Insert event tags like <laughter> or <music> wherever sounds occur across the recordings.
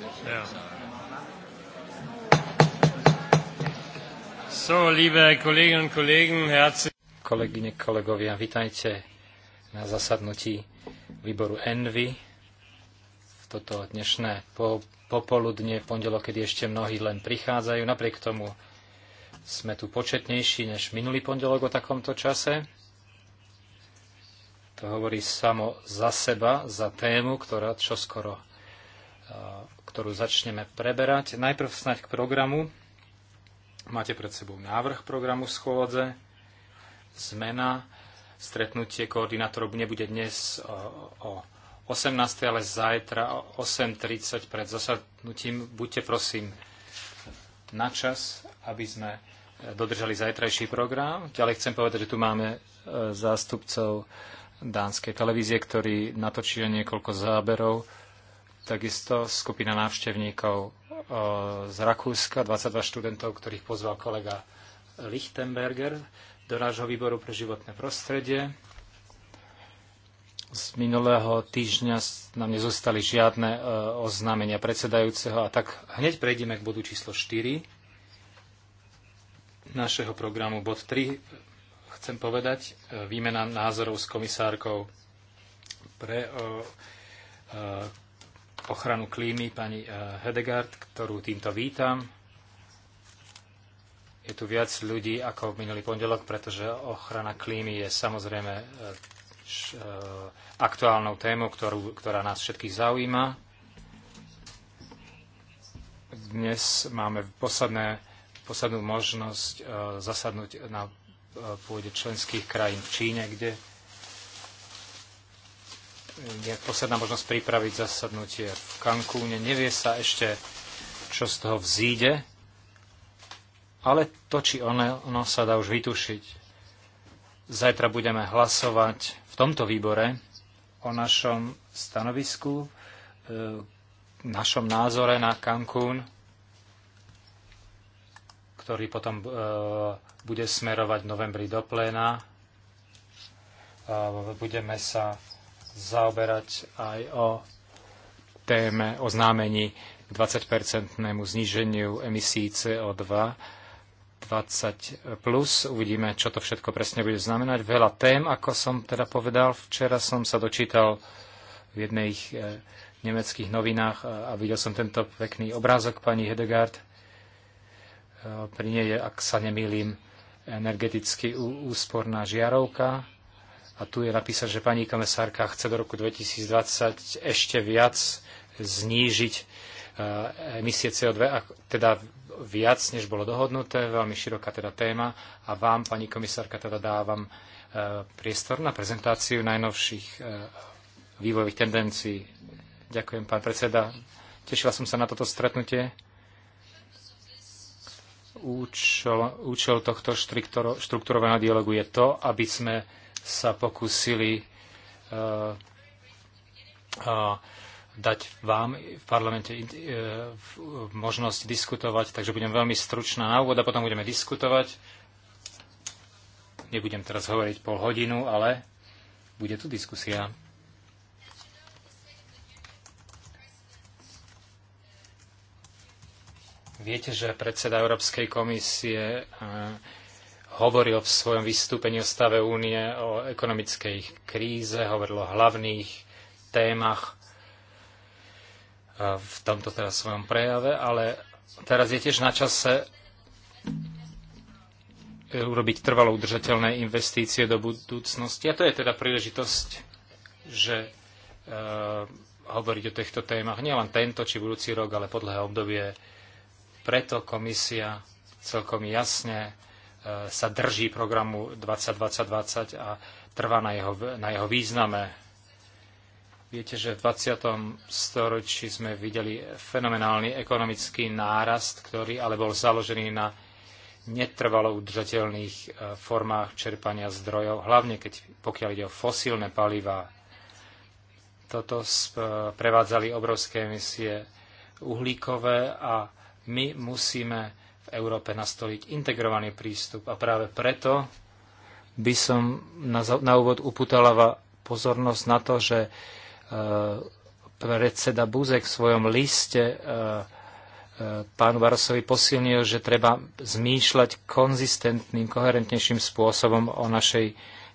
Ja. So, liebe Kolleginnen und Kollegen, herzlich... Kolegyne, kolegovia, vitajte na zasadnutí výboru Envy. V Toto dnešné po, popoludne, pondelok, kedy ešte mnohí len prichádzajú. Napriek tomu sme tu početnejší než minulý pondelok o takomto čase. To hovorí samo za seba, za tému, ktorá čoskoro ktorú začneme preberať. Najprv snáď k programu. Máte pred sebou návrh programu schôdze, zmena, stretnutie koordinátorov nebude dnes o, o 18. ale zajtra o 8.30 pred zasadnutím. Buďte prosím na čas, aby sme e, dodržali zajtrajší program. Ďalej chcem povedať, že tu máme e, zástupcov dánskej televízie, ktorí natočili niekoľko záberov takisto skupina návštevníkov e, z Rakúska, 22 študentov, ktorých pozval kolega Lichtenberger do nášho výboru pre životné prostredie. Z minulého týždňa nám nezostali žiadne e, oznámenia predsedajúceho a tak hneď prejdeme k bodu číslo 4 našeho programu. Bod 3 chcem povedať e, výmena názorov s komisárkou pre ochranu klímy pani eh, Hedegard, ktorú týmto vítam. Je tu viac ľudí ako minulý pondelok, pretože ochrana klímy je samozrejme eh, eh, aktuálnou tému, ktorú, ktorá nás všetkých zaujíma. Dnes máme posledné, poslednú možnosť zasadnúť na pôde členských krajín v Číne, kde je posledná možnosť pripraviť zasadnutie v Cancúne. Nevie sa ešte, čo z toho vzíde, ale to, či ono, ono sa dá už vytušiť. Zajtra budeme hlasovať v tomto výbore o našom stanovisku, e, našom názore na Cancún, ktorý potom e, bude smerovať v novembri do pléna. budeme sa zaoberať aj o téme oznámení k 20-percentnému zníženiu emisí CO2 20 plus. Uvidíme, čo to všetko presne bude znamenať. Veľa tém, ako som teda povedal. Včera som sa dočítal v jednej eh, nemeckých novinách eh, a videl som tento pekný obrázok pani Hedegaard. Eh, pri nej je, ak sa nemýlim, energeticky úsporná žiarovka. A tu je napísané, že pani komisárka chce do roku 2020 ešte viac znížiť e, emisie CO2, teda viac, než bolo dohodnuté, veľmi široká teda téma. A vám, pani komisárka, teda dávam e, priestor na prezentáciu najnovších e, vývojových tendencií. Ďakujem, pán predseda. Tešila som sa na toto stretnutie. Účel, účel tohto štrukturo, štruktúrovaného dialogu je to, aby sme sa pokúsili uh, eh, uh, dať vám v parlamente uh, možnosť diskutovať, takže budem veľmi stručná na úvod a potom budeme diskutovať. Nebudem teraz hovoriť pol hodinu, ale bude tu diskusia. Viete, že predseda Európskej komisie uh, hovoril v svojom vystúpení o stave únie, o ekonomickej kríze, hovoril o hlavných témach e, v tomto teraz svojom prejave, ale teraz je tiež na čase urobiť trvalo udržateľné investície do budúcnosti. A to je teda príležitosť, že e, hovoriť o týchto témach nielen tento či budúci rok, ale podľa obdobie. Preto komisia celkom jasne E, sa drží programu 2020 a trvá na jeho, na jeho význame. Viete, že v 20. storočí sme videli fenomenálny ekonomický nárast, ktorý ale bol založený na netrvalo udržateľných e, formách čerpania zdrojov, hlavne keď, pokiaľ ide o fosílne palivá. Toto prevádzali obrovské emisie uhlíkové a my musíme Európe nastoliť integrovaný prístup. A práve preto by som na, na úvod uputala pozornosť na to, že e, predseda Buzek v svojom liste e, e, pánu Barosovi posilnil, že treba zmýšľať konzistentným, koherentnejším spôsobom o našej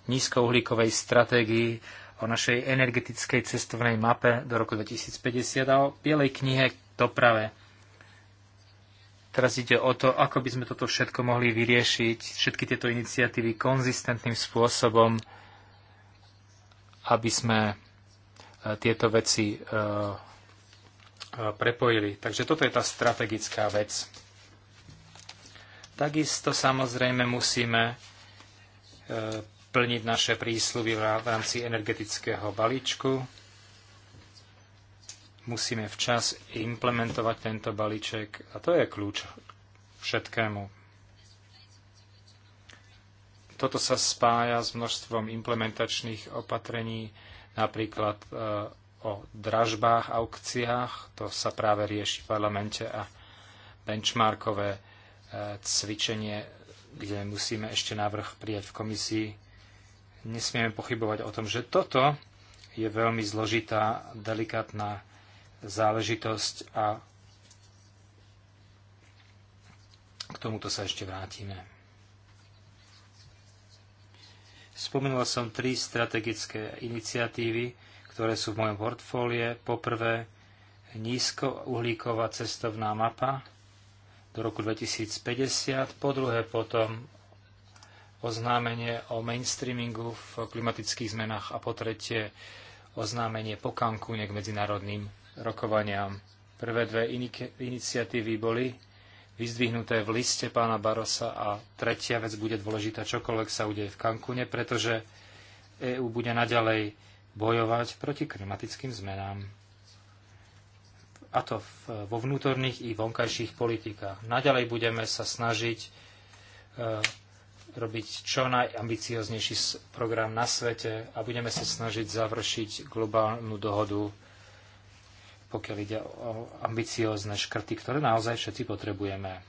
nízkouhlíkovej stratégii, o našej energetickej cestovnej mape do roku 2050 a o Bielej knihe doprave. Teraz ide o to, ako by sme toto všetko mohli vyriešiť, všetky tieto iniciatívy konzistentným spôsobom, aby sme e, tieto veci e, e, prepojili. Takže toto je tá strategická vec. Takisto samozrejme musíme plniť naše prísluby v rámci energetického balíčku. Musíme včas implementovať tento balíček a to je kľúč všetkému. Toto sa spája s množstvom implementačných opatrení, napríklad e, o dražbách, aukciách, to sa práve rieši v parlamente a benchmarkové e, cvičenie, kde musíme ešte návrh prijať v komisii. Nesmieme pochybovať o tom, že toto je veľmi zložitá, delikátna záležitosť a k tomuto sa ešte vrátime. Spomenul som tri strategické iniciatívy, ktoré sú v mojom portfólie. Poprvé, nízkouhlíková cestovná mapa do roku 2050, po druhé potom oznámenie o mainstreamingu v klimatických zmenách a po tretie oznámenie po Cancúne k medzinárodným rokovaniam. Prvé dve iniciatívy boli vyzdvihnuté v liste pána Barosa a tretia vec bude dôležitá, čokoľvek sa udeje v Kankune, pretože EÚ bude naďalej bojovať proti klimatickým zmenám. A to vo vnútorných i vonkajších politikách. Naďalej budeme sa snažiť e, robiť čo najambicioznejší program na svete a budeme sa snažiť završiť globálnu dohodu pokiaľ ide o ambiciózne škrty, ktoré naozaj všetci potrebujeme.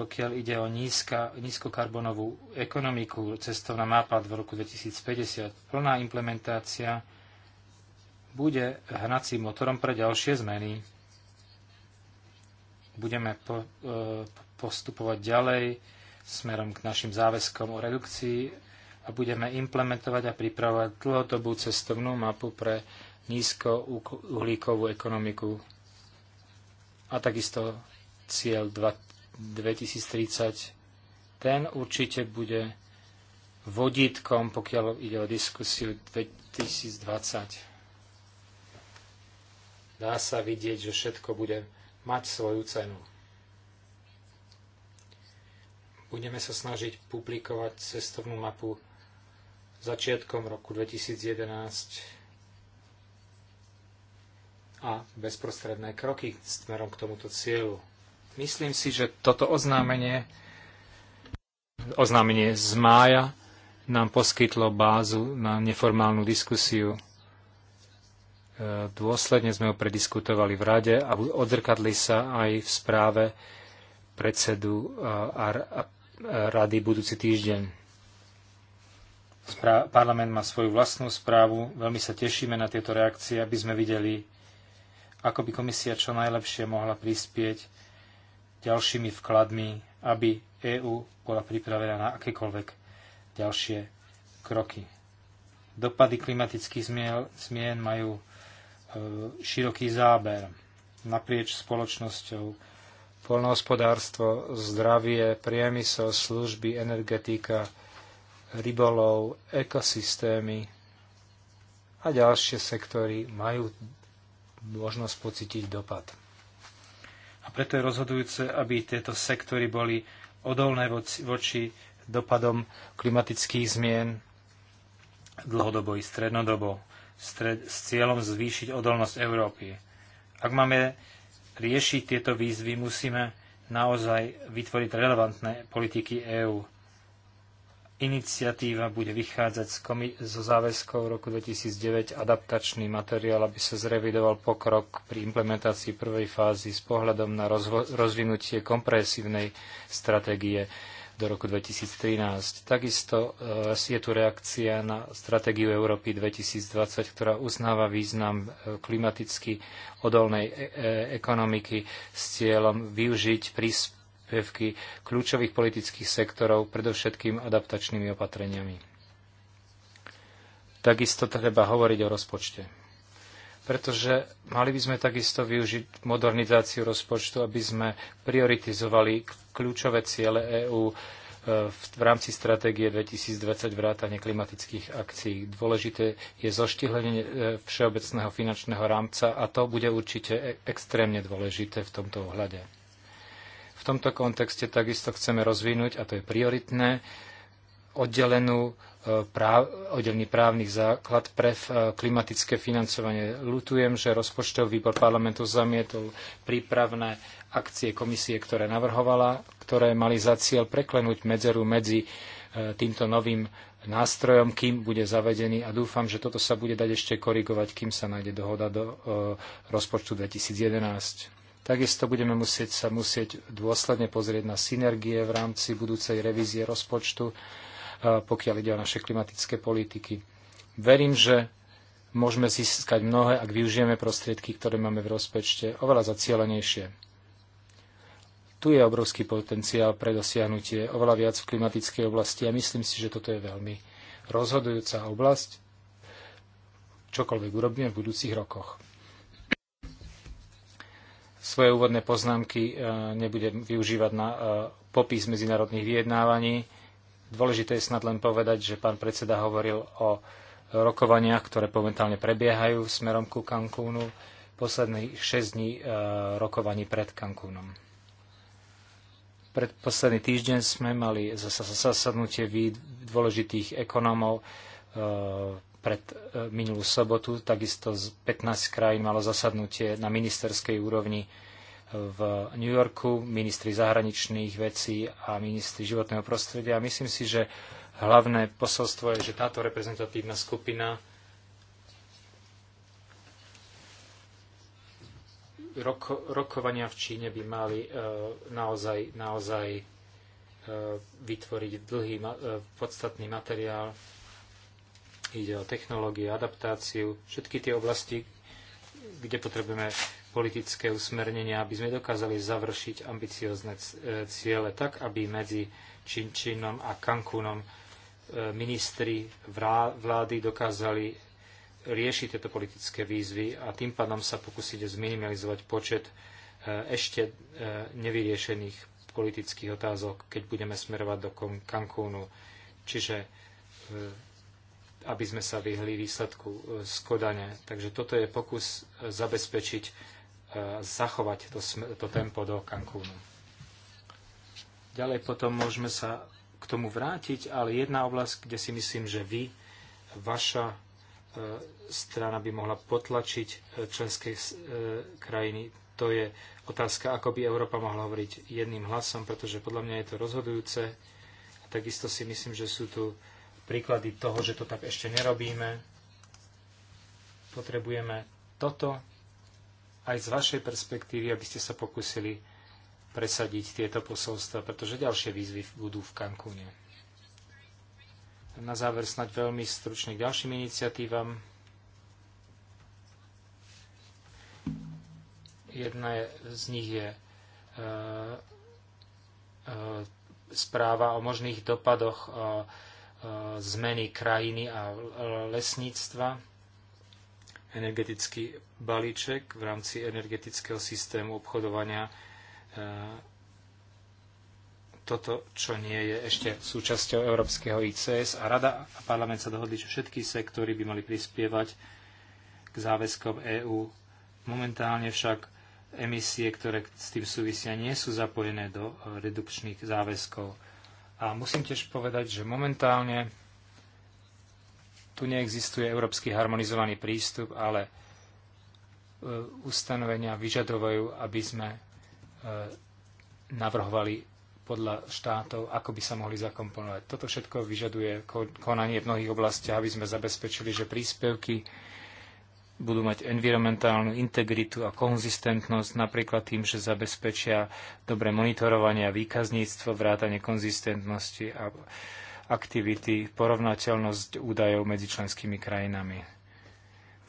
Pokiaľ ide o nízka, nízkokarbonovú ekonomiku, cestovná nápad v roku 2050, plná implementácia bude hnacím motorom pre ďalšie zmeny. Budeme po, e, postupovať ďalej smerom k našim záväzkom o redukcii a budeme implementovať a pripravovať dlhodobú cestovnú mapu pre nízkouhlíkovú ekonomiku a takisto cieľ 2030. Ten určite bude vodítkom, pokiaľ ide o diskusiu 2020. Dá sa vidieť, že všetko bude mať svoju cenu. Budeme sa snažiť publikovať cestovnú mapu začiatkom roku 2011 a bezprostredné kroky smerom k tomuto cieľu. Myslím si, že toto oznámenie, oznámenie z mája nám poskytlo bázu na neformálnu diskusiu. E, dôsledne sme ho prediskutovali v rade a odrkadli sa aj v správe predsedu a rady budúci týždeň. Parlament má svoju vlastnú správu, veľmi sa tešíme na tieto reakcie, aby sme videli, ako by komisia čo najlepšie mohla prispieť ďalšími vkladmi, aby EÚ bola pripravená na akékoľvek ďalšie kroky. Dopady klimatických zmien, majú e, široký záber naprieč spoločnosťou, polnohospodárstvo, zdravie, priemysel, služby, energetika, rybolov, ekosystémy a ďalšie sektory majú možnosť pocítiť dopad. A preto je rozhodujúce, aby tieto sektory boli odolné voči dopadom klimatických zmien dlhodobo i strednodobo stred, s cieľom zvýšiť odolnosť Európy. Ak máme riešiť tieto výzvy, musíme naozaj vytvoriť relevantné politiky EÚ iniciatíva bude vychádzať z komi- zo záväzkov roku 2009 adaptačný materiál, aby sa zrevidoval pokrok pri implementácii prvej fázy s pohľadom na rozvinutie kompresívnej stratégie do roku 2013. Takisto e, je tu reakcia na stratégiu Európy 2020, ktorá uznáva význam e, klimaticky odolnej e, e ekonomiky s cieľom využiť príspevok príspevky kľúčových politických sektorov, predovšetkým adaptačnými opatreniami. Takisto treba hovoriť o rozpočte. Pretože mali by sme takisto využiť modernizáciu rozpočtu, aby sme prioritizovali kľúčové ciele EÚ e, v rámci stratégie 2020 vrátane klimatických akcií. Dôležité je zoštihlenie e, všeobecného finančného rámca a to bude určite e, extrémne dôležité v tomto ohľade. V tomto kontexte takisto chceme rozvinúť, a to je prioritné, oddelenú e, práv, oddelený právny základ pre e, klimatické financovanie. Lutujem, že rozpočtový výbor parlamentu zamietol prípravné akcie komisie, ktoré navrhovala, ktoré mali za cieľ preklenúť medzeru medzi e, týmto novým nástrojom, kým bude zavedený a dúfam, že toto sa bude dať ešte korigovať, kým sa nájde dohoda do rozpočtu 2011. Takisto budeme musieť sa musieť dôsledne pozrieť na synergie v rámci budúcej revízie rozpočtu, pokiaľ ide o naše klimatické politiky. Verím, že môžeme získať mnohé, ak využijeme prostriedky, ktoré máme v rozpočte, oveľa zacielenejšie. Tu je obrovský potenciál pre dosiahnutie oveľa viac v klimatickej oblasti a myslím si, že toto je veľmi rozhodujúca oblasť, čokoľvek urobíme v budúcich rokoch. Svoje úvodné poznámky e, nebudem využívať na e, popis medzinárodných vyjednávaní. Dôležité je snad len povedať, že pán predseda hovoril o rokovaniach, ktoré momentálne prebiehajú smerom ku Cancúnu, posledných 6 dní e, rokovaní pred Cancúnom. Pred posledný týždeň sme mali zase zasadnutie dôležitých ekonómov pred e, minulú sobotu. Takisto z 15 krajín malo zasadnutie na ministerskej úrovni e, v New Yorku, ministri zahraničných vecí a ministri životného prostredia. Myslím si, že hlavné posolstvo je, že táto reprezentatívna skupina roko, rokovania v Číne by mali uh, naozaj, naozaj uh, vytvoriť dlhý, uh, podstatný materiál ide o technológiu, adaptáciu, všetky tie oblasti, kde potrebujeme politické usmernenia, aby sme dokázali završiť ambiciozne e, ciele tak, aby medzi Činčinom a Cancúnom e, ministri vlády dokázali riešiť tieto politické výzvy a tým pádom sa pokúsiť zminimalizovať počet e, ešte nevyriešených politických otázok, keď budeme smerovať do Cancúnu. Čiže aby sme sa vyhli výsledku e, z Kodane. Takže toto je pokus e, zabezpečiť, e, zachovať to, to tempo do Cancúnu. Ďalej potom môžeme sa k tomu vrátiť, ale jedna oblasť, kde si myslím, že vy, vaša strana by mohla potlačiť členské krajiny, to je otázka, ako by Európa mohla hovoriť jedným hlasom, pretože podľa mňa je to rozhodujúce. A takisto si myslím, že sú tu príklady toho, že to tak ešte nerobíme. Potrebujeme toto aj z vašej perspektívy, aby ste sa pokusili presadiť tieto posolstva, pretože ďalšie výzvy budú v Cancúne. Na záver snáď veľmi stručne k ďalším iniciatívam. Jedna z nich je e, e, správa o možných dopadoch e, E, zmeny krajiny a e, lesníctva, energetický balíček v rámci energetického systému obchodovania. E, toto, čo nie je ešte súčasťou európskeho ICS a Rada a parlament sa dohodli, že všetky sektory by mali prispievať k záväzkom EÚ. Momentálne však emisie, ktoré s tým súvisia, nie sú zapojené do redukčných záväzkov a musím tiež povedať, že momentálne tu neexistuje európsky harmonizovaný prístup, ale e, ustanovenia vyžadovajú, aby sme e, navrhovali podľa štátov, ako by sa mohli zakomponovať. Toto všetko vyžaduje konanie v mnohých oblastiach, aby sme zabezpečili, že príspevky budú mať environmentálnu integritu a konzistentnosť napríklad tým, že zabezpečia dobré monitorovanie a výkazníctvo, vrátanie konzistentnosti a aktivity, porovnateľnosť údajov medzi členskými krajinami.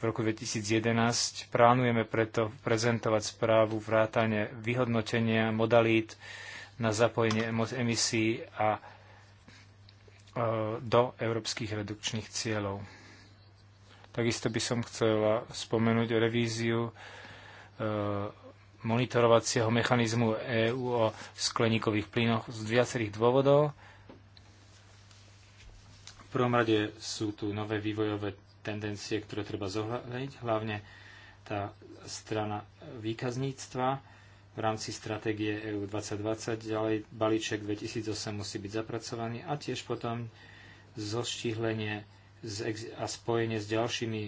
V roku 2011 plánujeme preto prezentovať správu vrátane vyhodnotenia modalít na zapojenie emisí a e, do európskych redukčných cieľov. Takisto by som chcela spomenúť revíziu e, monitorovacieho mechanizmu EÚ o skleníkových plynoch z viacerých dôvodov. V prvom rade sú tu nové vývojové tendencie, ktoré treba zohľadniť, hlavne tá strana výkazníctva v rámci stratégie EU 2020, ďalej balíček 2008 musí byť zapracovaný a tiež potom zoštihlenie a spojenie s ďalšími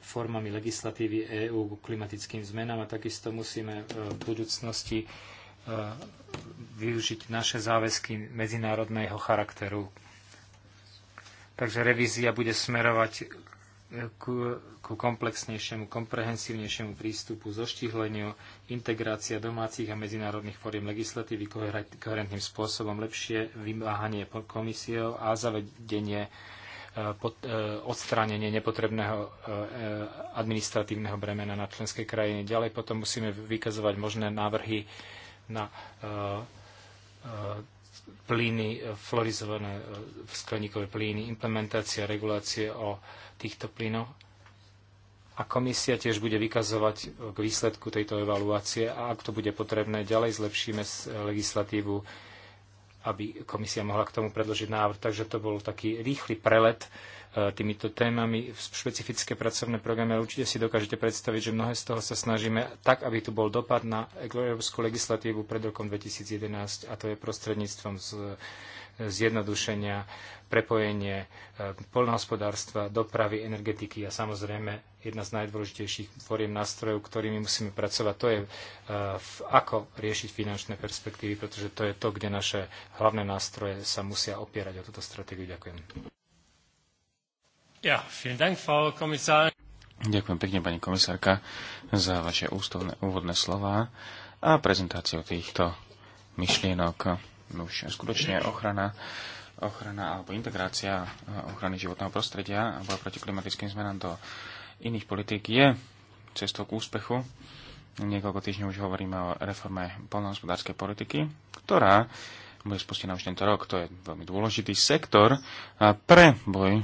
formami legislatívy EÚ k klimatickým zmenám a takisto musíme e, v budúcnosti e, využiť naše záväzky medzinárodného charakteru. Takže revízia bude smerovať e, ku, ku komplexnejšiemu, komprehensívnejšiemu prístupu, zoštihleniu, integrácia domácich a medzinárodných fóriem legislatívy koherentným spôsobom, lepšie vymáhanie komisiou a zavedenie E, e, odstránenie nepotrebného e, administratívneho bremena na členskej krajine. Ďalej potom musíme vykazovať možné návrhy na plyny, florizované skleníkové plyny, implementácia regulácie o týchto plynoch. A komisia tiež bude vykazovať k výsledku tejto evaluácie a ak to bude potrebné, ďalej zlepšíme legislatívu aby komisia mohla k tomu predložiť návrh. Takže to bol taký rýchly prelet e, týmito témami v špecifické pracovné programy. určite si dokážete predstaviť, že mnohé z toho sa snažíme tak, aby tu bol dopad na európsku legislatívu pred rokom 2011 a to je prostredníctvom z zjednodušenia, prepojenie e, poľnohospodárstva, dopravy, energetiky a samozrejme jedna z najdôležitejších foriem nástrojov, ktorými musíme pracovať, to je e, ako riešiť finančné perspektívy, pretože to je to, kde naše hlavné nástroje sa musia opierať o túto stratégiu. Ďakujem. Ja, Dank, Ďakujem pekne, pani komisárka, za vaše ústovné úvodné slova a prezentáciu týchto myšlienok. No už skutočne ochrana ochrana alebo integrácia eh, ochrany životného prostredia a boja proti klimatickým zmenám do iných politík je cestou k úspechu. Niekoľko týždňov už hovoríme o reforme polnohospodárskej politiky, ktorá bude spustená už tento rok. To je veľmi dôležitý sektor pre boj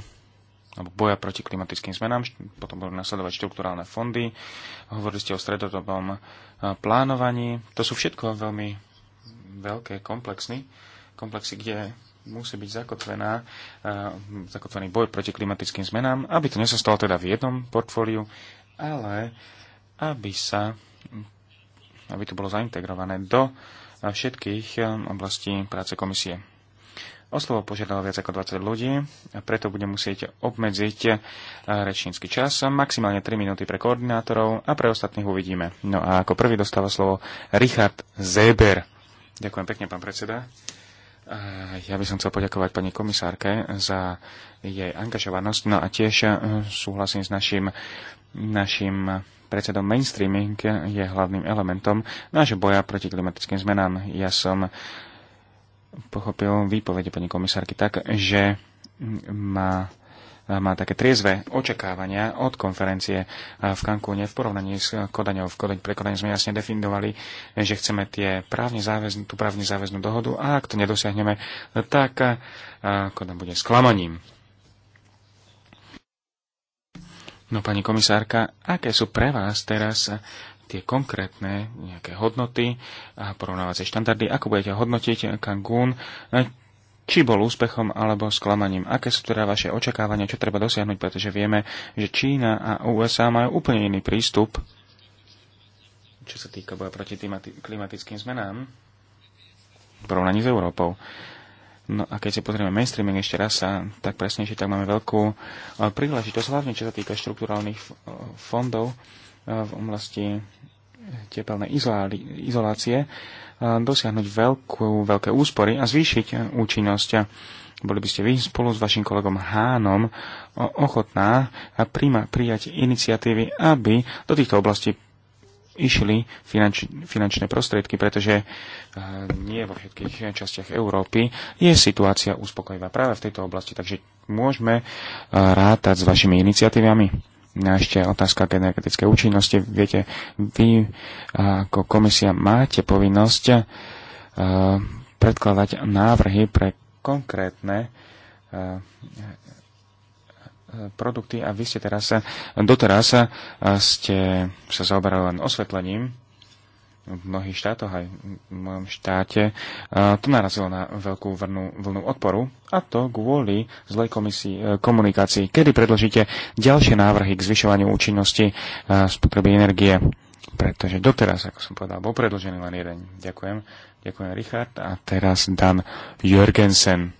alebo boja proti klimatickým zmenám. Potom budú nasledovať štruktúrálne fondy. Hovorili ste o stredodobom eh, plánovaní. To sú všetko veľmi veľké komplexy, komplexy, kde musí byť zakotvená, e, zakotvený boj proti klimatickým zmenám, aby to nesostalo teda v jednom portfóliu, ale aby sa aby to bolo zaintegrované do všetkých e, oblastí práce komisie. O slovo požiadalo viac ako 20 ľudí, a preto budem musieť obmedziť e, rečnícky čas, maximálne 3 minúty pre koordinátorov a pre ostatných uvidíme. No a ako prvý dostáva slovo Richard Zeber. Ďakujem pekne, pán predseda. Ja by som chcel poďakovať pani komisárke za jej angažovanosť. No a tiež e, súhlasím s našim, našim predsedom mainstreaming je hlavným elementom nášho boja proti klimatickým zmenám. Ja som pochopil výpovede pani komisárky tak, že má má také triezve očakávania od konferencie v Cancúne v porovnaní s Kodaňou. V Kodaň, pre Kodaň sme jasne definovali, že chceme tie právne záväznú, tú právne záväznú dohodu a ak to nedosiahneme, tak Kodaň bude sklamaním. No pani komisárka, aké sú pre vás teraz tie konkrétne nejaké hodnoty a porovnávacie štandardy, ako budete hodnotiť Cancún, či bol úspechom alebo sklamaním. Aké sú teda vaše očakávania, čo treba dosiahnuť, pretože vieme, že Čína a USA majú úplne iný prístup, čo sa týka boja proti klimatickým zmenám v porovnaní s Európou. No a keď si pozrieme mainstreaming ešte raz, a tak presnejšie, tak máme veľkú eh, príležitosť, hlavne čo sa týka štruktúrálnych eh, fondov eh, v oblasti tepelnej izolácie dosiahnuť veľkú, veľké úspory a zvýšiť účinnosť. Boli by ste vy spolu s vašim kolegom Hánom ochotná príma, prijať iniciatívy, aby do týchto oblastí išli finanč, finančné prostriedky, pretože nie vo všetkých častiach Európy je situácia uspokojivá práve v tejto oblasti, takže môžeme rátať s vašimi iniciatívami ešte otázka k energetickej účinnosti. Viete, vy ako komisia máte povinnosť eh, predkladať návrhy pre konkrétne eh, eh, produkty a vy ste teraz, doteraz ste sa zaoberali len osvetlením v mnohých štátoch, aj v mojom štáte, to narazilo na veľkú vlnu, vlnu odporu, a to kvôli zlej komisii, e, komunikácii. Kedy predložíte ďalšie návrhy k zvyšovaniu účinnosti e, spotreby energie? Pretože doteraz, ako som povedal, bol predložený len jeden. Ďakujem. Ďakujem, Richard. A teraz Dan Jörgensen.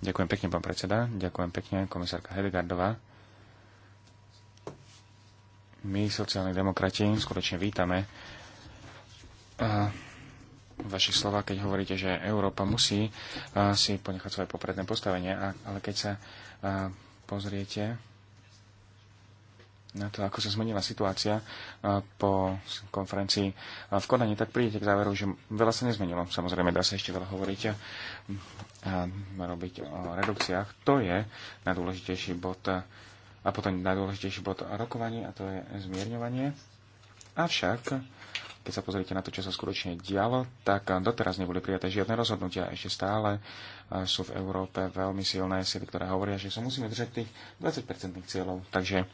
Ďakujem pekne, pán predseda. Ďakujem pekne, komisárka Hedegardová. My, sociálni demokrati, skutočne vítame vašich slovách, keď hovoríte, že Európa musí si ponechať svoje popredné postavenie, ale keď sa pozriete na to, ako sa zmenila situácia po konferencii v Kodani, tak prídete k záveru, že veľa sa nezmenilo. Samozrejme, dá sa ešte veľa hovoriť a robiť o redukciách. To je najdôležitejší bod a potom najdôležitejší bod rokovaní a to je zmierňovanie. Avšak keď sa pozriete na to, čo sa skutočne dialo, tak doteraz neboli prijaté žiadne rozhodnutia. Ešte stále e, sú v Európe veľmi silné sily, ktoré hovoria, že sa musíme držať tých 20% cieľov. Takže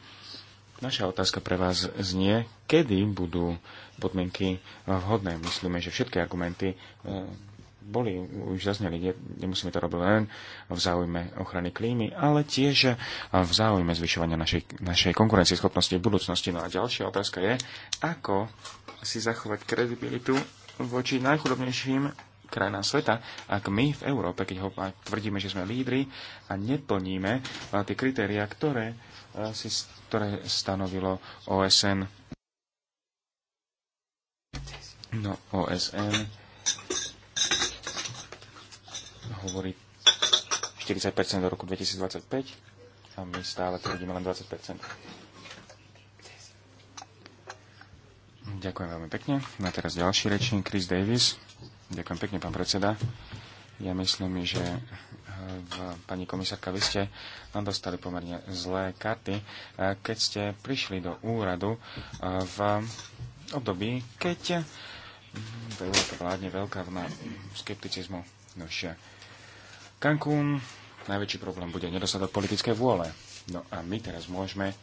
naša otázka pre vás znie, kedy budú podmienky vhodné. Myslíme, že všetky argumenty e, boli, už zazneli, nemusíme to robiť len v záujme ochrany klímy, ale tiež v záujme zvyšovania našej, našej konkurencieschopnosti v budúcnosti. No a ďalšia otázka je, ako si zachovať kredibilitu voči najchudobnejším krajinám sveta, ak my v Európe, keď ho tvrdíme, že sme lídry a neplníme tie kritéria, ktoré, si, ktoré stanovilo OSN. No, OSN hovorí 40% do roku 2025 a my stále tvrdíme len 20%. Ďakujem veľmi pekne. Na teraz ďalší rečník, Chris Davis. Ďakujem pekne, pán predseda. Ja myslím, že eh, v, pani komisárka, vy ste nám dostali pomerne zlé karty, eh, keď ste prišli do úradu eh, v období, keď hm, v vládne veľká vlna skepticizmu. Nože, Cancún najväčší problém bude nedostatok politickej vôle. No a my teraz môžeme uh,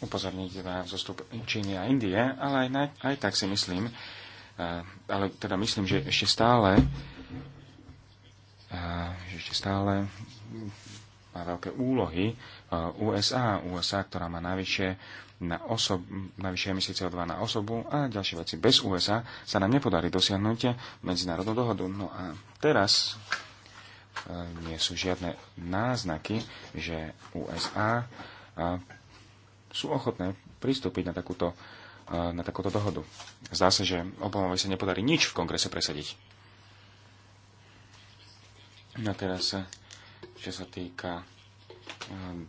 upozorniť na zostup Číny a Indie, ale aj, na, aj tak si myslím, uh, ale teda myslím, že ešte stále uh, že ešte stále má veľké úlohy uh, USA, USA, ktorá má najväčšie na, osob, na vyššie emisie CO2 na osobu a ďalšie veci bez USA sa nám nepodarí dosiahnuť medzinárodnú dohodu. No a teraz e, nie sú žiadne náznaky, že USA e, sú ochotné pristúpiť na takúto, e, na takúto dohodu. Zdá sa, že Obamovi sa nepodarí nič v kongrese presadiť. No teraz, čo sa týka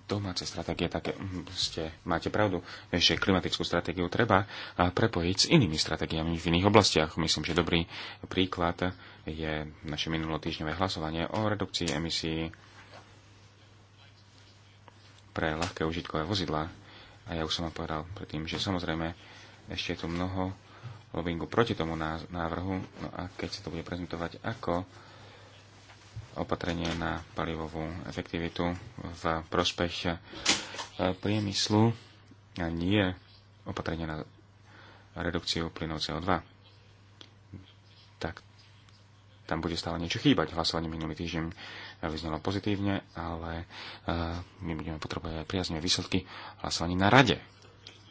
domáce stratégie, tak hm, ste, máte pravdu, že klimatickú stratégiu treba prepojiť s inými stratégiami v iných oblastiach. Myslím, že dobrý príklad je naše minulotýždňové hlasovanie o redukcii emisí pre ľahké užitkové vozidla. A ja už som vám povedal predtým, že samozrejme ešte je tu mnoho lobbyingu proti tomu návrhu. No a keď sa to bude prezentovať ako opatrenie na palivovú efektivitu v prospech e, priemyslu a nie opatrenie na redukciu plynov CO2. Tak tam bude stále niečo chýbať. Hlasovanie minulý týždeň vyznelo pozitívne, ale e, my budeme potrebovať aj priazne výsledky hlasovaní na rade.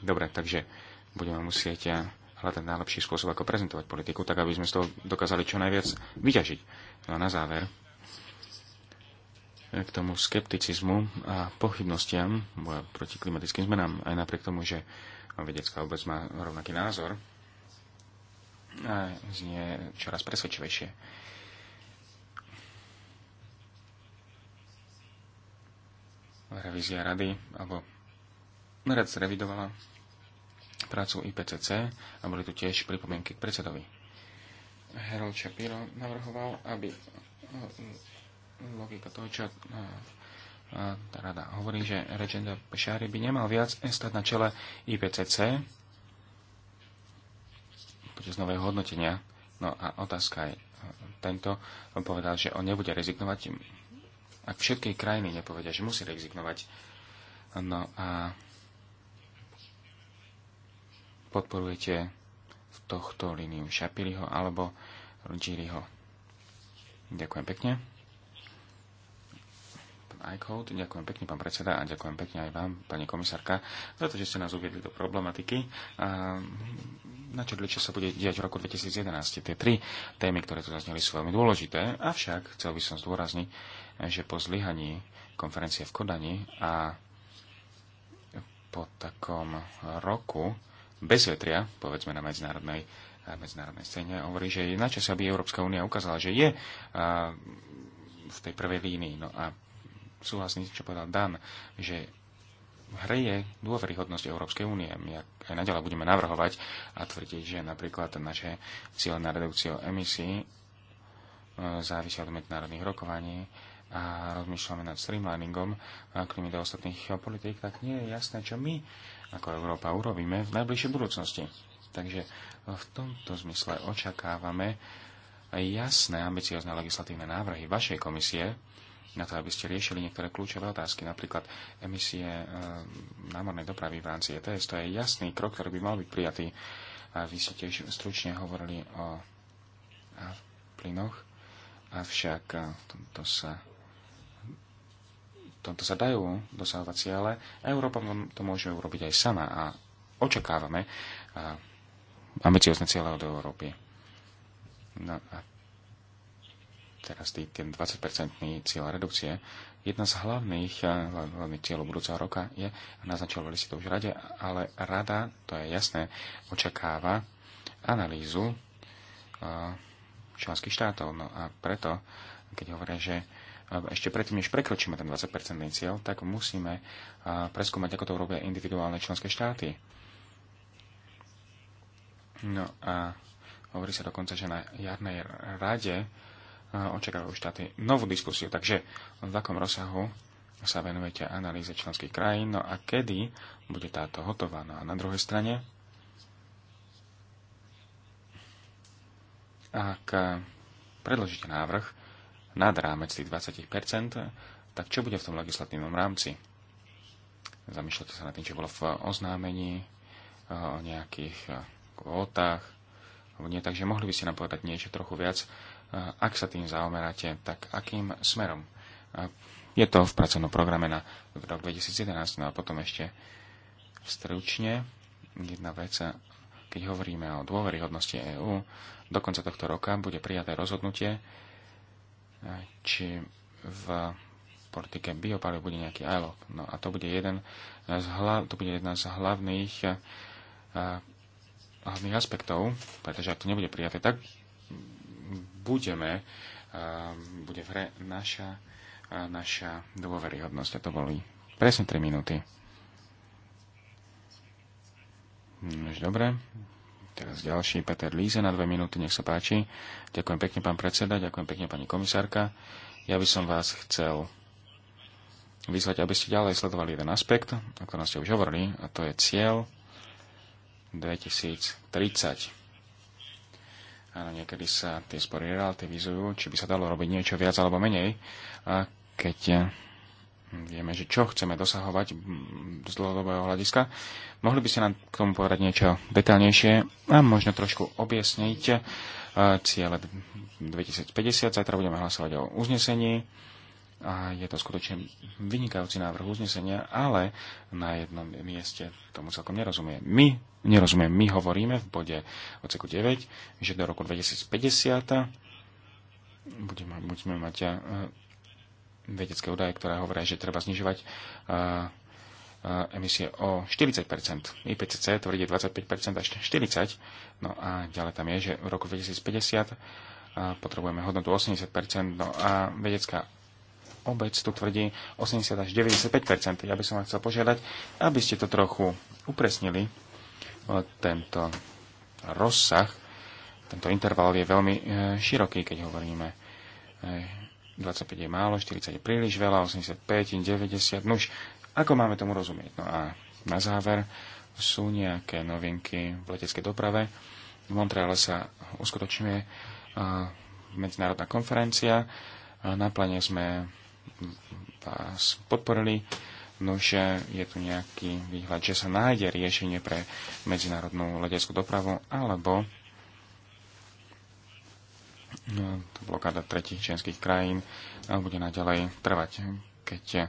Dobre, takže budeme musieť e, hľadať najlepší spôsob, ako prezentovať politiku, tak aby sme z toho dokázali čo najviac vyťažiť. No a na záver, k tomu skepticizmu a pochybnostiam proti klimatickým zmenám, aj napriek tomu, že vedecká obec má rovnaký názor, a znie čoraz presvedčivejšie. Revízia rady, alebo rad zrevidovala prácu IPCC a boli tu tiež pripomienky k predsedovi. Harold Shapiro navrhoval, aby logika toho, čo e, e, tá rada hovorí, že Regenda Bešári by nemal viac stať na čele IPCC počas nového hodnotenia. No a otázka je e, tento. On povedal, že on nebude rezignovať, ak všetky krajiny nepovedia, že musí rezignovať. No a podporujete v tohto líniu Šapiriho alebo Giriho. Ďakujem pekne pán Ďakujem pekne, pán predseda, a ďakujem pekne aj vám, pani komisárka, za to, že ste nás uviedli do problematiky. A načrli, čo sa bude diať v roku 2011. Tie tri témy, ktoré tu zazneli, sú veľmi dôležité. Avšak chcel by som zdôrazniť, že po zlyhaní konferencie v Kodani a po takom roku bez vetria, povedzme na medzinárodnej medzinárodnej scéne, hovorí, že je na čase, aby Európska únia ukázala, že je v tej prvej línii. No a súhlasím s čo povedal Dan, že v hre je dôveryhodnosť Európskej únie. My aj naďalej budeme navrhovať a tvrdiť, že napríklad naše cieľe na redukciu emisí e, závisia od medzinárodných rokovaní a rozmýšľame nad streamliningom klímy do ostatných politik, tak nie je jasné, čo my ako Európa urobíme v najbližšej budúcnosti. Takže v tomto zmysle očakávame jasné ambiciozne legislatívne návrhy vašej komisie, na to, aby ste riešili niektoré kľúčové otázky, napríklad emisie eh, námornej dopravy v rámci ETS. To je jasný krok, ktorý by mal byť prijatý. A vy ste tiež stručne hovorili o plynoch, avšak eh, tomto sa tomto sa dajú dosahovať ciele. Európa to môže urobiť aj sama a očakávame eh, ambiciozne ciele od Európy. No a teraz tý, ten 20-percentný cieľ redukcie, jedna z hlavných, eh, hlavných cieľov budúceho roka je, a naznačovali si to už rade, ale rada, to je jasné, očakáva analýzu eh, členských štátov. No a preto, keď hovoria, že eh, ešte predtým, než prekročíme ten 20-percentný cieľ, tak musíme preskúmať, ako to robia individuálne členské štáty. No a hovorí sa dokonca, že na jarnej rade očakávajú štáty novú diskusiu. Takže v akom rozsahu sa venujete analýze členských krajín, no a kedy bude táto hotová. No a na druhej strane, ak predložíte návrh nad rámec tých 20%, tak čo bude v tom legislatívnom rámci? Zamýšľate sa nad tým, čo bolo v oznámení eh, o nejakých eh, kvótach, nie, takže mohli by ste nám povedať niečo trochu viac ak sa tým zaoberáte, tak akým smerom? Je to v pracovnom programe na rok 2011, no a potom ešte stručne jedna vec, keď hovoríme o dôveryhodnosti EÚ, do konca tohto roka bude prijaté rozhodnutie, či v politike biopaliv bude nejaký ILO. No a to bude, jeden z hlav, to bude jedna z hlavných, hlavných aspektov, pretože ak to nebude prijaté, tak budeme, bude v hre naša, naša dôveryhodnosť. A to boli presne 3 minúty. Nož hm, dobre. Teraz ďalší, Peter Líze na dve minúty, nech sa páči. Ďakujem pekne, pán predseda, ďakujem pekne, pani komisárka. Ja by som vás chcel vyzvať, aby ste ďalej sledovali jeden aspekt, o ktorom ste už hovorili, a to je cieľ 2030. Áno, niekedy sa tie spory relativizujú, či by sa dalo robiť niečo viac alebo menej. A keď eh, vieme, že čo chceme dosahovať z dlhodobého hľadiska, mohli by ste nám k tomu povedať niečo detaľnejšie a možno trošku objasniť eh, ciele 2050. Zajtra budeme hlasovať o uznesení a je to skutočne vynikajúci návrh uznesenia, ale na jednom mieste tomu celkom nerozumie. My, nerozumiem, my hovoríme v bode odseku 9, že do roku 2050 budeme, budeme mať ja, e, vedecké údaje, ktoré hovoria, že treba znižovať a, e, a e, emisie o 40 IPCC tvrdí 25 až 40 No a ďalej tam je, že v roku 2050 potrebujeme hodnotu 80 no a vedecká obec tu tvrdí 80 až 95 Ja by som vás chcel požiadať, aby ste to trochu upresnili. Tento rozsah, tento interval je veľmi e, široký, keď hovoríme 25 e, je málo, 40 je príliš veľa, 85, 90. Nuž, ako máme tomu rozumieť? No a na záver sú nejaké novinky v leteckej doprave. V Montreale sa uskutočňuje e, medzinárodná konferencia. Na plane sme vás podporili. No, že je tu nejaký výhľad, že sa nájde riešenie pre medzinárodnú leteckú dopravu, alebo no, blokáda tretich členských krajín bude naďalej trvať, keď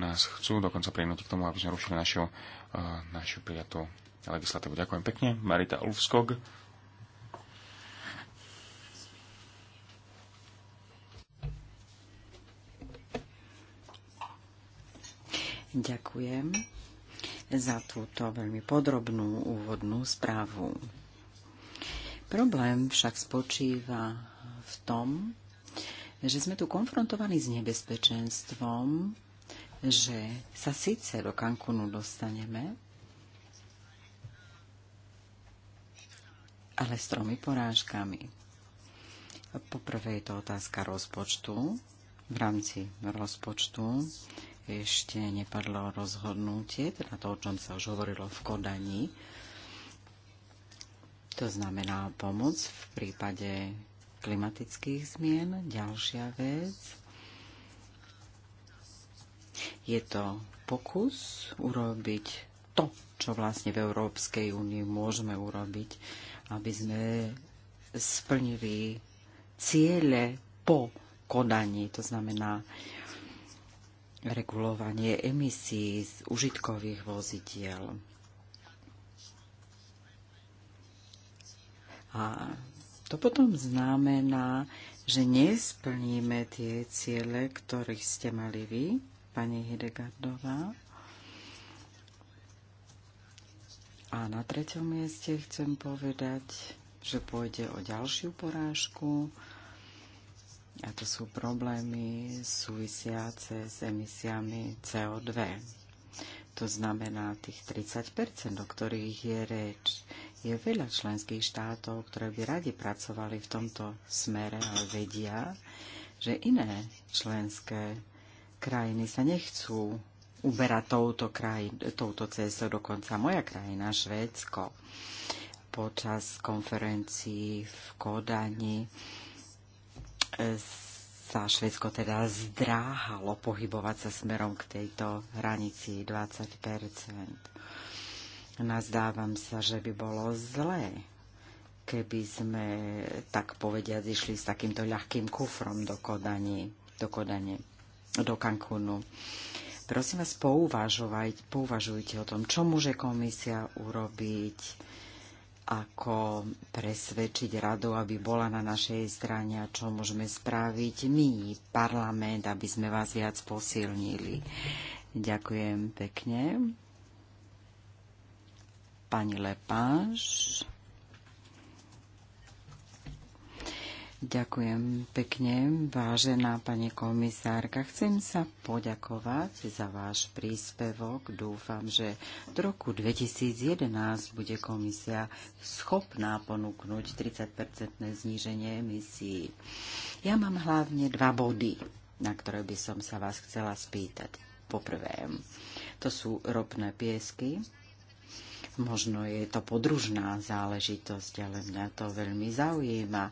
nás chcú dokonca prinútiť k tomu, aby sme rušili našu, eh, našu prijatú legislatívu. Ďakujem pekne. Marita Ulfskog. Ďakujem za túto veľmi podrobnú úvodnú správu. Problém však spočíva v tom, že sme tu konfrontovaní s nebezpečenstvom, že sa síce do Cancúnu dostaneme, ale s tromi porážkami. Poprvé je to otázka rozpočtu, v rámci rozpočtu ešte nepadlo rozhodnutie, teda to, o čom sa už hovorilo v Kodani. To znamená pomoc v prípade klimatických zmien. Ďalšia vec. Je to pokus urobiť to, čo vlastne v Európskej únii môžeme urobiť, aby sme splnili ciele po kodaní. To znamená, uh, regulovanie emisí z užitkových vozidiel. A to potom znamená, že nesplníme tie ciele, ktorých ste mali vy, pani Hidegardová. A na treťom mieste chcem povedať, že pôjde o ďalšiu porážku, a to sú problémy súvisiace s emisiami CO2. To znamená tých 30 o ktorých je reč. Je veľa členských štátov, ktoré by radi pracovali v tomto smere, ale vedia, že iné členské krajiny sa nechcú uberať touto, krajin, touto cestou, dokonca moja krajina, Švédsko. Počas konferencií v Kodani sa Švedsko teda zdráhalo pohybovať sa smerom k tejto hranici 20 Nazdávam sa, že by bolo zlé, keby sme, tak povediať, išli s takýmto ľahkým kufrom do Kodani, do, Kodane, do Cancúnu. Prosím vás, pouvažujte o tom, čo môže komisia urobiť, ako presvedčiť radu, aby bola na našej strane a čo môžeme spraviť my, parlament, aby sme vás viac posilnili. Ďakujem pekne. Pani Lepáš. Ďakujem pekne, vážená pani komisárka. Chcem sa poďakovať za váš príspevok. Dúfam, že v roku 2011 bude komisia schopná ponúknuť 30-percentné zníženie emisí. Ja mám hlavne dva body, na ktoré by som sa vás chcela spýtať. Poprvé, to sú ropné piesky, Možno je to podružná záležitosť, ale mňa to veľmi zaujíma.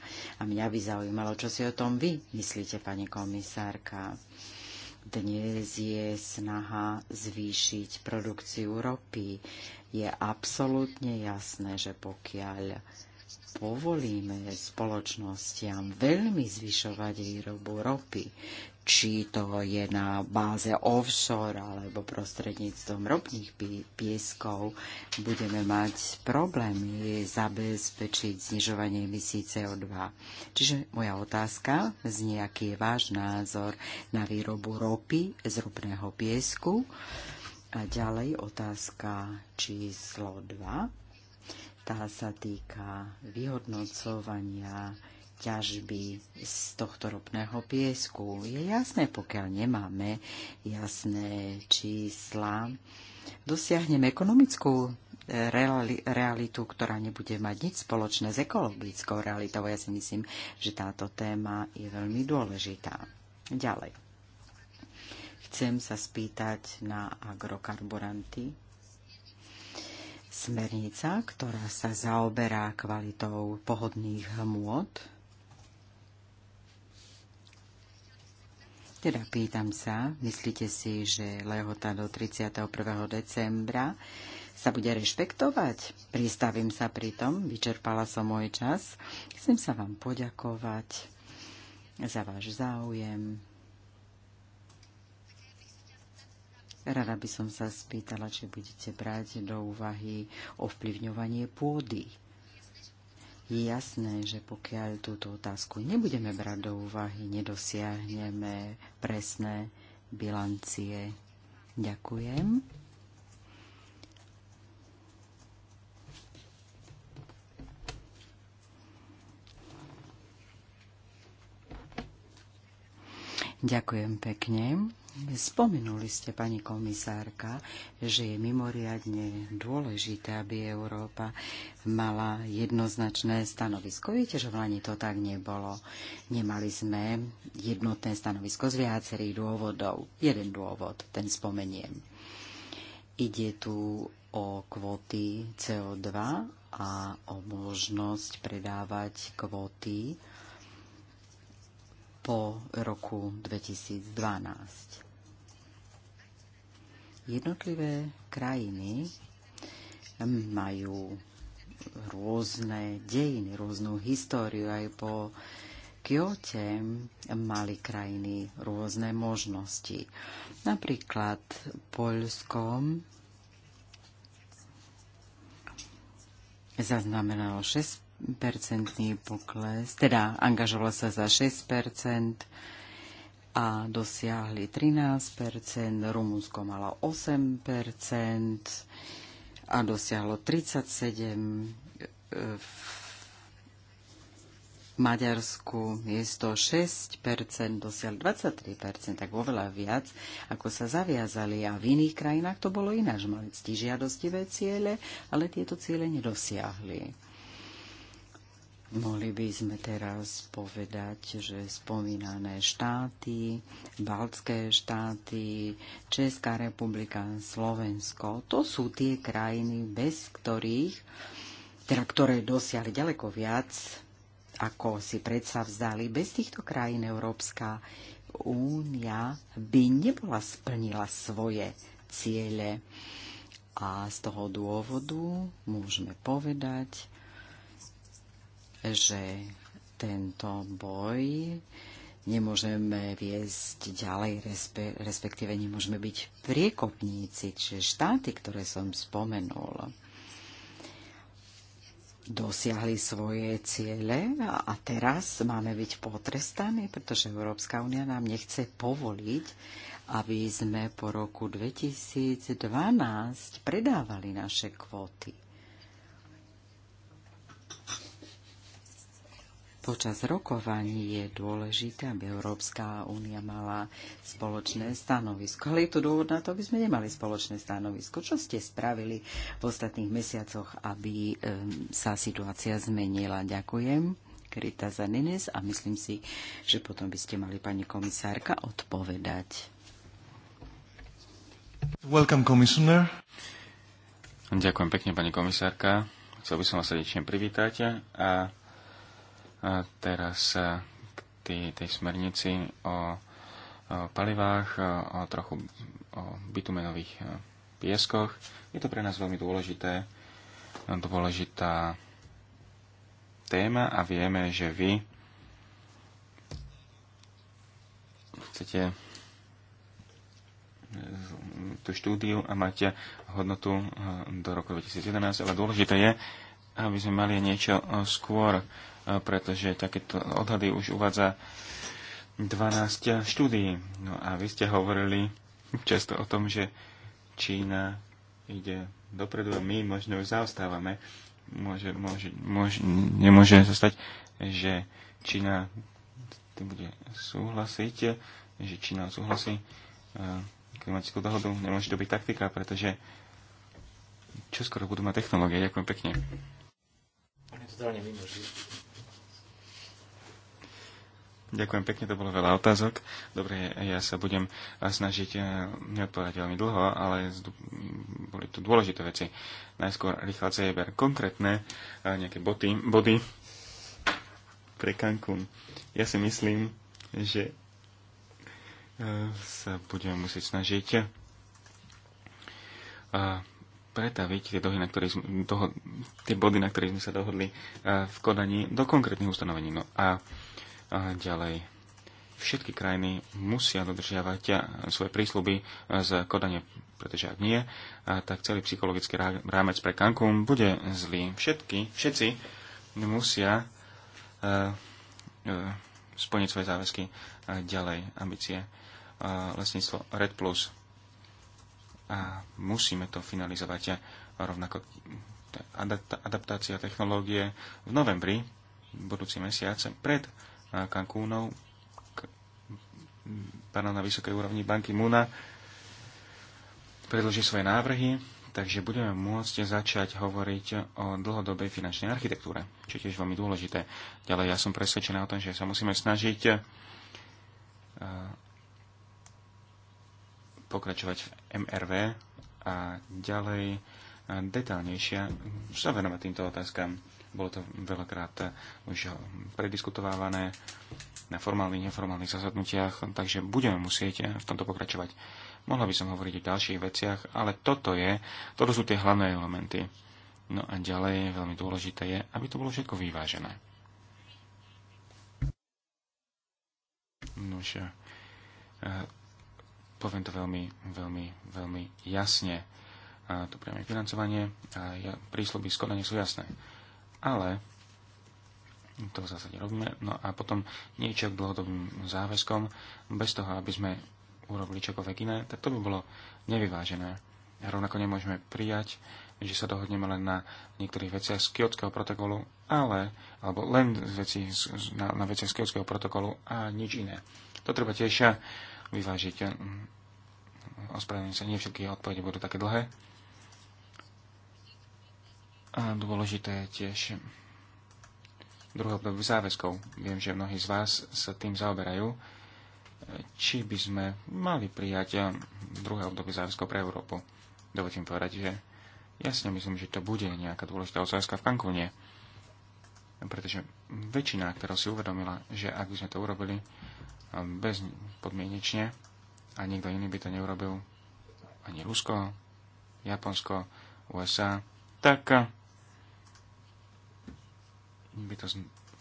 A mňa by zaujímalo, čo si o tom vy myslíte, pani komisárka. Dnes je snaha zvýšiť produkciu ropy. Je absolútne jasné, že pokiaľ povolíme spoločnostiam veľmi zvyšovať výrobu ropy, či to je na báze offshore alebo prostredníctvom ropných pieskov, budeme mať problémy zabezpečiť znižovanie emisí CO2. Čiže moja otázka znie, aký je váš názor na výrobu ropy z ropného piesku. A ďalej otázka číslo 2. Tá sa týka vyhodnocovania ťažby z tohto ropného piesku. Je jasné, pokiaľ nemáme jasné čísla, dosiahnem ekonomickú eh, realitu, ktorá nebude mať nič spoločné s ekologickou realitou. Ja si myslím, že táto téma je veľmi dôležitá. Ďalej. Chcem sa spýtať na agrokarburanty. Smernica, ktorá sa zaoberá kvalitou pohodných hmôt, Teda pýtam sa, myslíte si, že lehota do 31. decembra sa bude rešpektovať? Pristavím sa pri tom, vyčerpala som môj čas. Chcem sa vám poďakovať za váš záujem. Rada by som sa spýtala, či budete brať do úvahy ovplyvňovanie pôdy je jasné, že pokiaľ túto otázku nebudeme brať do úvahy, nedosiahneme presné bilancie. Ďakujem. Ďakujem pekne. Spomenuli ste, pani komisárka, že je mimoriadne dôležité, aby Európa mala jednoznačné stanovisko. Viete, že v Lani to tak nebolo. Nemali sme jednotné stanovisko z viacerých dôvodov. Jeden dôvod, ten spomeniem. Ide tu o kvóty CO2 a o možnosť predávať kvóty po roku 2012 Jednotlivé krajiny majú rôzne dejiny, rôznu históriu. Aj po Kyote mali krajiny rôzne možnosti. Napríklad Poľskom zaznamenalo 6-percentný pokles, teda angažovalo sa za 6 a dosiahli 13%, Rumunsko malo 8% a dosiahlo 37%, eh, v Maďarsku je to 6%, dosiahli 23%, tak oveľa viac, ako sa zaviazali a v iných krajinách to bolo ináč, mali ctižiadostivé ciele, ale tieto ciele nedosiahli. Mohli by sme teraz povedať, že spomínané štáty, Baltské štáty, Česká republika, Slovensko, to sú tie krajiny, bez ktorých, teda ktoré dosiahli ďaleko viac, ako si predsa vzdali. Bez týchto krajín Európska únia by nebola splnila svoje ciele. A z toho dôvodu môžeme povedať, že tento boj nemôžeme viesť ďalej, respektíve nemôžeme byť priekopníci, čiže štáty, ktoré som spomenul, dosiahli svoje ciele a teraz máme byť potrestaní, pretože Európska únia nám nechce povoliť, aby sme po roku 2012 predávali naše kvóty. Počas rokovaní je dôležité, aby Európska únia mala spoločné stanovisko. Ale je to dôvod na to, aby sme nemali spoločné stanovisko. Čo ste spravili v ostatných mesiacoch, aby sa situácia zmenila? Ďakujem. za Zanines a myslím si, že potom by ste mali pani komisárka odpovedať. Welcome, commissioner. Ďakujem pekne, pani komisárka. Chcel by som vás srdečne privítať a a teraz k e, tej, tej smernici o, o palivách, o, e, o trochu o bitumenových e, pieskoch. Je to pre nás veľmi dôležité, dôležitá téma a vieme, že vy chcete tú štúdiu a máte hodnotu do roku 2011, ale dôležité je, aby sme mali niečo skôr pretože takéto odhady už uvádza 12 štúdií. No a vy ste hovorili často o tom, že Čína ide dopredu a my možno už zaostávame. Môže, môže, môže, nemôže sa stať, že Čína tým bude súhlasiť, že Čína súhlasí e, klimatickú dohodu. Nemôže to byť taktika, pretože čo skoro budú mať technológie. Ďakujem pekne. mimo, Ďakujem pekne, to bolo veľa otázok. Dobre, ja sa budem eh, snažiť eh, neodpovedať veľmi dlho, ale boli tu dôležité veci. Najskôr rýchla Zeber, konkrétne eh, nejaké boty, body pre Cancún. Ja si myslím, že sa budeme musieť snažiť pretaviť tie, dohy, na sme, toho, tie body, na ktorých sme sa dohodli v kodaní do konkrétnych ustanovení. No a ďalej. Všetky krajiny musia dodržiavať eh, svoje prísľuby eh, z Kodane, pretože ak nie, eh, tak celý psychologický rámec pre Cancún bude zlý. Všetky, všetci musia uh, uh, splniť svoje záväzky ďalej, ambície. lesníctvo Red Plus. A musíme to finalizovať a rovnako adaptácia technológie v novembri, budúci mesiac, pred Cancúnov, pána na vysokej úrovni banky Muna predloží svoje návrhy, takže budeme môcť začať hovoriť o dlhodobej finančnej architektúre, čo je tiež veľmi dôležité. Ďalej ja som presvedčený o tom, že sa musíme snažiť e, pokračovať v MRV a ďalej e, detálnejšia sa venovať týmto otázkam. Bolo to veľakrát eh, už prediskutovávané na formálnych, neformálnych zasadnutiach, takže budeme musieť eh, v tomto pokračovať. Mohla by som hovoriť o ďalších veciach, ale toto, je, toto sú tie hlavné elementy. No a ďalej veľmi dôležité je, aby to bolo všetko vyvážené. Nože, eh, poviem to veľmi, veľmi, veľmi jasne. A to priame financovanie a prísluby nie sú jasné ale to v zásade robíme. No a potom niečo k dlhodobým záväzkom, bez toho, aby sme urobili čokoľvek iné, tak to by bolo nevyvážené. A rovnako nemôžeme prijať, že sa dohodneme len na niektorých veciach z kiotského protokolu, ale, alebo len veci, na, na veciach z kiotského protokolu a nič iné. To treba tiež vyvážiť. Ospravedlňujem sa, nie všetky odpovede budú také dlhé. A dôležité je tiež druhé obdobie záväzkov. Viem, že mnohí z vás sa tým zaoberajú. Či by sme mali prijať eh, druhé obdobie záväzkov pre Európu? Dovolím povedať, že jasne myslím, že to bude nejaká dôležitá otázka v Kankúne. Pretože väčšina, ktorá si uvedomila, že ak by sme to urobili eh, bezpodmienečne a nikto iný by to neurobil, ani Rusko, Japonsko, USA, tak eh, by to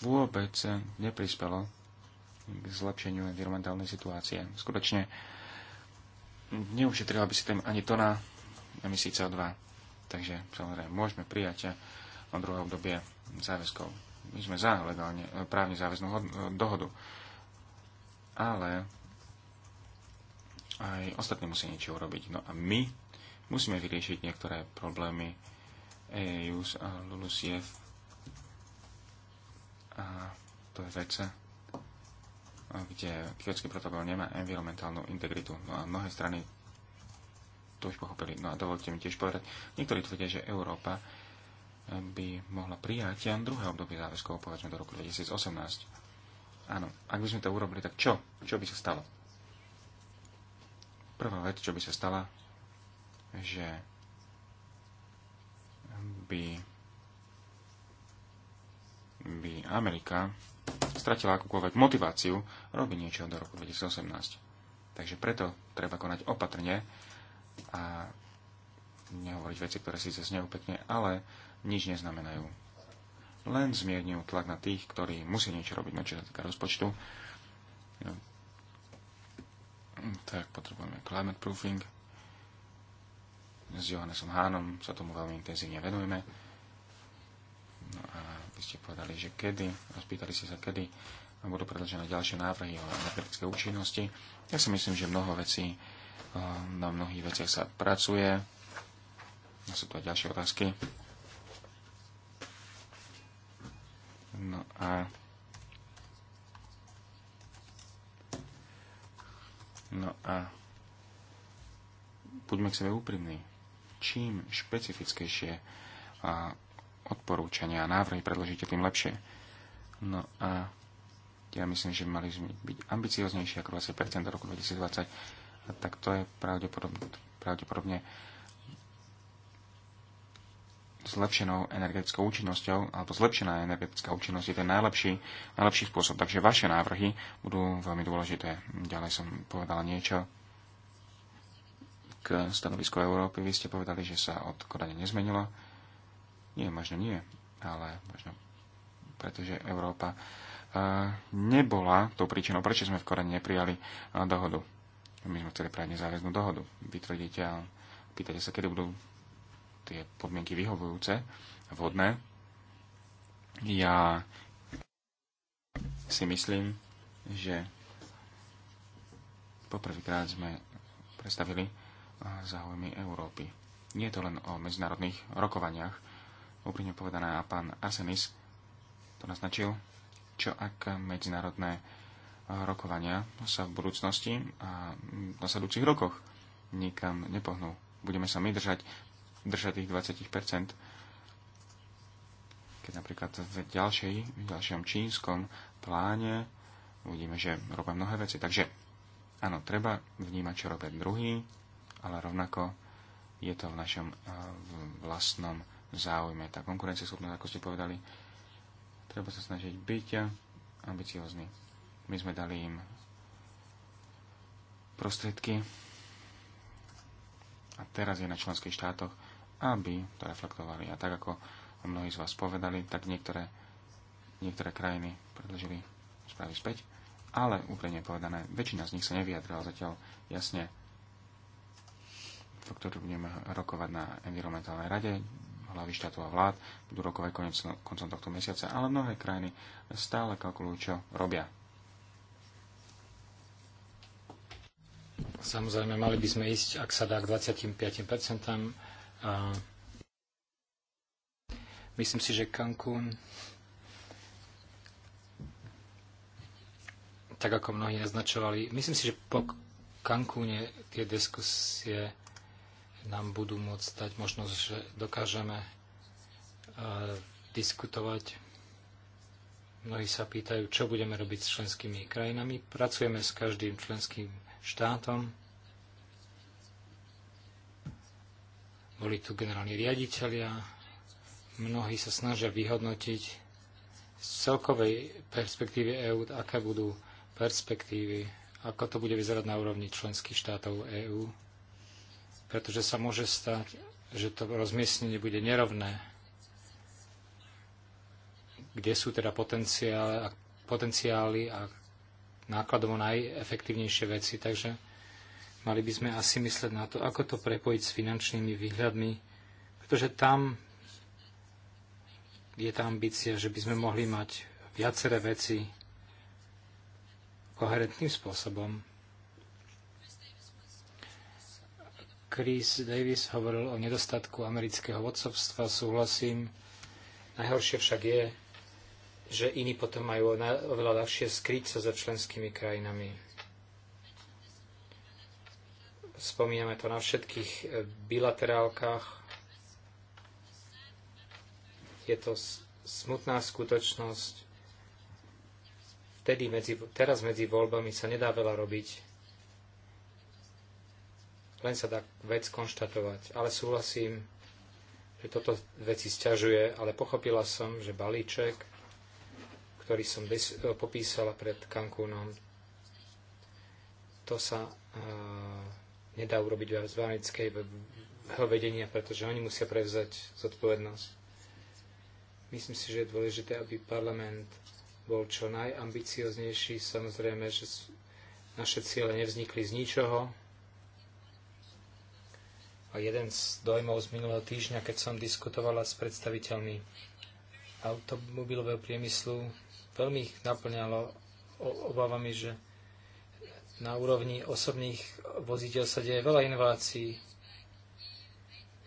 vôbec neprispelo k zlepšeniu environmentálnej situácie. Skutočne neušetrila by si tam ani tona emisí CO2. Takže samozrejme môžeme prijať od druhé obdobie záväzkov. My sme za legálne, právne záväznú dohodu. Ale aj ostatní musia niečo urobiť. No a my musíme vyriešiť niektoré problémy EUS a LULUSIEF a to je vece, kde kyotský protokol nemá environmentálnu integritu. No a mnohé strany to už pochopili. No a dovolte mi tiež povedať, niektorí tvrdia, že Európa by mohla prijať aj druhé obdobie záväzkov, povedzme do roku 2018. Áno, ak by sme to urobili, tak čo? Čo by sa stalo? Prvá vec, čo by sa stala, že by by Amerika stratila akúkoľvek motiváciu robiť niečo do roku 2018. Takže preto treba konať opatrne a nehovoriť veci, ktoré síce znejú pekne, ale nič neznamenajú. Len zmierňujú tlak na tých, ktorí musia niečo robiť, no čo sa týka rozpočtu. No. Tak potrebujeme climate proofing. S Johannesom Hánom sa tomu veľmi intenzívne venujeme vy ste povedali, že kedy, a spýtali ste sa, kedy budú predlžené ďalšie návrhy o energetické účinnosti. Ja si myslím, že mnoho vecí, eh, na mnohých veciach sa pracuje. A no, sú tu aj ďalšie otázky. No a No a buďme k sebe úprimní. Čím špecifickejšie a odporúčania a návrhy predložíte, tým lepšie. No a ja myslím, že mali sme byť ambicioznejší ako 20% do roku 2020, a tak to je pravdepodobne, pravdepodobne zlepšenou energetickou účinnosťou, alebo zlepšená energetická účinnosť je ten najlepší, najlepší spôsob. Takže vaše návrhy budú veľmi dôležité. Ďalej som povedala niečo k stanovisku Európy. Vy ste povedali, že sa od Kodane nezmenilo. Nie, možno nie, ale možno pretože Európa eh, nebola tou príčinou, prečo sme v Korene neprijali eh, dohodu. My sme chceli prijať nezáväznú dohodu. Vy tvrdíte a pýtate sa, kedy budú tie podmienky vyhovujúce, vhodné. Ja si myslím, že poprvýkrát sme predstavili eh, záujmy Európy. Nie je to len o medzinárodných rokovaniach, úprimne povedané, a pán Arsenis to naznačil, čo ak medzinárodné eh, rokovania sa v budúcnosti a v nasledujúcich rokoch nikam nepohnú. Budeme sa my držať, držať tých 20%, keď napríklad v, ďalšej, v ďalšom čínskom pláne uvidíme, že robia mnohé veci. Takže áno, treba vnímať, čo robia druhý, ale rovnako je to v našom eh, vlastnom záujme. Tá konkurencieschopnosť, ako ste povedali, treba sa snažiť byť ambiciózny. My sme dali im prostriedky a teraz je na členských štátoch, aby to reflektovali. A tak ako mnohí z vás povedali, tak niektoré, niektoré krajiny predložili správy späť, ale úplne povedané, väčšina z nich sa nevyjadrila zatiaľ jasne, o ktorú budeme rokovať na environmentálnej rade hlavy štátov a vlád budú rokovať koncom, koncom tohto mesiaca, ale mnohé krajiny stále kalkulujú, čo robia. Samozrejme, mali by sme ísť, ak sa dá, k 25%. A myslím si, že Cancún, tak ako mnohí naznačovali, myslím si, že po Cancúne tie diskusie nám budú môcť dať možnosť, že dokážeme e, diskutovať. Mnohí sa pýtajú, čo budeme robiť s členskými krajinami. Pracujeme s každým členským štátom. Boli tu generálni riaditeľia. Mnohí sa snažia vyhodnotiť z celkovej perspektívy EÚ, aké budú perspektívy, ako to bude vyzerať na úrovni členských štátov EÚ pretože sa môže stať, že to rozmiestnenie bude nerovné. Kde sú teda potenciály a, potenciály a nákladovo najefektívnejšie veci, takže mali by sme asi mysleť na to, ako to prepojiť s finančnými výhľadmi, pretože tam je tá ambícia, že by sme mohli mať viaceré veci koherentným spôsobom. Chris Davis hovoril o nedostatku amerického vodcovstva, súhlasím. Najhoršie však je, že iní potom majú oveľa ľahšie skryť sa za členskými krajinami. Spomíname to na všetkých eh, bilaterálkach. Je to smutná skutočnosť. Vtedy medzi, teraz medzi voľbami sa nedá veľa robiť len sa dá vec konštatovať. Ale súhlasím, že toto veci sťažuje, ale pochopila som, že balíček, ktorý som e, popísala pred Cancúnom, to sa e, nedá urobiť v zvanickej vedenia, pretože oni musia prevzať zodpovednosť. Myslím si, že je dôležité, aby parlament bol čo najambicioznejší. Samozrejme, že naše ciele nevznikli z ničoho, a jeden z dojmov z minulého týždňa, keď som diskutovala s predstaviteľmi automobilového priemyslu, veľmi ich naplňalo obávami, že na úrovni osobných vozidel sa deje veľa inovácií.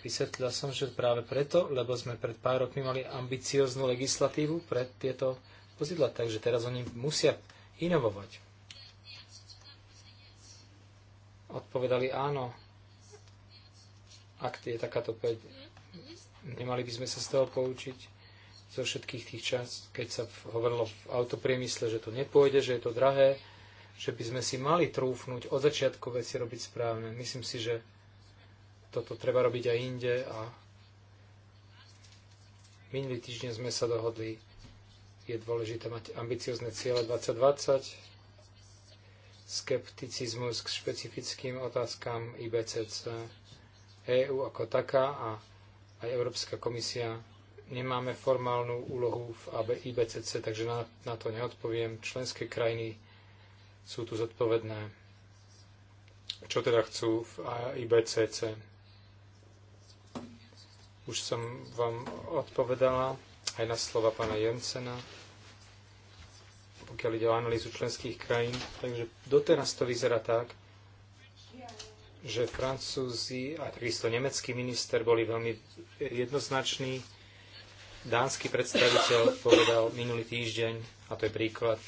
Vysvetlila som, že práve preto, lebo sme pred pár rokmi mali ambicioznú legislatívu pre tieto vozidla, takže teraz oni musia inovovať. Odpovedali áno, ak je takáto peť, nemali by sme sa z toho poučiť zo všetkých tých čas, keď sa hovorilo v autopriemysle, že to nepôjde, že je to drahé, že by sme si mali trúfnuť od začiatku veci robiť správne. Myslím si, že toto treba robiť aj inde a minulý týždeň sme sa dohodli, je dôležité mať ambiciozne ciele 2020, skepticizmus k špecifickým otázkam IBCC, EÚ ako taká a aj Európska komisia nemáme formálnu úlohu v IBCC, takže na, na to neodpoviem. Členské krajiny sú tu zodpovedné. Čo teda chcú v IBCC? Už som vám odpovedala aj na slova pána Jensena, pokiaľ ide o analýzu členských krajín. Takže doteraz to vyzerá tak, že Francúzi a takisto nemecký minister boli veľmi jednoznační. Dánsky predstaviteľ povedal minulý týždeň, a to je príklad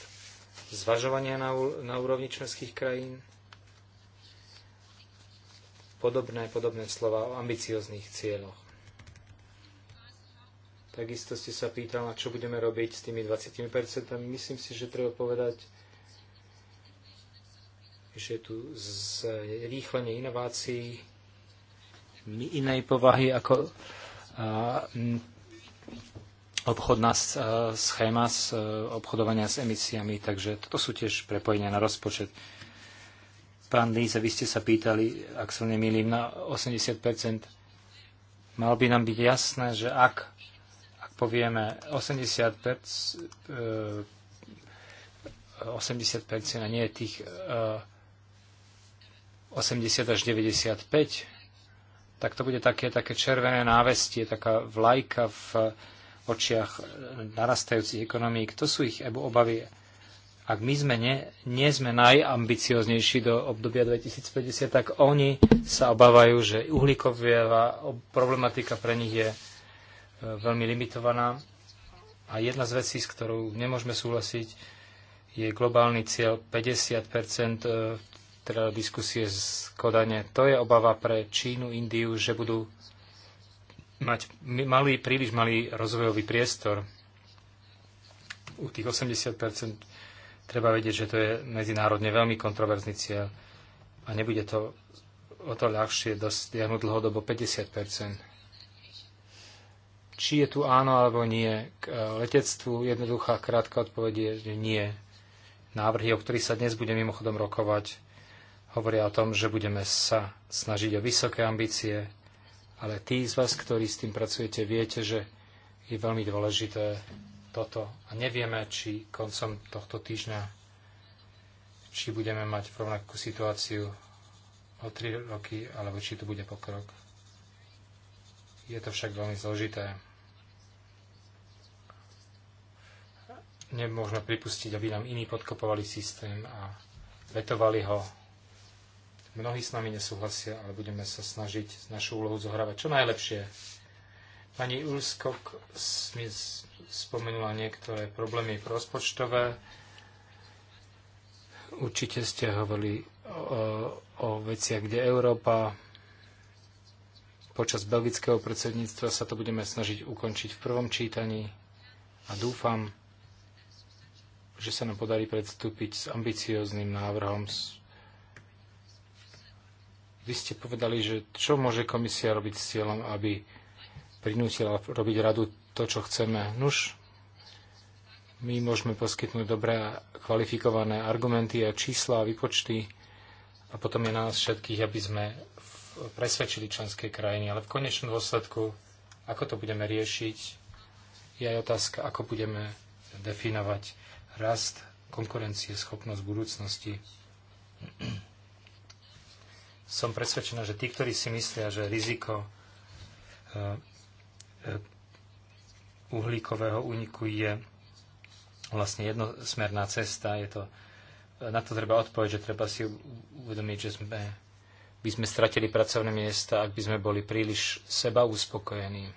zvažovania na, na úrovni členských krajín, podobné, podobné slova o ambicioznych cieľoch. Takisto ste sa pýtali, čo budeme robiť s tými 20%. Myslím si, že treba povedať, že tu zrýchlenie inovácií inej povahy ako obchodná schéma z e, obchodovania s emisiami, takže toto sú tiež prepojenia na rozpočet. Pán Líze, vy ste sa pýtali, ak sa nemýlim, na 80 Malo by nám byť jasné, že ak, ak povieme 80 80 e, a nie tých e, 80 až 95, tak to bude také, také červené návestie, taká vlajka v očiach narastajúcich ekonomík. To sú ich obavy. Ak my sme nie, nie sme najambicioznejší do obdobia 2050, tak oni sa obávajú, že uhlíková problematika pre nich je e, veľmi limitovaná. A jedna z vecí, s ktorou nemôžeme súhlasiť, je globálny cieľ 50 teda diskusie z Kodane. To je obava pre Čínu, Indiu, že budú mať malý, príliš malý rozvojový priestor. U tých 80% treba vedieť, že to je medzinárodne veľmi kontroverzný cieľ a nebude to o to ľahšie dosiahnuť dlhodobo 50%. Či je tu áno alebo nie k e, letectvu, jednoduchá krátka odpoveď je, že nie. Návrhy, o ktorých sa dnes bude mimochodom rokovať, hovoria o tom, že budeme sa snažiť o vysoké ambície, ale tí z vás, ktorí s tým pracujete, viete, že je veľmi dôležité toto a nevieme, či koncom tohto týždňa, či budeme mať rovnakú situáciu o tri roky, alebo či tu bude pokrok. Je to však veľmi zložité. Nemôžeme pripustiť, aby nám iní podkopovali systém a vetovali ho Mnohí s nami nesúhlasia, ale budeme sa snažiť našu úlohu zohrávať čo najlepšie. Pani Ulskok mi spomenula niektoré problémy rozpočtové. Určite ste hovorili o, o veciach, kde Európa počas belgického predsedníctva sa to budeme snažiť ukončiť v prvom čítaní a dúfam, že sa nám podarí predstúpiť s ambicióznym návrhom s vy ste povedali, že čo môže komisia robiť s cieľom, aby prinútila robiť radu to, čo chceme. Nuž, my môžeme poskytnúť dobré kvalifikované argumenty a čísla a výpočty a potom je na nás všetkých, aby sme presvedčili členské krajiny. Ale v konečnom dôsledku, ako to budeme riešiť, je aj otázka, ako budeme definovať rast konkurencie, schopnosť budúcnosti som presvedčená, že tí, ktorí si myslia, že riziko e, e, uhlíkového úniku je vlastne jednosmerná cesta. Je to, na to treba odpovedať, že treba si uvedomiť, že sme, by sme stratili pracovné miesta, ak by sme boli príliš seba uspokojení.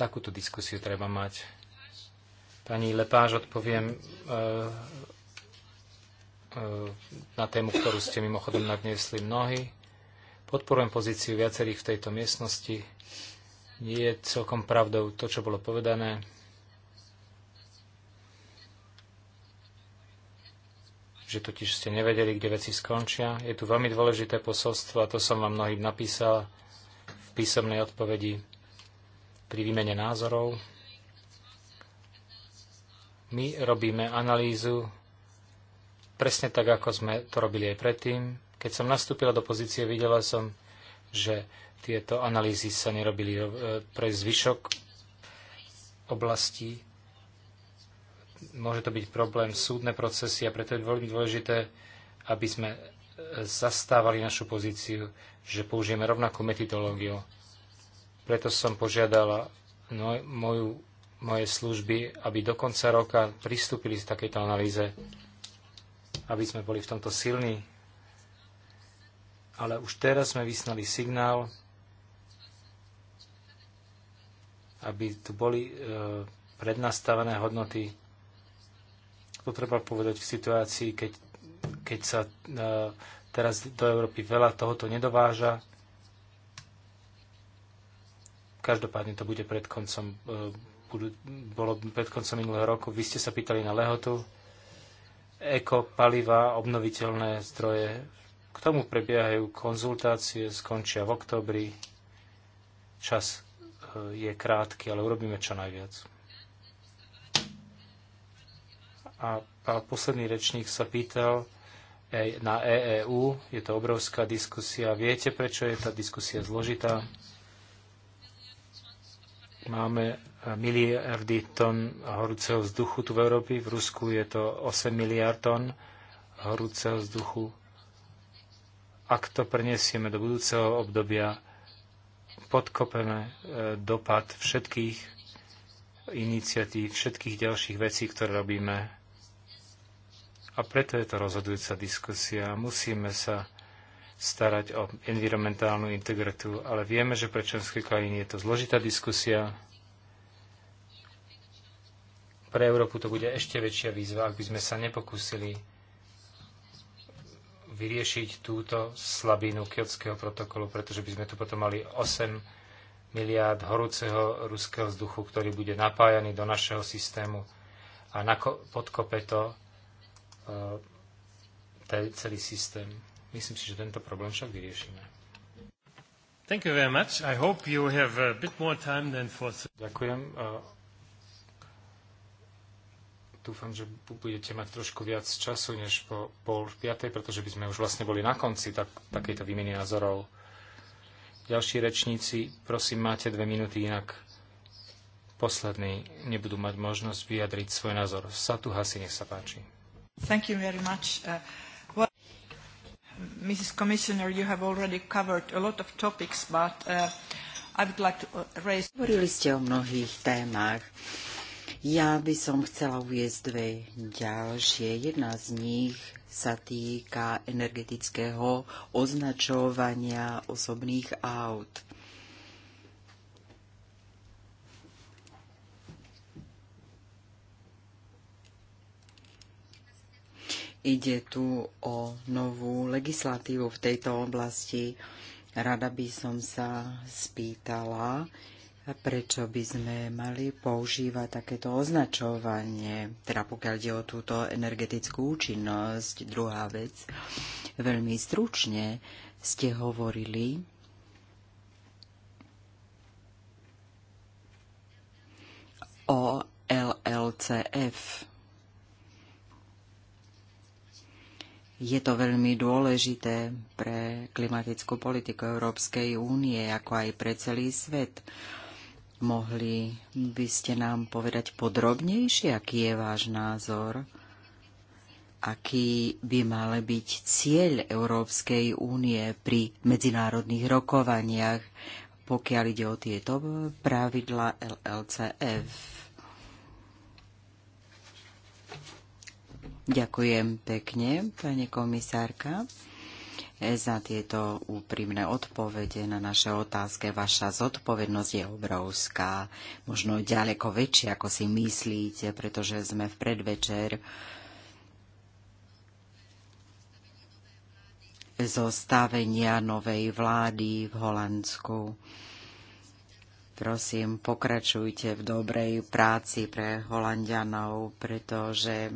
Takúto diskusiu treba mať. Pani Lepáž, odpoviem e, na tému, ktorú ste mimochodom nadniesli mnohí. Podporujem pozíciu viacerých v tejto miestnosti. Nie je celkom pravdou to, čo bolo povedané. že totiž ste nevedeli, kde veci skončia. Je tu veľmi dôležité posolstvo, a to som vám mnohým napísal v písomnej odpovedi pri výmene názorov. My robíme analýzu presne tak, ako sme to robili aj predtým. Keď som nastúpila do pozície, videla som, že tieto analýzy sa nerobili e, pre zvyšok oblasti. Môže to byť problém súdne procesy a preto je veľmi dôležité, aby sme e, zastávali našu pozíciu, že použijeme rovnakú metodológiu. Preto som požiadala no, moju, moje služby, aby do konca roka pristúpili z takejto analýze aby sme boli v tomto silní. Ale už teraz sme vysnali signál, aby tu boli e, prednastavené hodnoty. To treba povedať v situácii, keď, keď sa e, teraz do Európy veľa tohoto nedováža. Každopádne to bude pred koncom, e, budú, bolo pred koncom minulého roku. Vy ste sa pýtali na lehotu ekopaliva, obnoviteľné zdroje. K tomu prebiehajú konzultácie, skončia v oktobri. Čas e, je krátky, ale urobíme čo najviac. A, a posledný rečník sa pýtal e, na EEU. Je to obrovská diskusia. Viete, prečo je tá diskusia zložitá? Máme miliardy tón horúceho vzduchu tu v Európe. V Rusku je to 8 miliard tón horúceho vzduchu. Ak to prenesieme do budúceho obdobia, podkopeme e, dopad všetkých iniciatív, všetkých ďalších vecí, ktoré robíme. A preto je to rozhodujúca diskusia. Musíme sa starať o environmentálnu integritu, ale vieme, že pre členské krajiny je to zložitá diskusia pre Európu to bude ešte väčšia výzva, ak by sme sa nepokúsili vyriešiť túto slabinu kiotského protokolu, pretože by sme tu potom mali 8 miliárd horúceho ruského vzduchu, ktorý bude napájaný do našeho systému a podkope to e, celý systém. Myslím si, že tento problém však vyriešime. Uh, Ďakujem. E, dúfam, že budete mať trošku viac času než po pol piatej, pretože by sme už vlastne boli na konci tak, takejto výmeny názorov. Ďalší rečníci, prosím, máte dve minúty, inak poslední nebudú mať možnosť vyjadriť svoj názor. Satu Hasi, nech sa páči. Thank you very much. Uh, well, Mrs. Commissioner, you have already covered a lot of topics, but uh, I would like to uh, raise... Hovorili ste o mnohých témach. Ja by som chcela uviezť dve ďalšie. Jedna z nich sa týka energetického označovania osobných aut. Ide tu o novú legislatívu v tejto oblasti. Rada by som sa spýtala, prečo by sme mali používať takéto označovanie, teda pokiaľ ide o túto energetickú účinnosť. Druhá vec, veľmi stručne ste hovorili o LLCF. Je to veľmi dôležité pre klimatickú politiku Európskej únie, ako aj pre celý svet. Uh, Mohli by ste nám povedať podrobnejšie, aký je váš názor? Aký by mal byť cieľ Európskej únie pri medzinárodných rokovaniach, pokiaľ ide o tieto pravidla LLCF? Ďakujem pekne, pani komisárka za tieto úprimné odpovede na naše otázky. Vaša zodpovednosť je obrovská, možno ďaleko väčšia, ako si myslíte, pretože sme v predvečer zostavenia novej vlády v Holandsku. Prosím, pokračujte v dobrej práci pre Holandianov, pretože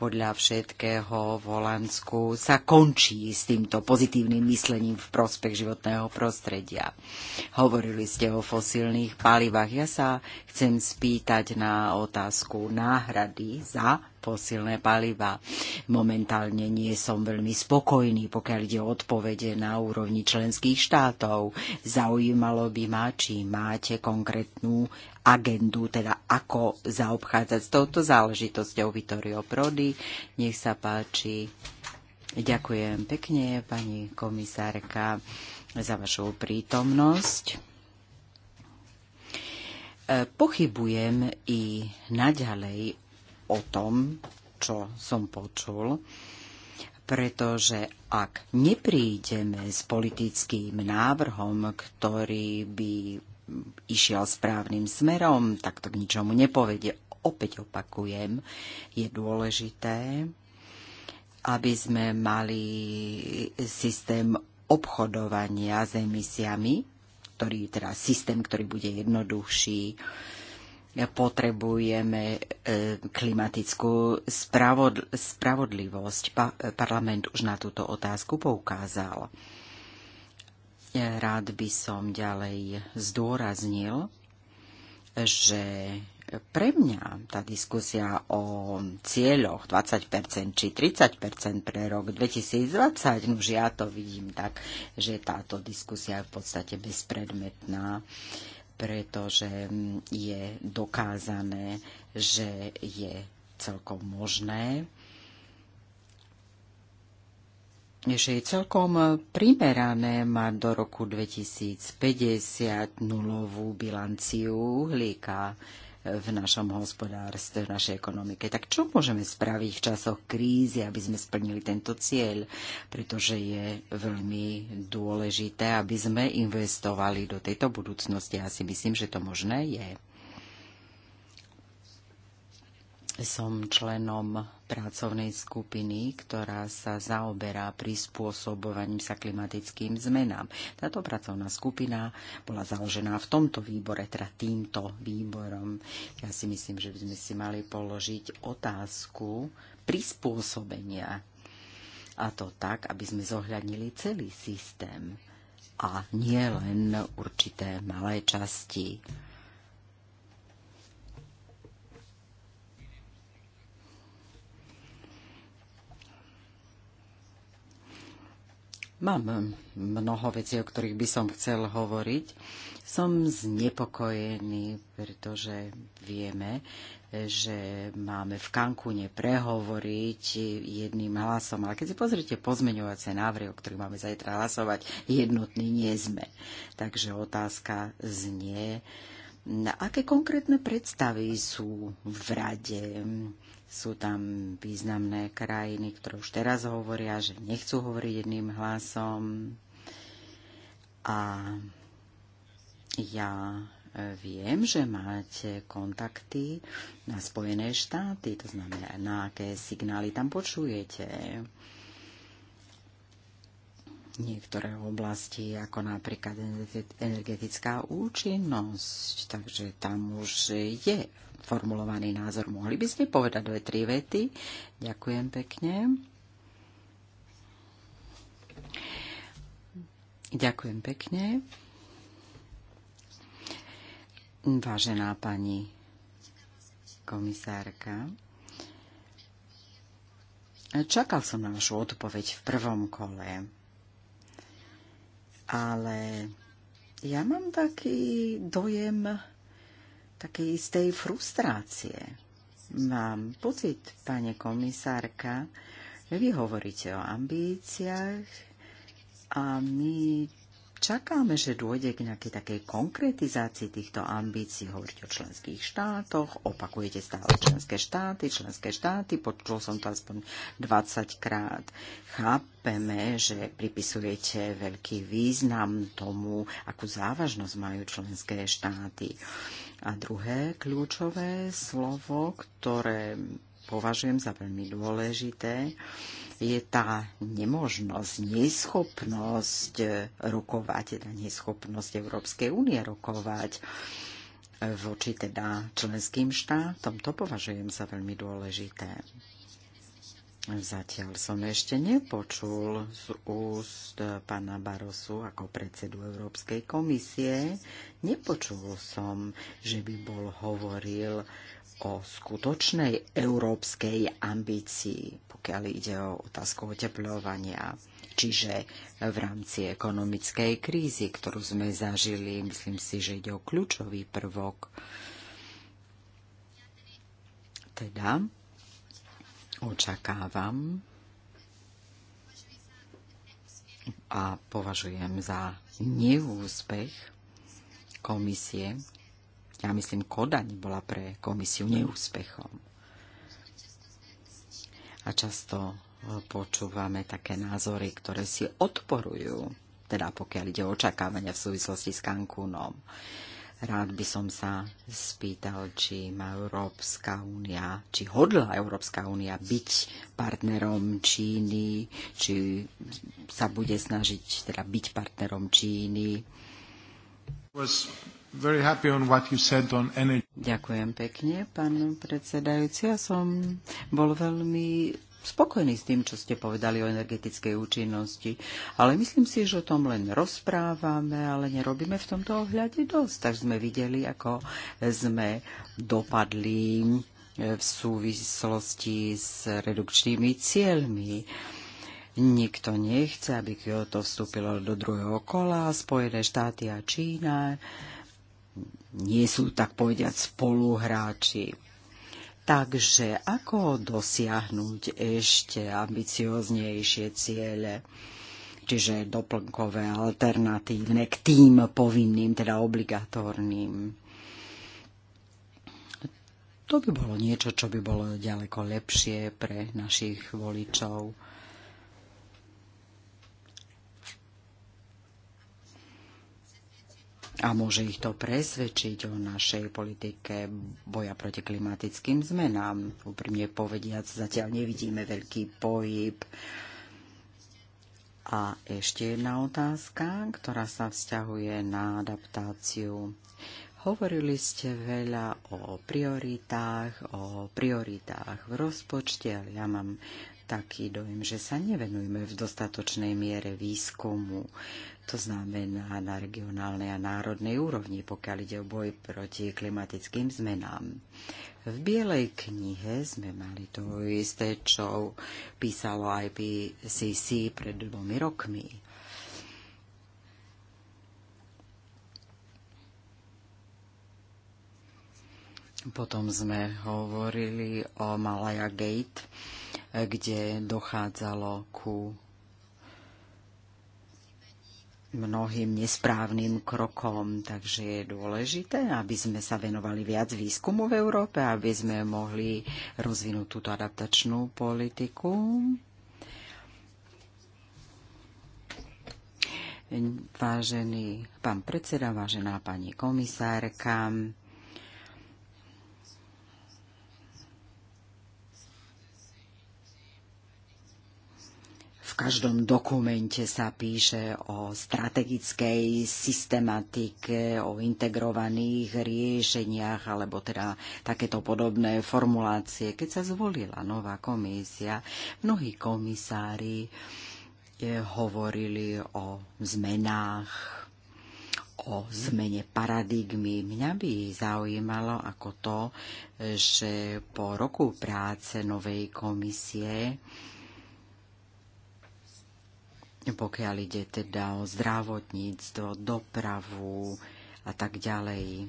podľa všetkého v Holandsku sa končí s týmto pozitívnym myslením v prospech životného prostredia. Hovorili ste o fosílnych palivách. Ja sa chcem spýtať na otázku náhrady za fosilné paliva. Momentálne nie som veľmi spokojný, pokiaľ ide o odpovede na úrovni členských štátov. Zaujímalo by ma, či máte konkrétnu agendu, teda ako zaobchádzať s touto záležitosťou Vittorio Prodi. Nech sa páči. Ďakujem pekne, pani komisárka, za vašu prítomnosť e, pochybujem i naďalej o tom, čo som počul, pretože ak neprídeme s politickým návrhom, ktorý by išiel správnym smerom, tak to k ničomu nepovedie. Opäť opakujem, je dôležité, aby sme mali systém obchodovania s emisiami, ktorý teda systém, ktorý bude jednoduchší, potrebujeme e, klimatickú spravodlivosť. parlament už na túto otázku poukázal. E, rád by som ďalej zdôraznil, že pre mňa tá diskusia o cieľoch 20% či 30% pre rok 2020, už ja to vidím tak, že táto diskusia je v podstate bezpredmetná pretože mm, je dokázané, že je celkom možné, že je celkom primerané mať do roku 2050 nulovú bilanciu uhlíka v našom hospodárstve, v našej ekonomike. Tak čo môžeme spraviť v časoch krízy, aby sme splnili tento cieľ? Pretože je veľmi dôležité, aby sme investovali do tejto budúcnosti. Ja si myslím, že to možné je. Som členom pracovnej skupiny, ktorá sa zaoberá prispôsobovaním sa klimatickým zmenám. Táto pracovná skupina bola založená v tomto výbore, teda týmto výborom. Ja si myslím, že by sme si mali položiť otázku prispôsobenia. A to tak, aby sme zohľadnili celý systém a nie len určité malé časti Mám um, mnoho vecí, o ktorých by som chcel hovoriť. Som znepokojený, pretože vieme, že máme v Kankune prehovoriť jedným hlasom. Ale keď si pozrite pozmeňovacie návrhy, o ktorých máme zajtra hlasovať, jednotní nie sme. Takže otázka znie, na aké konkrétne predstavy sú v rade, sú tam významné krajiny, ktoré už teraz hovoria, že nechcú hovoriť jedným hlasom. A ja e, viem, že máte kontakty na Spojené štáty, to znamená, na aké signály tam počujete niektoré oblasti, ako napríklad energetická účinnosť, takže tam už je formulovaný názor. Mohli by ste povedať dve, tri vety? Ďakujem pekne. Ďakujem pekne. Vážená pani komisárka, čakal som na vašu odpoveď v prvom kole, ale ja mám taký dojem, takej istej frustrácie. Mám pocit, pane komisárka, vy hovoríte o ambíciách a my čakáme, že dôjde k nejakej takej konkretizácii týchto ambícií. Hovoríte o členských štátoch, opakujete stále členské štáty, členské štáty, počul som to aspoň 20 krát. Chápeme, že pripisujete veľký význam tomu, akú závažnosť majú členské štáty. A druhé kľúčové slovo, ktoré považujem za veľmi dôležité, je tá nemožnosť, neschopnosť rokovať, teda neschopnosť Európskej únie rokovať voči teda členským štátom. To považujem za veľmi dôležité. Zatiaľ som ešte nepočul z úst pána Barosu ako predsedu Európskej komisie. Nepočul som, že by bol hovoril o skutočnej európskej ambícii, pokiaľ ide o otázku oteplovania. Čiže v rámci ekonomickej krízy, ktorú sme zažili, myslím si, že ide o kľúčový prvok. Teda očakávam a považujem za neúspech komisie. Ja myslím, Kodaň bola pre komisiu neúspechom. A často e, počúvame také názory, ktoré si odporujú, teda pokiaľ ide o očakávania v súvislosti s Cancúnom. Rád by som sa spýtal, či má Európska únia, či hodla Európska únia byť partnerom Číny, či sa bude snažiť teda byť partnerom Číny. Ďakujem pekne, pán predsedajúci. Ja som bol veľmi spokojný s tým, čo ste povedali o energetickej účinnosti, ale myslím si, že o tom len rozprávame, ale nerobíme v tomto ohľade dosť. Tak sme videli, ako sme dopadli e, v súvislosti s redukčnými cieľmi. Nikto nechce, aby Kyoto vstúpilo do druhého kola, Spojené štáty a Čína nie sú, tak povediať, spoluhráči Takže ako dosiahnuť ešte ambicioznejšie ciele? Čiže doplnkové, alternatívne k tým povinným, teda obligatórnym. To by bolo niečo, čo by bolo ďaleko lepšie pre našich voličov. a môže ich to presvedčiť o našej politike boja proti klimatickým zmenám. Úprimne povediac, zatiaľ nevidíme veľký pohyb. A ešte jedna otázka, ktorá sa vzťahuje na adaptáciu. Hovorili ste veľa o prioritách, o prioritách v rozpočte, ale ja mám taký dojem, že sa nevenujeme v dostatočnej miere výskumu to znamená na regionálnej a národnej úrovni, pokiaľ ide o boj proti klimatickým zmenám. V Bielej knihe sme mali to isté, čo písalo IPCC pred dvomi rokmi. Potom sme hovorili o Malaya Gate, kde dochádzalo ku mnohým nesprávnym krokom. Takže je dôležité, aby sme sa venovali viac výskumu v Európe, aby sme mohli rozvinúť túto adaptačnú politiku. Vážený pán predseda, vážená pani komisárka, každom dokumente sa píše o strategickej systematike, o integrovaných riešeniach, alebo teda takéto podobné formulácie. Keď sa zvolila nová komisia, mnohí komisári eh, hovorili o zmenách, o zmene paradigmy. Mňa by zaujímalo ako to, eh, že po roku práce novej komisie pokiaľ ide teda o zdravotníctvo, dopravu a tak ďalej.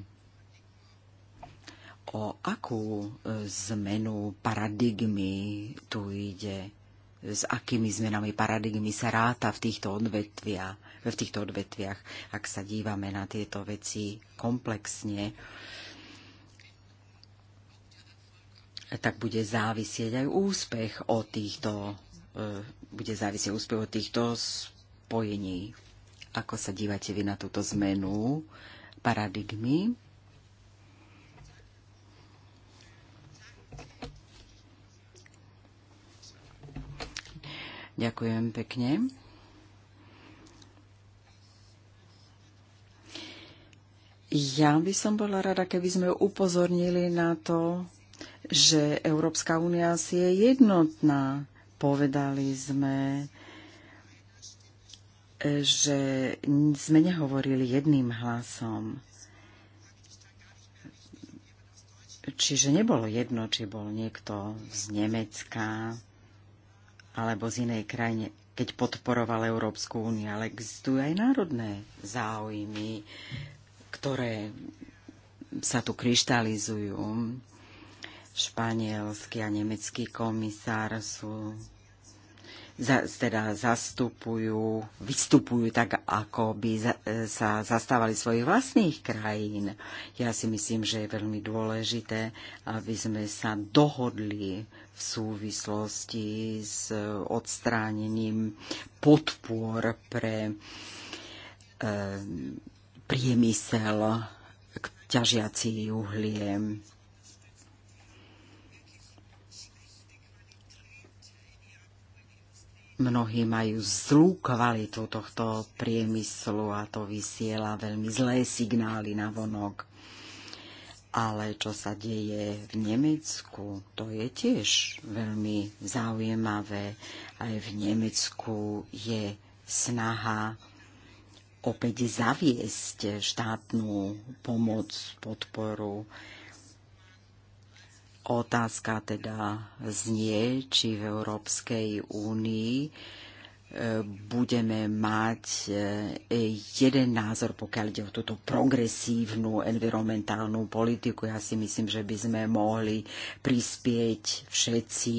O akú e, zmenu paradigmy tu ide? S akými zmenami paradigmy sa ráta v týchto, odvetviach? v týchto odvetviach, ak sa dívame na tieto veci komplexne? tak bude závisieť aj úspech o týchto bude e, závisieť úspech od týchto spojení. Ako sa dívate vy na túto zmenu paradigmy? Ďakujem pekne. Ja by som bola rada, keby sme upozornili na to, že Európska únia si je jednotná Povedali sme, že sme nehovorili jedným hlasom. Čiže nebolo jedno, či bol niekto z Nemecka alebo z inej krajine, keď podporoval Európsku úniu, ale existujú aj národné záujmy, ktoré sa tu kryštalizujú španielský a nemecký komisár sú za, teda zastupujú, vystupujú tak, ako by za, e, sa zastávali svojich vlastných krajín. Ja si myslím, že je veľmi dôležité, aby sme sa dohodli v súvislosti s odstránením podpor pre e, priemysel ťažiaci uhlie Mnohí majú zlú kvalitu tohto priemyslu a to vysiela veľmi zlé signály na vonok. Ale čo sa deje v Nemecku, to je tiež veľmi zaujímavé. Aj v Nemecku je snaha opäť zaviesť štátnu pomoc, podporu. Otázka teda znie, či v Európskej únii e, budeme mať e, jeden názor, pokiaľ ide o túto progresívnu environmentálnu politiku. Ja si myslím, že by sme mohli prispieť všetci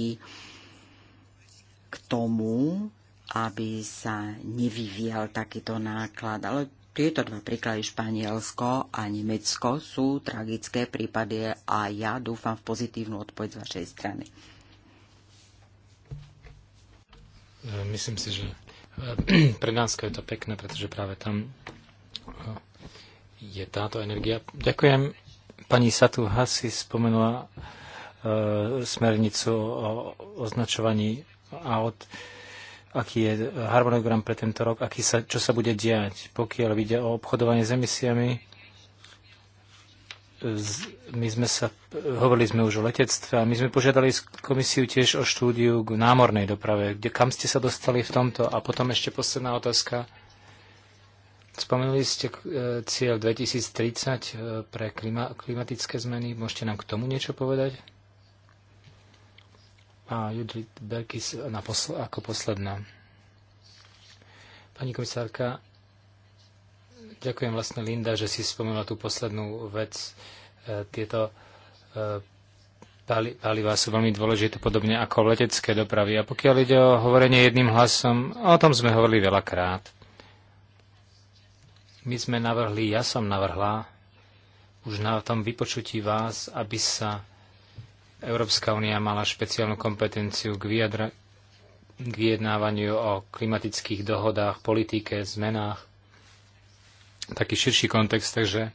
k tomu, aby sa nevyvíjal takýto náklad. Ale tieto dva príklady Španielsko a Nemecko sú tragické prípady a ja dúfam v pozitívnu odpoveď z vašej strany. E, myslím si, že e, <clears throat> pre Dánsko je to pekné, pretože práve tam e, je táto energia. Ďakujem. Pani Satu Hasi spomenula smernicu o označovaní a od aký je harmonogram pre tento rok, aký sa, čo sa bude diať, pokiaľ ide o obchodovanie s emisiami. My sme sa, hovorili sme už o letectve a my sme požiadali komisiu tiež o štúdiu k námornej doprave, kde, kam ste sa dostali v tomto. A potom ešte posledná otázka. Spomenuli ste e, cieľ 2030 e, pre klima, klimatické zmeny. Môžete nám k tomu niečo povedať? a Judith Berkis posl- ako posledná. Pani komisárka, ďakujem vlastne Linda, že si spomenula tú poslednú vec. E, tieto e, palivá sú veľmi dôležité, podobne ako letecké dopravy. A pokiaľ ide o hovorenie jedným hlasom, o tom sme hovorili veľakrát. My sme navrhli, ja som navrhla, už na tom vypočutí vás, aby sa Európska únia mala špeciálnu kompetenciu k, vyjadra, k vyjednávaniu o klimatických dohodách, politike, zmenách, taký širší kontext, takže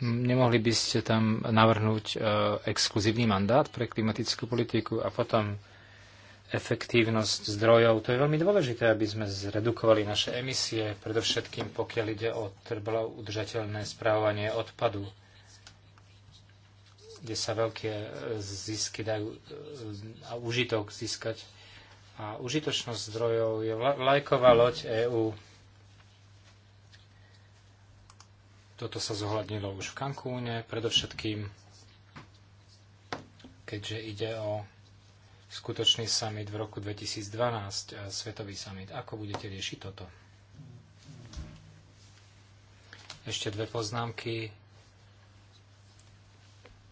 nemohli by ste tam navrhnúť e, exkluzívny mandát pre klimatickú politiku a potom efektívnosť zdrojov. To je veľmi dôležité, aby sme zredukovali naše emisie, predovšetkým pokiaľ ide o trvalo udržateľné správanie odpadu kde sa veľké e, zisky dajú e, a užitok získať. A užitočnosť zdrojov je vlajková loď EÚ. Toto sa zohľadnilo už v Cancúne, predovšetkým, keďže ide o skutočný summit v roku 2012, svetový summit. Ako budete riešiť toto? Ešte dve poznámky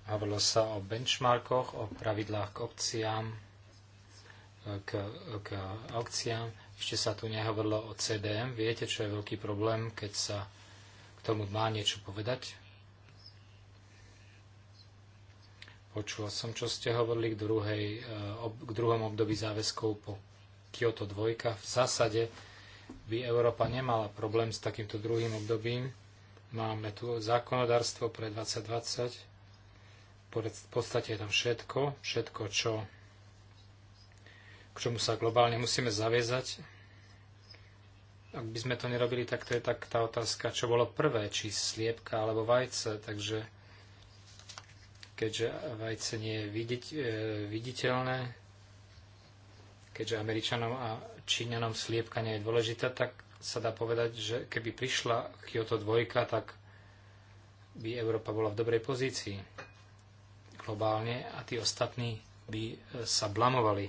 Hovorilo sa o benchmarkoch, o pravidlách k opciám, k, k aukciám. Ešte sa tu nehovorilo o CDM. Viete, čo je veľký problém, keď sa k tomu má niečo povedať? Počul som, čo ste hovorili k, druhej, eh, k druhom období záväzkov po Kyoto 2. V zásade by Európa nemala problém s takýmto druhým obdobím. Máme tu zákonodárstvo pre 2020 v podstate je tam všetko, všetko, čo, k čomu sa globálne musíme zaviezať. Ak by sme to nerobili, tak to je tak tá otázka, čo bolo prvé, či sliepka alebo vajce. Takže keďže vajce nie je vidieť, e, viditeľné, keďže Američanom a Číňanom sliepka nie je dôležitá, tak sa dá povedať, že keby prišla Kyoto 2, tak by Európa bola v dobrej pozícii globálne a tí ostatní by e, sa blamovali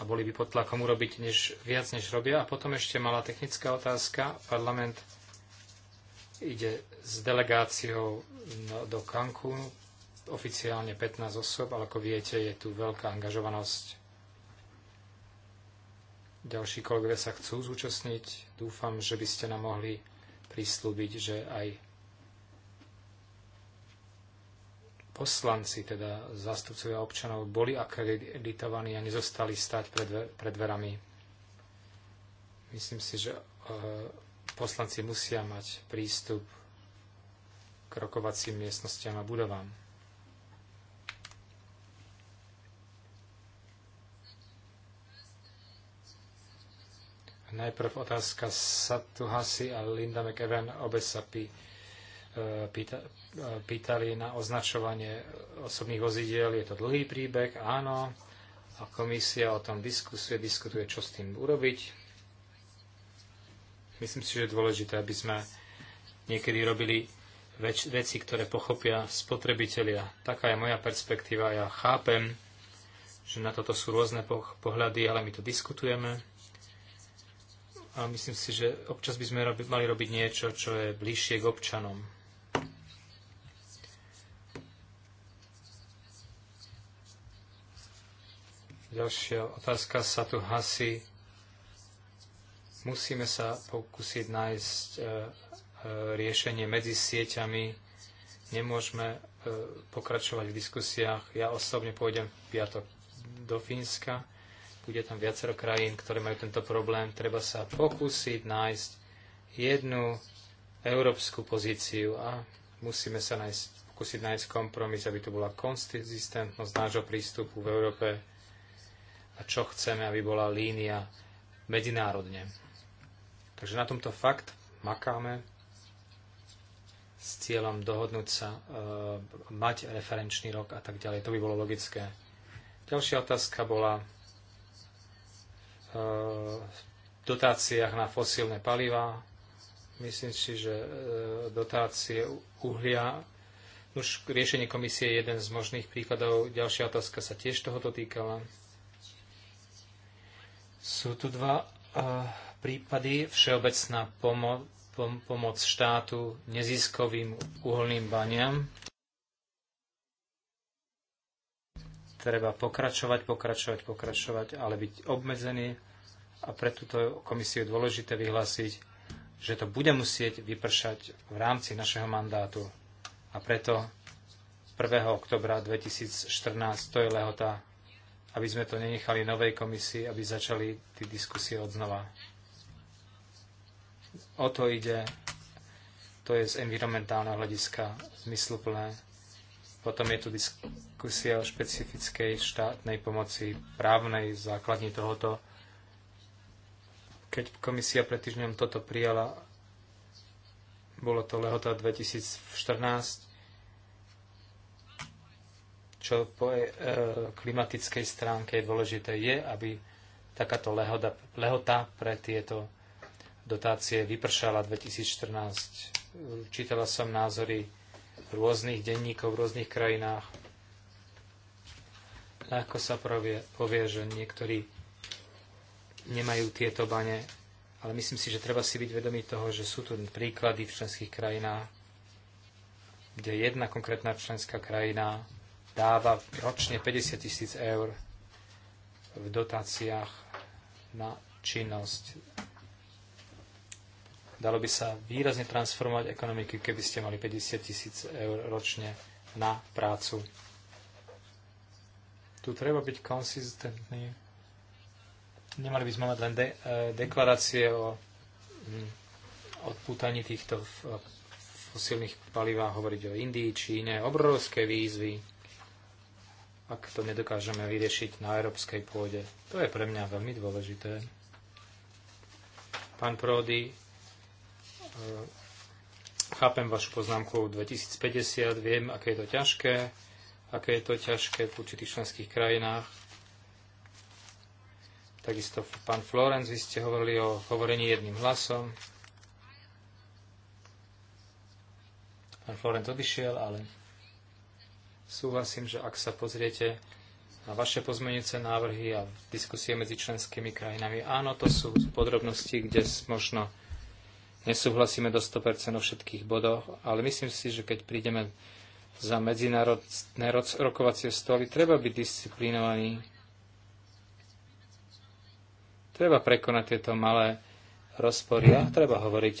a boli by pod tlakom urobiť než, viac, než robia. A potom ešte malá technická otázka. Parlament ide s delegáciou do Cancúnu, oficiálne 15 osob, ale ako viete, je tu veľká angažovanosť. Ďalší kolegovia sa chcú zúčastniť. Dúfam, že by ste nám mohli prislúbiť, že aj poslanci, teda zástupcovia občanov, boli akreditovaní a nezostali stať pred, pred dverami. Myslím si, že e, poslanci musia mať prístup k rokovacím miestnostiam a budovám. Najprv otázka Satuhasi a Linda McEwen, obe sa pýtajú E, pýta, e, pýtali na označovanie osobných vozidiel. Je to dlhý príbeh, áno. A komisia o tom diskusuje, diskutuje, čo s tým urobiť. Myslím si, že je dôležité, aby sme niekedy robili več, veci, ktoré pochopia spotrebitelia. Taká je moja perspektíva. Ja chápem, že na toto sú rôzne pohľady, ale my to diskutujeme. A myslím si, že občas by sme mali robiť niečo, čo je bližšie k občanom. Ďalšia otázka sa tu hasi. Musíme sa pokúsiť nájsť e, e, riešenie medzi sieťami. Nemôžeme e, pokračovať v diskusiách. Ja osobne pôjdem piatok do Fínska. Bude tam viacero krajín, ktoré majú tento problém. Treba sa pokúsiť nájsť jednu európsku pozíciu a musíme sa nájsť, pokúsiť nájsť kompromis, aby tu bola konzistentnosť nášho prístupu v Európe a čo chceme, aby bola línia medzinárodne. Takže na tomto fakt makáme s cieľom dohodnúť sa, e, mať referenčný rok a tak ďalej. To by bolo logické. Ďalšia otázka bola e, v dotáciách na fosílne paliva. Myslím si, že e, dotácie uhlia. Už riešenie komisie je jeden z možných príkladov. Ďalšia otázka sa tiež tohoto týkala. Sú tu dva eh, prípady. Všeobecná pomo- pom- pomoc štátu neziskovým uholným baniam. Treba pokračovať, pokračovať, pokračovať, ale byť obmedzený. A pre túto komisiu je dôležité vyhlásiť, že to bude musieť vypršať v rámci našeho mandátu. A preto 1. oktobra 2014 to je lehota aby sme to nenechali novej komisii, aby začali tie diskusie odznova. O to ide, to je z environmentálneho hľadiska zmysluplné. Potom je tu diskusia o špecifickej štátnej pomoci právnej základni tohoto. Keď komisia pred týždňom toto prijala, bolo to lehota 2014, čo po e, klimatickej stránke je dôležité, je, aby takáto lehoda, lehota pre tieto dotácie vypršala 2014. Čítala som názory rôznych denníkov v rôznych krajinách. Ako sa povie, povie, že niektorí nemajú tieto bane, ale myslím si, že treba si byť vedomí toho, že sú tu príklady v členských krajinách, kde jedna konkrétna členská krajina dáva ročne 50 tisíc eur v dotáciách na činnosť. Dalo by sa výrazne transformovať ekonomiky, keby ste mali 50 tisíc eur ročne na prácu. Tu treba byť konsistentný. Nemali by sme mať len de- e, deklarácie o mm, odpútaní týchto e, fosílnych palivách, hovoriť o Indii, Číne, obrovské výzvy, ak to nedokážeme vyriešiť na európskej pôde. To je pre mňa veľmi dôležité. Pán Prody, e, chápem vašu poznámku 2050, viem, aké je to ťažké, aké je to ťažké v určitých členských krajinách. Takisto pán Florenc, vy ste hovorili o hovorení jedným hlasom. Pán Florenc odišiel, ale súhlasím, že ak sa pozriete na vaše pozmenujúce návrhy a diskusie medzi členskými krajinami, áno, to sú podrobnosti, kde možno nesúhlasíme do 100% o všetkých bodoch, ale myslím si, že keď prídeme za medzinárodné rokovacie stoly, treba byť disciplinovaní. Treba prekonať tieto malé rozpory a treba hovoriť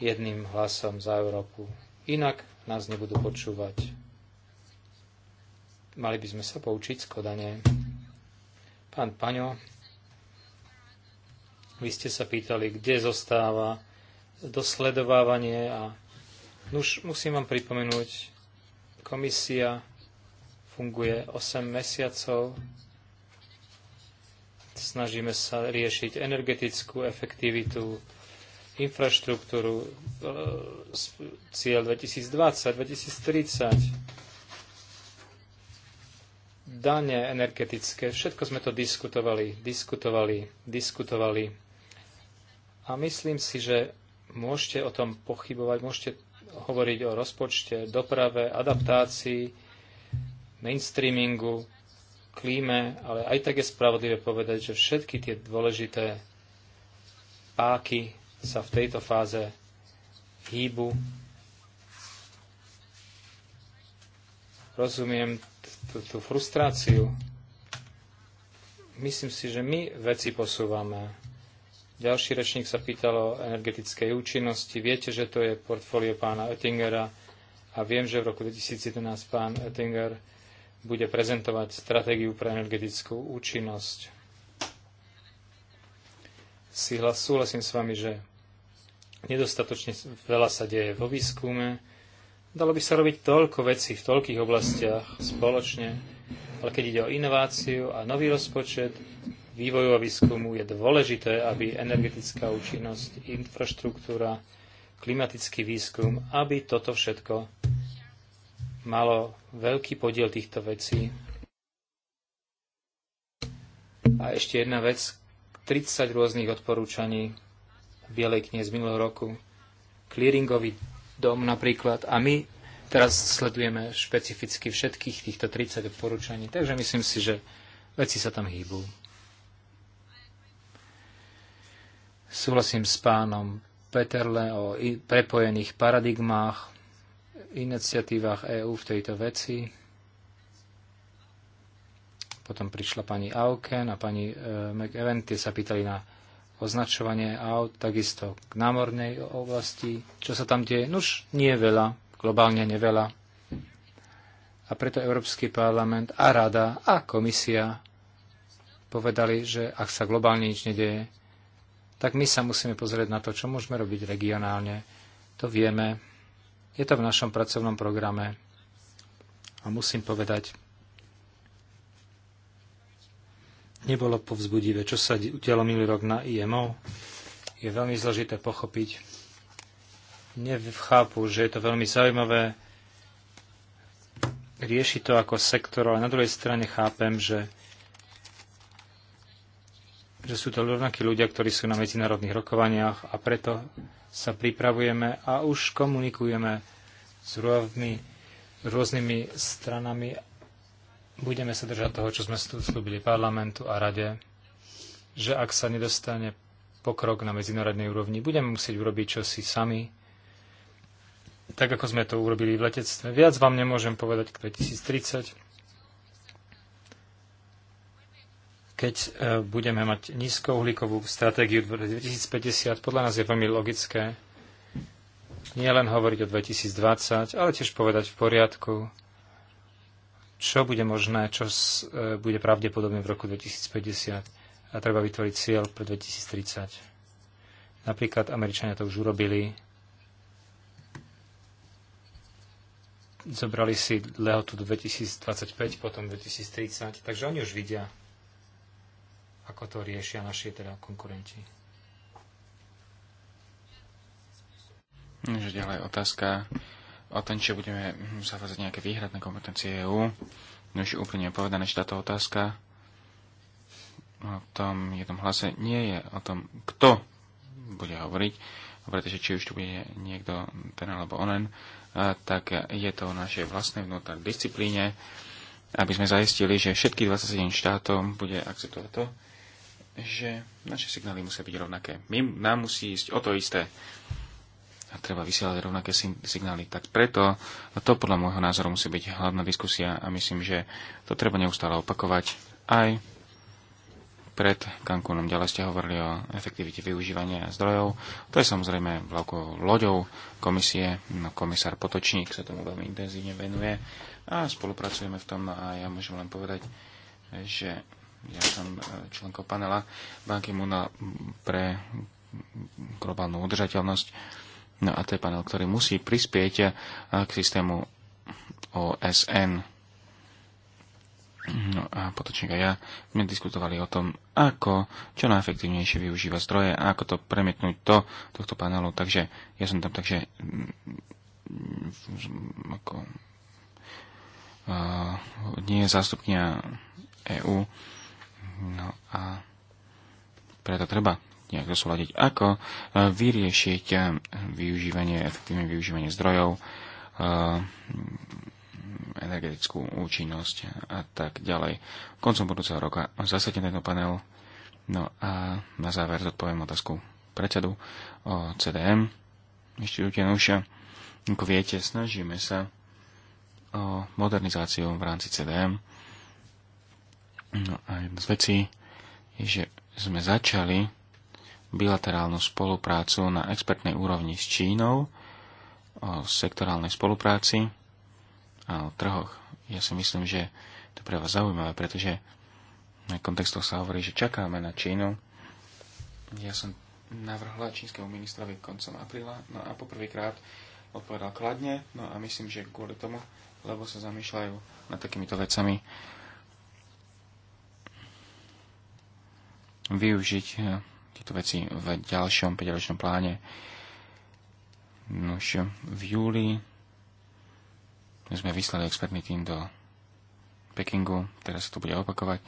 jedným hlasom za Európu. Inak nás nebudú počúvať. Mali by sme sa poučiť skodanie. Pán Paňo, vy ste sa pýtali, kde zostáva dosledovávanie a už musím vám pripomenúť, komisia funguje 8 mesiacov, snažíme sa riešiť energetickú efektivitu, infraštruktúru, e, cieľ 2020, 2030, dane energetické, všetko sme to diskutovali, diskutovali, diskutovali. A myslím si, že môžete o tom pochybovať, môžete hovoriť o rozpočte, doprave, adaptácii, mainstreamingu, klíme, ale aj tak je spravodlivé povedať, že všetky tie dôležité páky sa v tejto fáze hýbu. Rozumiem tú, tú frustráciu. Myslím si, že my veci posúvame. Ďalší rečník sa pýtal o energetickej účinnosti. Viete, že to je portfólio pána Oettingera a viem, že v roku 2011 pán Oettinger bude prezentovať stratégiu pre energetickú účinnosť. Súhlasím s vami, že nedostatočne veľa sa deje vo výskume, Dalo by sa robiť toľko vecí v toľkých oblastiach spoločne, ale keď ide o inováciu a nový rozpočet, vývoju a výskumu je dôležité, aby energetická účinnosť, infraštruktúra, klimatický výskum, aby toto všetko malo veľký podiel týchto vecí. A ešte jedna vec, 30 rôznych odporúčaní Bielej knihe z minulého roku, clearingový dom napríklad a my teraz sledujeme špecificky všetkých týchto 30 odporúčaní, takže myslím si, že veci sa tam hýbu. Súhlasím s pánom Peterle o prepojených paradigmách, iniciatívach EÚ v tejto veci. Potom prišla pani Auken a pani e, McEventy sa pýtali na označovanie aut, takisto k námornej oblasti, čo sa tam deje. Nuž nie veľa, globálne neveľa. A preto Európsky parlament a Rada a Komisia povedali, že ak sa globálne nič nedeje, tak my sa musíme pozrieť na to, čo môžeme robiť regionálne. To vieme. Je to v našom pracovnom programe. A musím povedať, nebolo povzbudivé. Čo sa udialo minulý rok na IMO, je veľmi zložité pochopiť. Nevchápu, že je to veľmi zaujímavé. Rieši to ako sektor, ale na druhej strane chápem, že, že sú to rovnakí ľudia, ktorí sú na medzinárodných rokovaniach a preto sa pripravujeme a už komunikujeme s rôznymi, rôznymi stranami budeme sa držať toho, čo sme slúbili parlamentu a rade, že ak sa nedostane pokrok na medzinárodnej úrovni, budeme musieť urobiť čosi sami, tak ako sme to urobili v letectve. Viac vám nemôžem povedať k 2030, keď e, budeme mať nízkouhlíkovú stratégiu 2050. Podľa nás je veľmi logické nielen hovoriť o 2020, ale tiež povedať v poriadku, čo bude možné, čo e, bude pravdepodobné v roku 2050 a treba vytvoriť cieľ pre 2030. Napríklad Američania to už urobili. Zobrali si lehotu do 2025, potom 2030, takže oni už vidia, ako to riešia naši teda konkurenti. ďalej otázka o tom, či budeme zavazať nejaké výhradné kompetencie EÚ. No už úplne povedané, že táto otázka o tom jednom hlase nie je o tom, kto bude hovoriť, pretože či už tu bude niekto ten alebo onen, tak je to o našej vlastnej vnútornej disciplíne, aby sme zaistili, že všetky 27 štátov bude akceptovať to, že naše signály musia byť rovnaké. My, nám musí ísť o to isté treba vysielať rovnaké signály. Tak preto to podľa môjho názoru musí byť hlavná diskusia a myslím, že to treba neustále opakovať aj pred Cancúnom. Ďalej ste hovorili o efektivite využívania zdrojov. To je samozrejme veľkou loďou komisie. No, komisár Potočník sa tomu veľmi intenzívne venuje a spolupracujeme v tom no a ja môžem len povedať, že ja som e, členkou panela Banky Muna pre globálnu udržateľnosť No a to je panel, ktorý musí prispieť eh, k systému OSN. No a potočník a ja sme diskutovali o tom, ako čo najefektívnejšie využíva zdroje a ako to premietnúť do tohto panelu. Takže ja som tam takže mm, ako, uh, nie je zástupňa EÚ. No a preto treba nejak zosúľadiť, ako e, vyriešiť e, využívanie, efektívne využívanie zdrojov, e, energetickú účinnosť a tak ďalej. Koncom budúceho roka zasadne tento panel. No a na záver zodpoviem otázku predsedu o CDM ešte Nuša. Ako viete, snažíme sa o modernizáciu v rámci CDM. No a jedna z vecí je, že sme začali bilaterálnu spoluprácu na expertnej úrovni s Čínou, o sektorálnej spolupráci a o trhoch. Ja si myslím, že to je pre vás zaujímavé, pretože na kontextu sa hovorí, že čakáme na Čínu. Ja som navrhla čínskeho ministrovi koncom apríla, no a poprvýkrát odpovedal kladne, no a myslím, že kvôli tomu, lebo sa zamýšľajú nad takýmito vecami využiť eh, tieto veci v ďalšom 5-ročnom pláne. Nož v júli sme vyslali expertný tým do Pekingu, teraz sa to bude opakovať,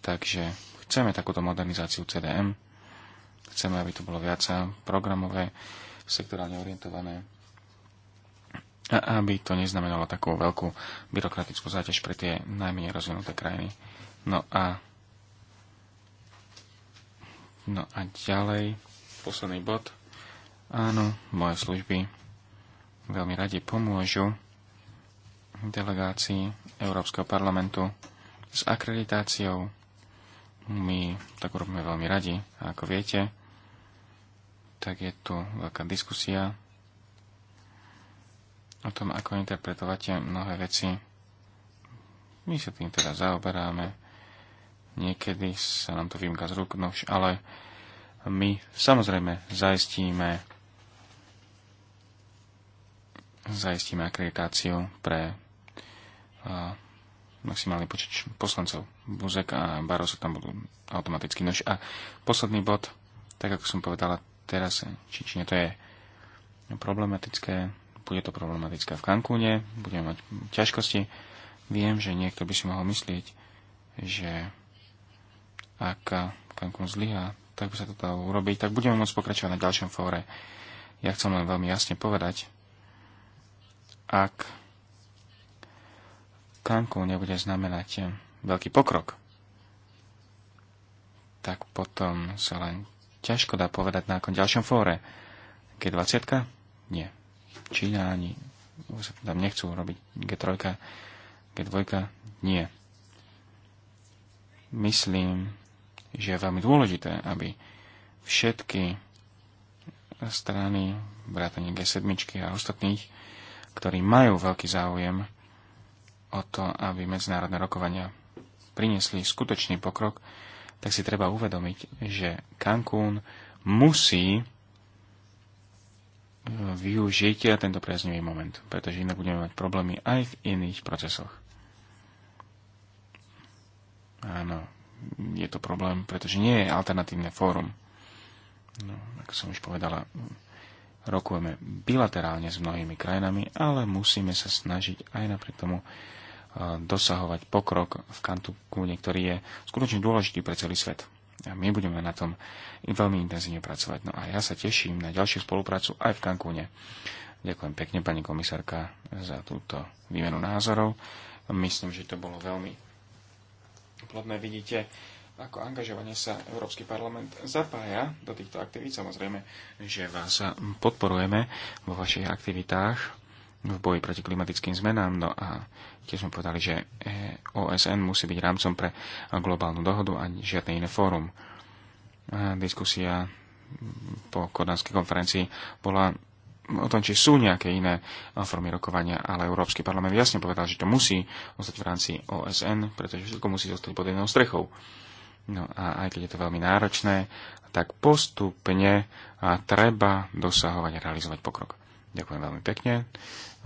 takže chceme takúto modernizáciu CDM, chceme, aby to bolo viac programové, sektorálne orientované, a aby to neznamenalo takú veľkú byrokratickú záťaž pre tie najmenej rozvinuté krajiny. No a No a ďalej, posledný bod. Áno, moje služby veľmi radi pomôžu delegácii Európskeho parlamentu s akreditáciou. My tak robíme veľmi radi, a ako viete, tak je tu veľká diskusia o tom, ako interpretovate mnohé veci. My sa tým teda zaoberáme Niekedy sa nám to vymka z rúk, nož, ale my samozrejme zaistíme zaistíme akreditáciu pre a, maximálny počet poslancov. Buzek a sa tam budú automaticky. Nož a posledný bod, tak ako som povedala teraz, či, či nie, to je problematické, bude to problematické v Cancúne, budeme mať ťažkosti. Viem, že niekto by si mohol myslieť, že ak Cancún zlyha, tak by sa to dalo urobiť, tak budeme môcť pokračovať na ďalšom fóre. Ja chcem len veľmi jasne povedať, ak Cancún nebude znamenať veľký pokrok, tak potom sa len ťažko dá povedať na akom ďalšom fóre. G20? Nie. Čína ani sa tam nechcú robiť. G3? G2? Nie. Myslím, že je veľmi dôležité, aby všetky strany, vrátane G7 a ostatných, ktorí majú veľký záujem o to, aby medzinárodné rokovania priniesli skutočný pokrok, tak si treba uvedomiť, že Cancún musí využiť tento priaznivý moment, pretože inak budeme mať problémy aj v iných procesoch. Áno, je to problém, pretože nie je alternatívne fórum. No, ako som už povedala, rokujeme bilaterálne s mnohými krajinami, ale musíme sa snažiť aj napriek tomu e, dosahovať pokrok v Kantuku, ktorý je skutočne dôležitý pre celý svet. A my budeme na tom veľmi intenzívne pracovať. No a ja sa teším na ďalšiu spoluprácu aj v Cancúne. Ďakujem pekne, pani komisárka, za túto výmenu názorov. Myslím, že to bolo veľmi plodné. Vidíte, ako angažovanie sa Európsky parlament zapája do týchto aktivít. Samozrejme, že vás podporujeme vo vašich aktivitách v boji proti klimatickým zmenám. No a tiež sme povedali, že e OSN musí byť rámcom pre globálnu dohodu a žiadne iné fórum. Diskusia po kodanskej konferencii bola o tom, či sú nejaké iné formy rokovania, ale Európsky parlament jasne povedal, že to musí ostať v rámci OSN, pretože všetko musí zostať pod jednou strechou. No a aj keď je to veľmi náročné, tak postupne treba dosahovať a realizovať pokrok. Ďakujem veľmi pekne. E,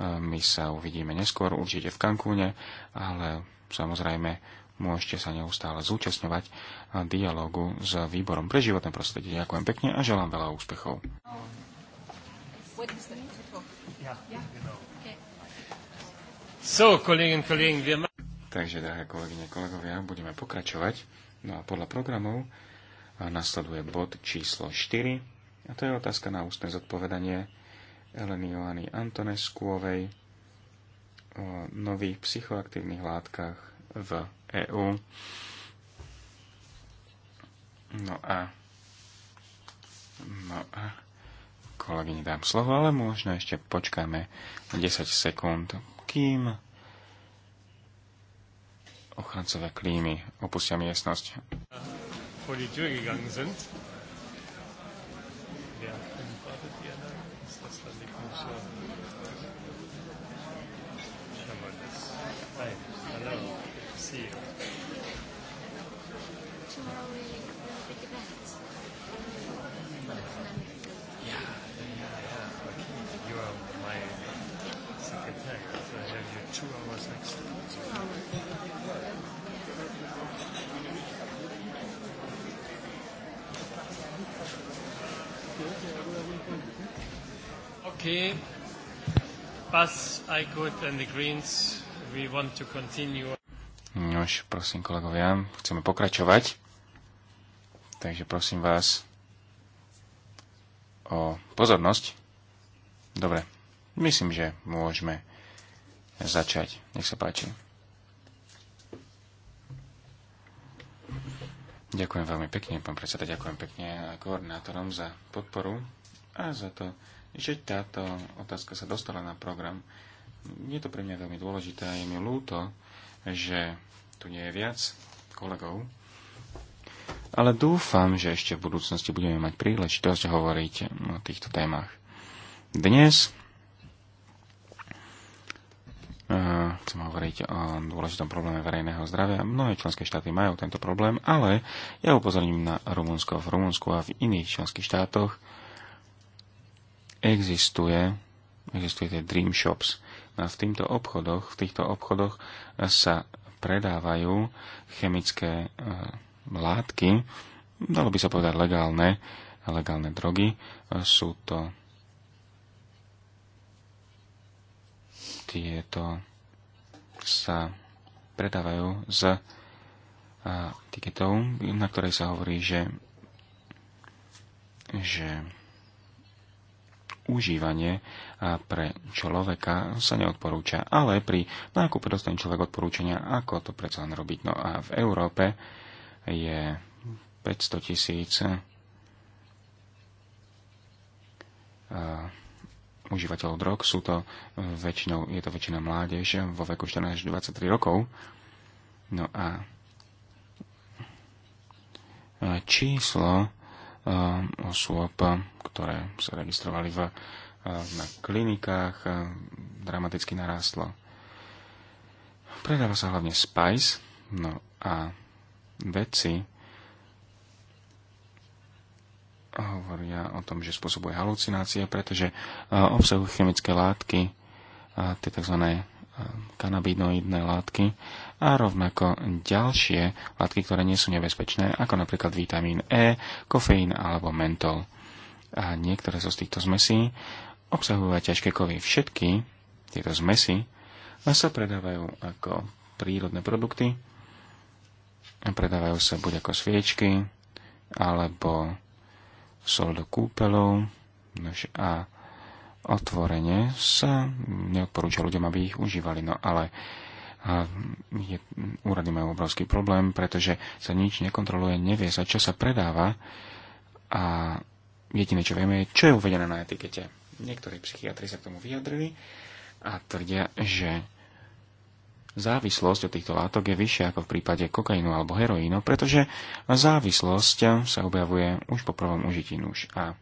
my sa uvidíme neskôr, určite v Cancúne, ale samozrejme môžete sa neustále zúčastňovať dialogu s výborom pre životné prostredie. Ďakujem pekne a želám veľa úspechov. So, kolegyne, kolegyne, wir... Takže, drahé kolegyne, kolegovia, budeme pokračovať. No a podľa programov nasleduje bod číslo 4, a to je otázka na ústne zodpovedanie Eleny Joany Antoneskuovej o nových psychoaktívnych látkach v EÚ. No a, no a kolegyni dám slovo, ale možno ešte počkáme 10 sekúnd, kým ochrancové klímy opustia miestnosť. EFDD. Bas, Aykut and the Greens, we want to continue. Nož, prosím kolegovia, chceme pokračovať. Takže prosím vás o pozornosť. Dobre, myslím, že môžeme začať. Nech sa páči. Ďakujem veľmi pekne, pán predseda, ďakujem pekne koordinátorom za podporu a za to, že táto otázka sa dostala na program. Je to pre mňa veľmi dôležité a je mi ľúto, že tu nie je viac kolegov, ale dúfam, že ešte v budúcnosti budeme mať príležitosť hovoriť o týchto témach. Dnes e, chcem hovoriť o dôležitom probléme verejného zdravia. Mnohé členské štáty majú tento problém, ale ja upozorním na Rumunsko. V Rumunsku a v iných členských štátoch existuje, existuje tie Dream Shops. No a v týchto obchodoch, v týchto obchodoch sa predávajú chemické e, látky, dalo by sa povedať legálne, legálne drogy. E, sú to tieto sa predávajú z etiketou, na ktorej sa hovorí, že, že užívanie pre človeka sa neodporúča, ale pri nákupe dostane človek odporúčania, ako to predsa len robiť. No a v Európe je 500 tisíc užívateľov drog. Sú to väčšinou, je to väčšina mládež vo veku 14 až 23 rokov. No a číslo Eh, osôb, ktoré sa registrovali v, eh, na klinikách, eh, dramaticky narástlo. Predáva sa hlavne Spice, no a vedci hovoria o tom, že spôsobuje halucinácie, pretože obsahujú chemické látky, tie tzv kanabinoidné látky a rovnako ďalšie látky, ktoré nie sú nebezpečné, ako napríklad vitamín E, kofeín alebo mentol. A niektoré zo z týchto zmesí obsahujú aj ťažké kovy. Všetky tieto zmesy sa predávajú ako prírodné produkty. Predávajú sa buď ako sviečky, alebo sol do kúpeľov a otvorene sa neodporúča ľuďom, aby ich užívali. No ale a je, úrady majú obrovský problém, pretože sa nič nekontroluje, nevie sa, čo sa predáva a jediné, čo vieme, je, čo je uvedené na etikete. Niektorí psychiatri sa k tomu vyjadrili a tvrdia, že závislosť od týchto látok je vyššia ako v prípade kokainu alebo heroínu, pretože závislosť sa objavuje už po prvom užití nuž. A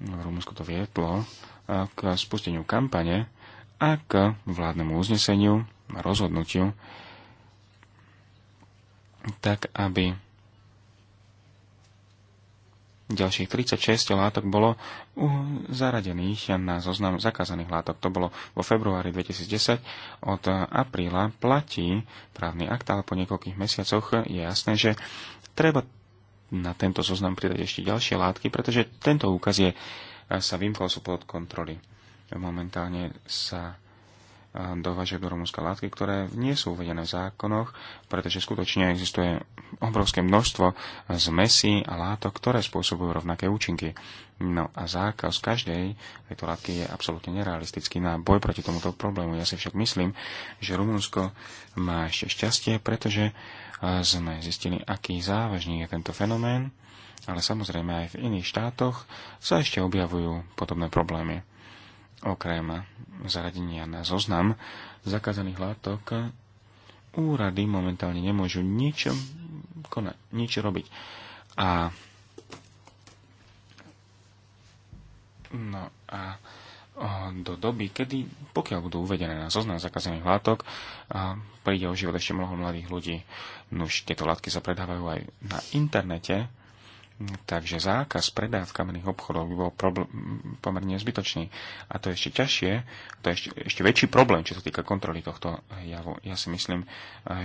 v no, Rumunsku to viedlo k spusteniu kampane a k vládnemu uzneseniu a rozhodnutiu, tak aby ďalších 36 látok bolo zaradených na zoznam zakázaných látok. To bolo vo februári 2010. Od apríla platí právny akt, ale po niekoľkých mesiacoch je jasné, že treba na tento zoznam pridať ešte ďalšie látky, pretože tento úkaz je, e, sa vymkol spod kontroly. Momentálne sa e, dovažia do Rumúnska látky, ktoré nie sú uvedené v zákonoch, pretože skutočne existuje obrovské množstvo e, zmesí a látok, ktoré spôsobujú rovnaké účinky. No a zákaz každej tejto látky je absolútne nerealistický na boj proti tomuto problému. Ja si však myslím, že Rumunsko má ešte šťastie, pretože uh, sme zistili, aký závažný je tento fenomén, ale samozrejme aj v iných štátoch sa ešte objavujú podobné problémy. Okrem zaradenia na zoznam zakázaných látok, úrady momentálne nemôžu nič, konať, nič robiť. A No a do doby, kedy, pokiaľ budú uvedené na zoznam zakazených látok, príde o život ešte mnoho mladých ľudí. Nuž, no tieto látky sa predávajú aj na internete Takže zákaz predáv v kamenných obchodoch by bol problém, pomerne zbytočný. A to je ešte ťažšie, to je ešte, ešte väčší problém, čo sa týka kontroly tohto javu. Ja si myslím,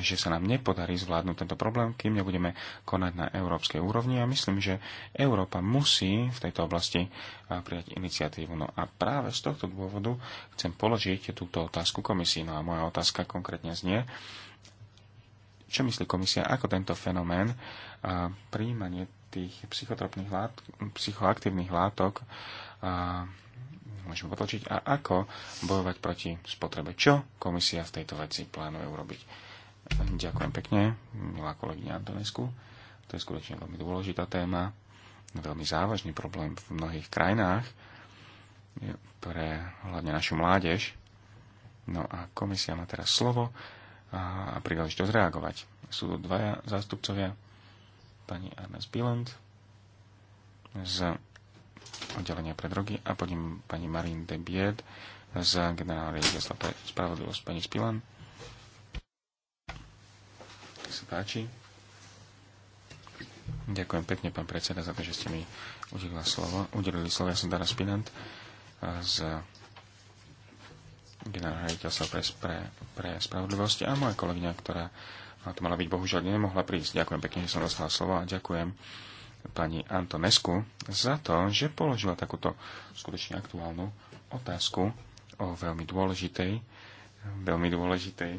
že sa nám nepodarí zvládnuť tento problém, kým nebudeme konať na európskej úrovni. A myslím, že Európa musí v tejto oblasti eh, prijať iniciatívu. No a práve z tohto dôvodu chcem položiť túto otázku komisii. No a moja otázka konkrétne znie, čo myslí komisia, ako tento fenomén a eh, príjmanie tých psychotropných lát, psychoaktívnych látok a, môžeme potlačiť a ako bojovať proti spotrebe. Čo komisia v tejto veci plánuje urobiť? Ďakujem pekne, milá kolegyňa Antonesku. To je skutočne veľmi dôležitá téma, veľmi závažný problém v mnohých krajinách pre hlavne našu mládež. No a komisia má teraz slovo a príležitosť reagovať. Sú tu dvaja zástupcovia pani Agnes Biland z oddelenia pre drogy a potom pani Marine de Bied z generálnej riaditeľstva pre spravodlivosť pani Spilan. Nech sa páči. Ďakujem pekne, pán predseda, za to, že ste mi udelili slovo. Udelili slovo, ja som Dara Spinant z generálnej riaditeľstva pre, pre, pre spravodlivosť a moja kolegyňa, ktorá a to mala byť bohužiaľ nemohla prísť. Ďakujem pekne, že som dostal slovo a ďakujem pani Antonesku za to, že položila takúto skutočne aktuálnu otázku o veľmi dôležitej, veľmi dôležitej,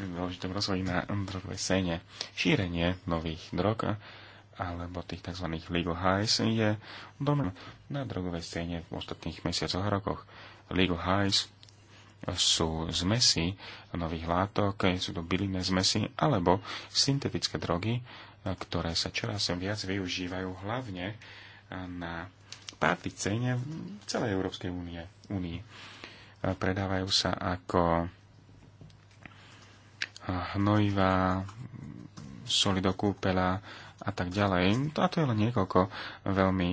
dôležitom rozvoji na drogovej scéne. Šírenie nových drog alebo tých tzv. legal highs je domen na drogovej scéne v ostatných mesiacoch a rokoch. Legal highs sú zmesy nových látok, sú to bylinné zmesy, alebo syntetické drogy, ktoré sa čoraz viac využívajú hlavne na párty cene v celej Európskej únie, únii. Predávajú sa ako hnojivá, soli do kúpela a tak ďalej. No, a to je len niekoľko veľmi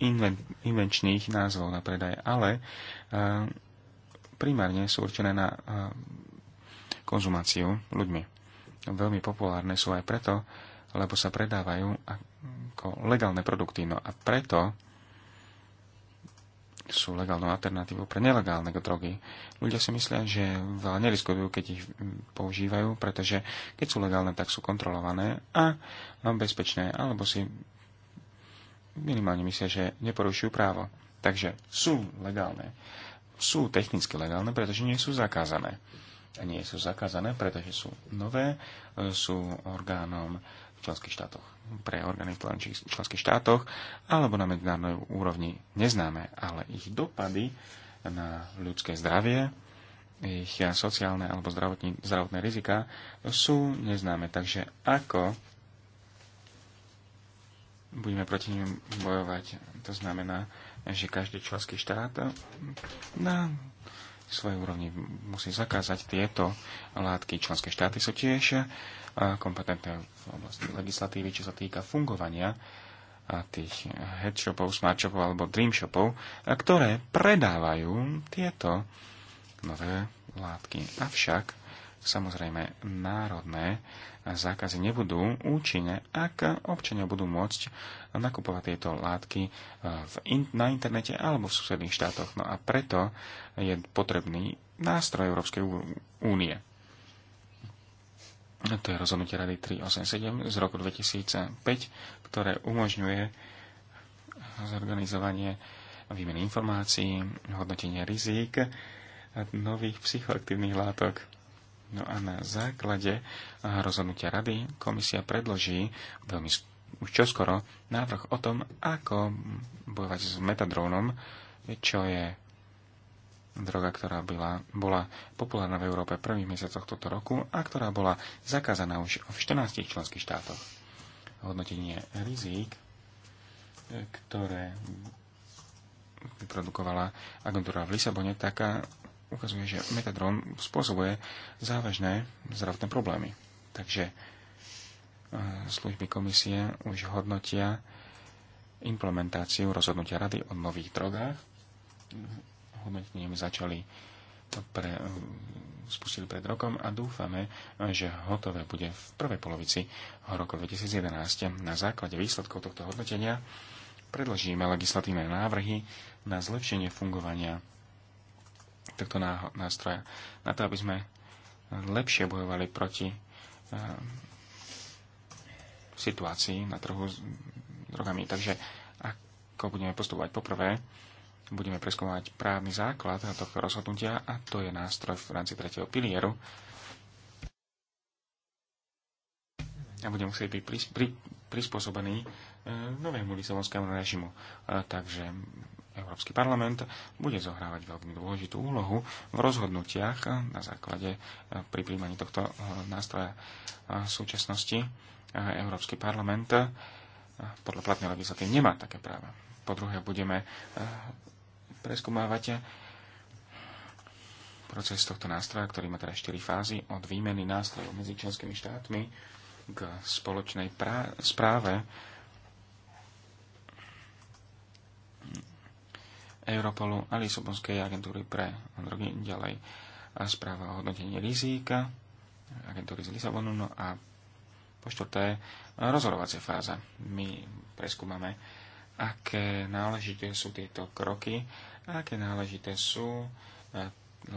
inven, invenčných názvov na predaj, ale eh, primárne sú určené na konzumáciu ľuďmi. Veľmi populárne sú aj preto, lebo sa predávajú ako legálne produkty. No a preto sú legálnou alternatívou pre nelegálne drogy. Ľudia si myslia, že veľa neriskujú, keď ich používajú, pretože keď sú legálne, tak sú kontrolované a bezpečné, alebo si minimálne myslia, že neporušujú právo. Takže sú legálne sú technicky legálne, pretože nie sú zakázané. A nie sú zakázané, pretože sú nové, e, sú orgánom v členských štátoch, pre orgány v členských štátoch alebo na medzinárodnej úrovni neznáme, ale ich dopady na ľudské zdravie, ich sociálne alebo zdravotní, zdravotné rizika sú neznáme. Takže ako budeme proti nim bojovať, to znamená, že každý členský štát na svojej úrovni musí zakázať tieto látky. Členské štáty sú tiež eh, kompetentné v oblasti legislatívy, čo sa týka fungovania eh, tých headshopov, smartshopov alebo dreamshopov, eh, ktoré predávajú tieto nové látky. Avšak samozrejme národné zákazy nebudú účinné, ak občania budú môcť nakupovať tieto látky eh, v in- na internete alebo v susedných štátoch. No a preto je potrebný nástroj Európskej únie. To je rozhodnutie Rady 387 z roku 2005, ktoré umožňuje zorganizovanie výmeny informácií, hodnotenie rizík nových psychoaktívnych látok No a na základe eh, rozhodnutia rady komisia predloží veľmi už čoskoro návrh o tom, ako bojovať s metadrónom, čo je droga, ktorá byla, bola populárna v Európe v prvých mesiacoch tohto roku a ktorá bola zakázaná už v 14 členských štátoch. Hodnotenie rizík, eh, ktoré vyprodukovala agentúra v Lisabone, taká ukazuje, že metadron spôsobuje závažné zdravotné problémy. Takže e, služby komisie už hodnotia implementáciu rozhodnutia rady o nových drogách. Hodnotením začali pre, e, spustili pred rokom a dúfame, že hotové bude v prvej polovici roku 2011. Na základe výsledkov tohto hodnotenia predložíme legislatívne návrhy na zlepšenie fungovania takto nástroja na to, aby sme lepšie bojovali proti eh, situácii na trhu s drogami. Takže ako budeme postupovať poprvé, budeme preskúmať právny základ tohto rozhodnutia a to je nástroj v rámci tretieho pilieru. A bude musieť byť prispôsobený eh, novému lisabonskému režimu. Eh, takže Európsky parlament bude zohrávať veľmi dôležitú úlohu v rozhodnutiach na základe eh, pri príjmaní tohto eh, nástroja v eh, súčasnosti. Európsky parlament podľa platnej legislatívy nemá také práva. Po druhé, budeme preskúmávať proces tohto nástroja, ktorý má teda 4 fázy od výmeny nástrojov medzi členskými štátmi k spoločnej správe Europolu a Lisabonskej agentúry pre drogy ďalej a správa o hodnotení rizika agentúry z Lisabonu no a po štvrté rozhodovacia fáza. My preskúmame, aké náležité sú tieto kroky a aké náležité sú eh,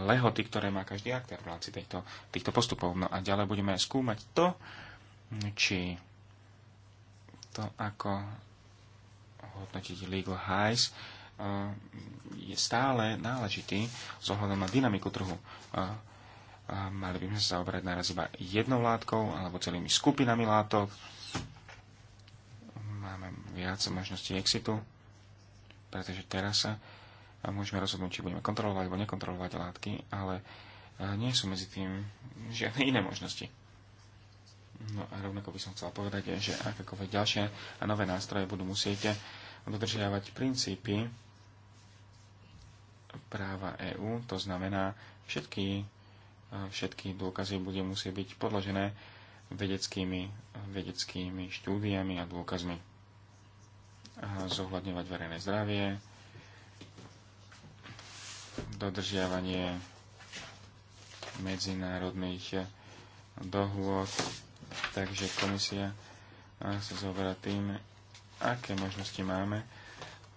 lehoty, ktoré má každý aktér v rámci týchto, týchto postupov. No a ďalej budeme skúmať to, či to, ako hodnotiť legal highs, je stále náležitý z ohľadom na dynamiku trhu. Mali by sme sa zaoberať naraz iba jednou látkou alebo celými skupinami látok. Máme viac možností exitu, pretože teraz sa môžeme rozhodnúť, či budeme kontrolovať alebo nekontrolovať látky, ale nie sú medzi tým žiadne iné možnosti. No a rovnako by som chcel povedať, že akékoľvek ďalšie a nové nástroje budú musieť dodržiavať princípy práva EÚ, to znamená, všetky, e, všetky dôkazy bude musieť byť podložené vedeckými, vedeckými štúdiami a dôkazmi. A zohľadňovať verejné zdravie, dodržiavanie medzinárodných dohôd. Takže komisia sa e, zaoberá tým, aké možnosti máme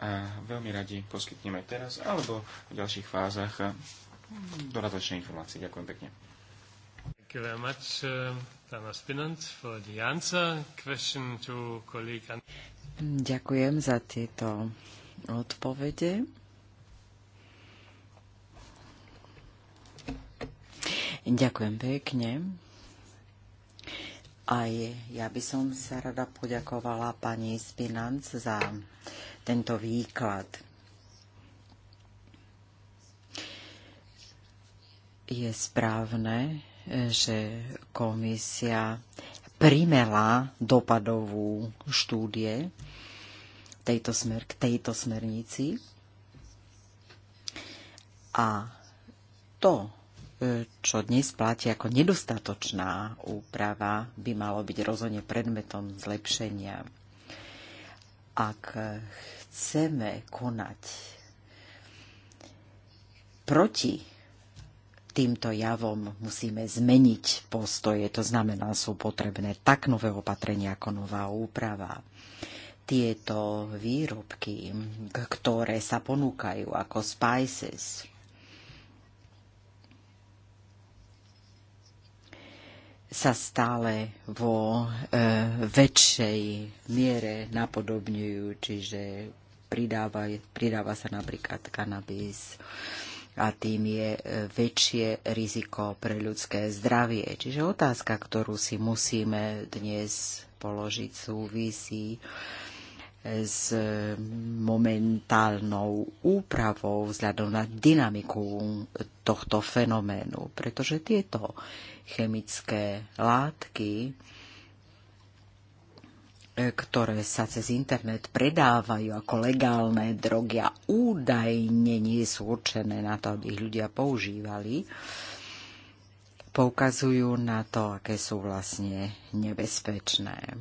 a veľmi radi poskytneme teraz alebo v ďalších fázach dodatočné informácie. Ďakujem pekne. Thank you very much, uh, Thomas Pinant, for the answer. Question to colleague... Ďakujem za tieto odpovede. Ďakujem pekne. Aj ja by som sa rada poďakovala pani Spinanc za tento výklad. Je správne, že komisia primela dopadovú štúdie tejto smer, k tejto smernici. A to, e, čo dnes platí ako nedostatočná úprava, by malo byť rozhodne predmetom zlepšenia. Ak chceme konať proti týmto javom, musíme zmeniť postoje. To znamená, sú potrebné tak nové opatrenia ako nová úprava tieto výrobky, ktoré sa ponúkajú ako spices, sa stále vo e, väčšej miere napodobňujú, čiže pridáva, pridáva sa napríklad kanabis a tým je e, väčšie riziko pre ľudské zdravie. Čiže otázka, ktorú si musíme dnes položiť, súvisí e, s momentálnou úpravou vzhľadom na dynamiku tohto fenoménu, pretože tieto chemické látky E, ktoré sa cez internet predávajú ako legálne drogy a údajne nie sú určené na to, aby ich ľudia používali, poukazujú na to, aké sú vlastne nebezpečné.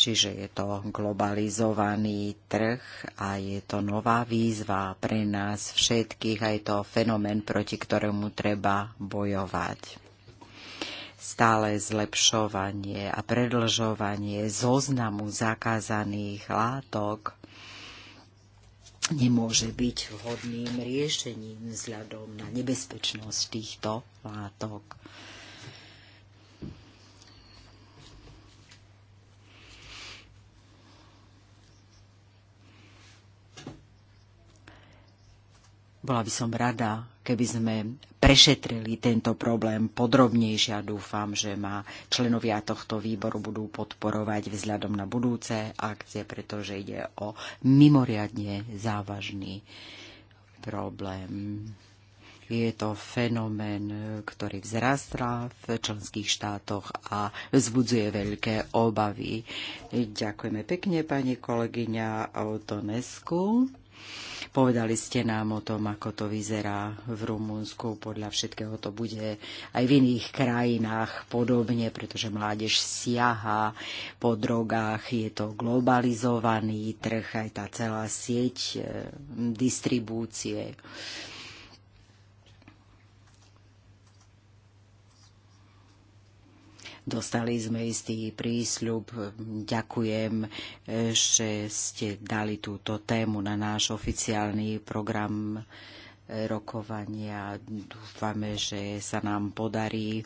Čiže je to globalizovaný trh a je to nová výzva pre nás všetkých a je to fenomén, proti ktorému treba bojovať stále zlepšovanie a predlžovanie zoznamu zakázaných látok nemôže byť vhodným riešením vzhľadom na nebezpečnosť týchto látok. Bola by som rada, keby sme prešetrili tento problém podrobnejšie a dúfam, že ma členovia tohto výboru budú podporovať vzhľadom na budúce akcie, pretože ide o mimoriadne závažný problém. Je to fenomén, ktorý vzrastá v členských štátoch a vzbudzuje veľké obavy. Ďakujeme pekne, pani kolegyňa Autonesku. Povedali ste nám o tom, ako to vyzerá v Rumunsku. Podľa všetkého to bude aj v iných krajinách podobne, pretože mládež siaha po drogách. Je to globalizovaný trh, aj tá celá sieť eh, distribúcie. Dostali sme istý prísľub. Ďakujem, e, že ste dali túto tému na náš oficiálny program e, rokovania. Dúfame, že sa nám podarí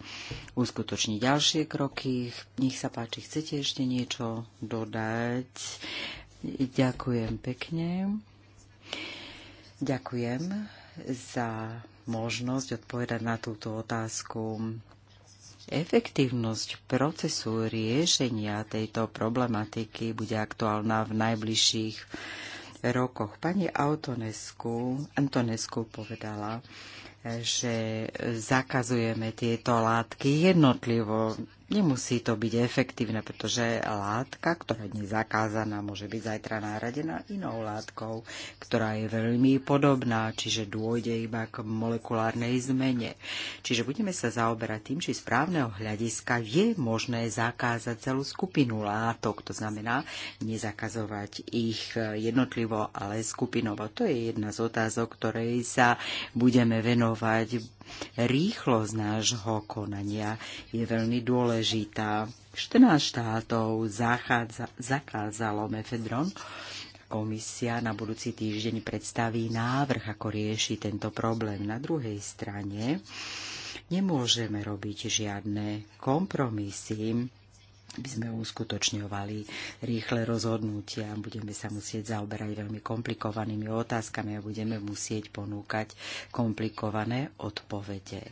uskutočniť ďalšie kroky. Nech sa páči, chcete ešte niečo dodať? Ďakujem pekne. Ďakujem za možnosť odpovedať na túto otázku. Efektívnosť procesu riešenia tejto problematiky bude aktuálna v najbližších rokoch. Pani Autonesku, Antonesku povedala, že zakazujeme tieto látky jednotlivo Nemusí to byť efektívne, pretože látka, ktorá je dnes zakázaná, môže byť zajtra náradená inou látkou, ktorá je veľmi podobná, čiže dôjde iba k molekulárnej zmene. Čiže budeme sa zaoberať tým, či správneho hľadiska je možné zakázať celú skupinu látok. To znamená nezakazovať ich jednotlivo, ale skupinovo. To je jedna z otázok, ktorej sa budeme venovať rýchlosť nášho konania je veľmi dôležitá. 14 štátov zachádza, zakázalo mefedron. Komisia na budúci týždeň predstaví návrh, ako rieši tento problém. Na druhej strane nemôžeme robiť žiadne kompromisy by sme uskutočňovali rýchle rozhodnutia. Budeme sa musieť zaoberať veľmi komplikovanými otázkami a budeme musieť ponúkať komplikované odpovede.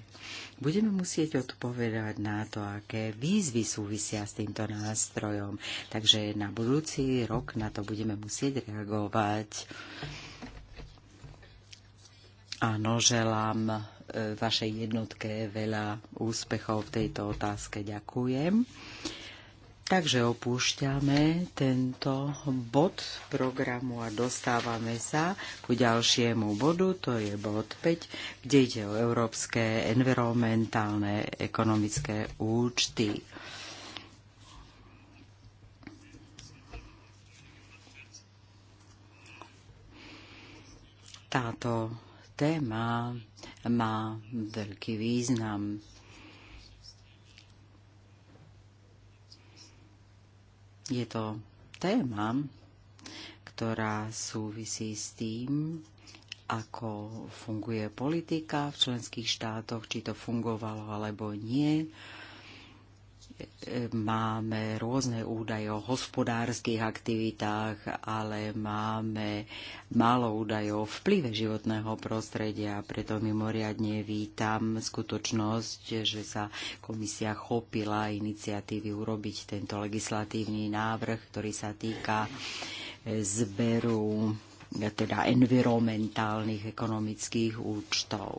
Budeme musieť odpovedať na to, aké výzvy súvisia s týmto nástrojom. Takže na budúci rok na to budeme musieť reagovať. Áno, želám e, vašej jednotke veľa úspechov v tejto otázke. Ďakujem. Takže opúšťame tento bod programu a dostávame sa ku ďalšiemu bodu, to je bod 5, kde ide o európske environmentálne ekonomické účty. Táto téma má veľký význam Je to téma, ktorá súvisí s tým, ako funguje politika v členských štátoch, či to fungovalo alebo nie, máme rôzne údaje o hospodárskych aktivitách, ale máme málo údajov o vplyve životného prostredia. Preto mimoriadne vítam skutočnosť, že sa komisia chopila iniciatívy urobiť tento legislatívny návrh, ktorý sa týka e, zberu teda environmentálnych ekonomických účtov.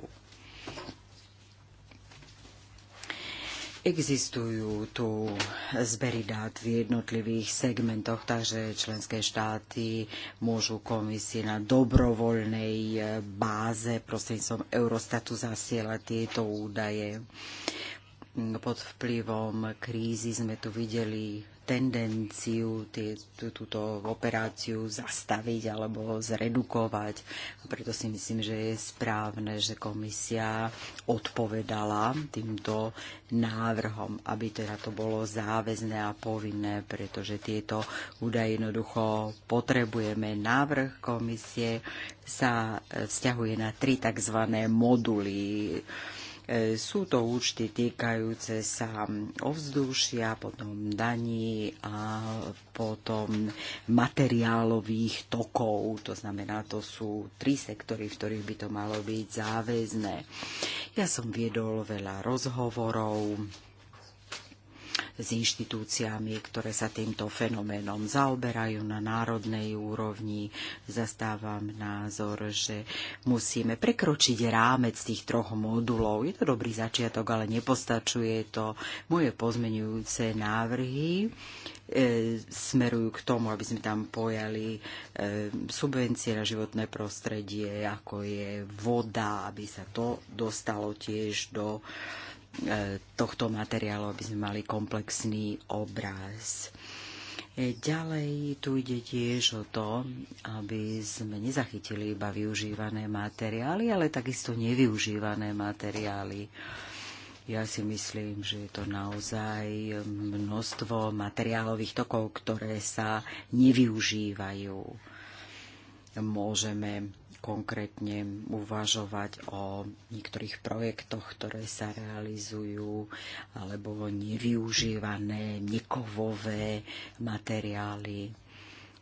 Existujú tu zbery dát v jednotlivých segmentoch, takže členské štáty môžu komisii na dobrovoľnej eh, báze prostredníctvom Eurostatu zasielať tieto údaje. Pod vplyvom krízy sme tu videli tendenciu tie, túto operáciu zastaviť alebo zredukovať. A preto si myslím, že je správne, že komisia odpovedala týmto návrhom, aby teda to bolo záväzné a povinné, pretože tieto údaje jednoducho potrebujeme. Návrh komisie sa e, vzťahuje na tri tzv. moduly E, sú to účty týkajúce sa ovzdušia, potom daní a potom materiálových tokov. To znamená, to sú tri sektory, v ktorých by to malo byť záväzné. Ja som viedol veľa rozhovorov s inštitúciami, ktoré sa týmto fenoménom zaoberajú na národnej úrovni. Zastávam názor, že musíme prekročiť rámec tých troch modulov. Je to dobrý začiatok, ale nepostačuje to. Moje pozmenujúce návrhy e, smerujú k tomu, aby sme tam pojali e, subvencie na životné prostredie, ako je voda, aby sa to dostalo tiež do E, tohto materiálu, aby sme mali komplexný obraz. E, ďalej tu ide tiež o to, aby sme nezachytili iba využívané materiály, ale takisto nevyužívané materiály. Ja si myslím, že je to naozaj množstvo materiálových tokov, ktoré sa nevyužívajú. Môžeme konkrétne uvažovať o niektorých projektoch, ktoré sa realizujú, alebo nevyužívané nekovové materiály.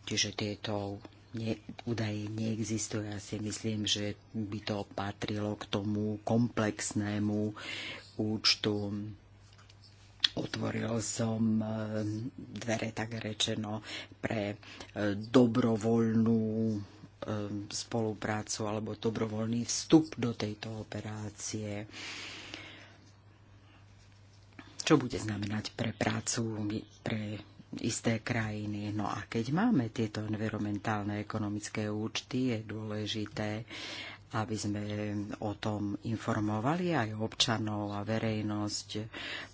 Čiže tieto ne, údaje neexistujú. Ja si myslím, že by to patrilo k tomu komplexnému účtu otvoril som e, dvere, tak rečeno, pre e, dobrovoľnú Um, spoluprácu alebo dobrovoľný vstup do tejto operácie čo bude znamenať pre prácu, pre isté krajiny. No a keď máme tieto environmentálne ekonomické účty, je dôležité, aby sme o tom informovali aj občanov a verejnosť.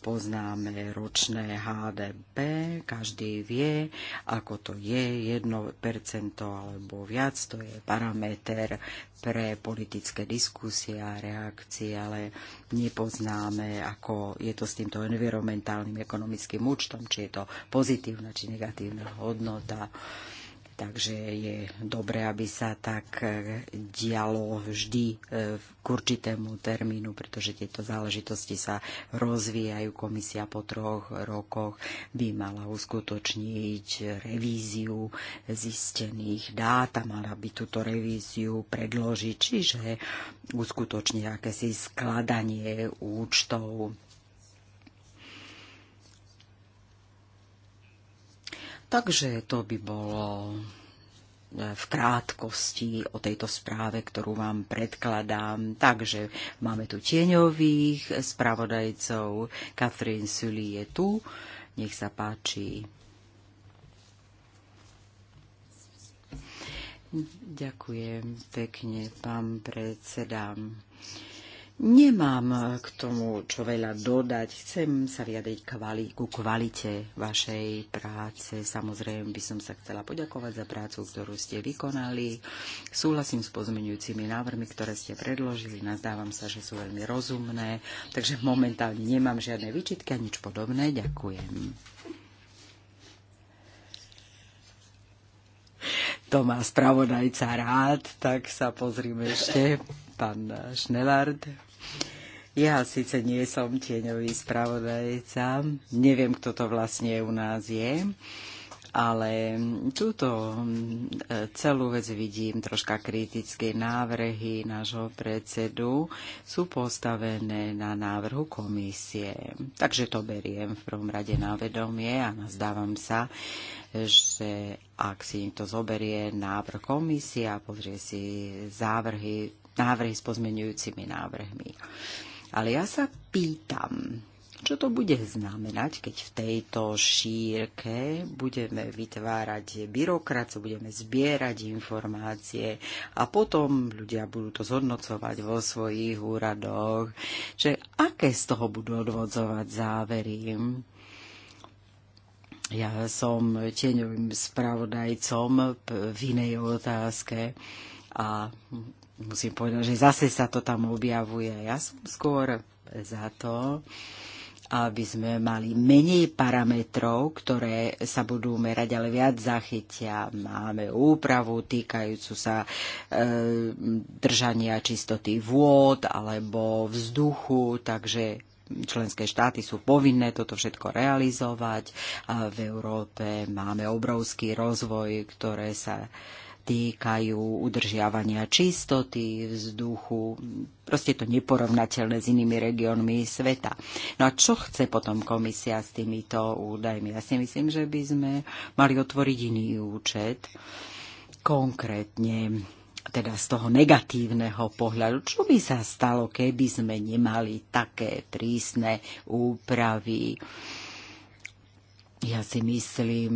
Poznáme ročné HDP, každý vie, ako to je, 1% alebo viac, to je parameter pre politické diskusie a reakcie, ale nepoznáme, ako je to s týmto environmentálnym ekonomickým účtom, či je to pozitívna či negatívna hodnota. Takže je dobré, aby sa tak e, dialo vždy e, k určitému termínu, pretože tieto záležitosti sa rozvíjajú. Komisia po troch rokoch by mala uskutočniť revíziu zistených dát a mala by túto revíziu predložiť, čiže uskutočniť akési skladanie účtov Takže to by bolo e, v krátkosti o tejto správe, ktorú vám predkladám. Takže máme tu tieňových spravodajcov. Catherine Sully je tu. Nech sa páči. Ďakujem pekne, pán predseda. Nemám eh, k tomu čo veľa dodať. Chcem sa vyjadriť kvali- ku kvalite vašej práce. Samozrejme by som sa chcela poďakovať za prácu, ktorú ste vykonali. Súhlasím s pozmeňujúcimi návrhmi, ktoré ste predložili. Nazdávam sa, že sú veľmi rozumné. Takže momentálne nemám žiadne výčitky a nič podobné. Ďakujem. To má spravodajca rád, tak sa pozrime ešte pán Schnellard. Ja síce nie som tieňový spravodajca, neviem, kto to vlastne u nás je, ale túto e, celú vec vidím troška kritické návrhy nášho predsedu sú postavené na návrhu komisie. Takže to beriem v prvom rade na vedomie a nazdávam sa, že ak si niekto zoberie návrh komisie a pozrie si závrhy návrhy s pozmenujúcimi návrhmi. Ale ja sa pýtam, čo to bude znamenať, keď v tejto šírke budeme vytvárať byrokracie, budeme zbierať informácie a potom ľudia budú to zhodnocovať vo svojich úradoch, že aké z toho budú odvodzovať závery. Ja som tieňovým spravodajcom v inej otázke a musím povedať, že zase sa to tam objavuje. Ja som skôr za to, aby sme mali menej parametrov, ktoré sa budú merať, ale viac zachytia. Máme úpravu týkajúcu sa e, držania čistoty vôd alebo vzduchu, takže členské štáty sú povinné toto všetko realizovať. A v Európe máme obrovský rozvoj, ktoré sa, týkajú udržiavania čistoty vzduchu, proste to neporovnateľné s inými regiónmi sveta. No a čo chce potom komisia s týmito údajmi? Ja si myslím, že by sme mali otvoriť iný účet, konkrétne teda z toho negatívneho pohľadu, čo by sa stalo, keby sme nemali také prísne úpravy ja si myslím,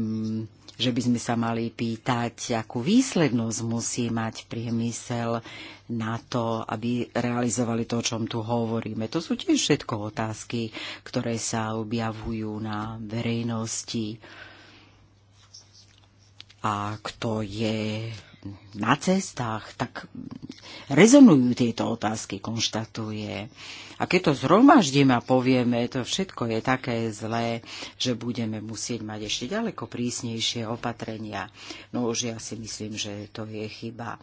že by sme sa mali pýtať, akú výslednosť musí mať priemysel na to, aby realizovali to, o čom tu hovoríme. To sú tiež všetko otázky, ktoré sa objavujú na verejnosti. A kto je na cestách, tak rezonujú tieto otázky, konštatuje. A keď to zhromaždíme a povieme, to všetko je také zlé, že budeme musieť mať ešte ďaleko prísnejšie opatrenia. No už ja si myslím, že to je chyba.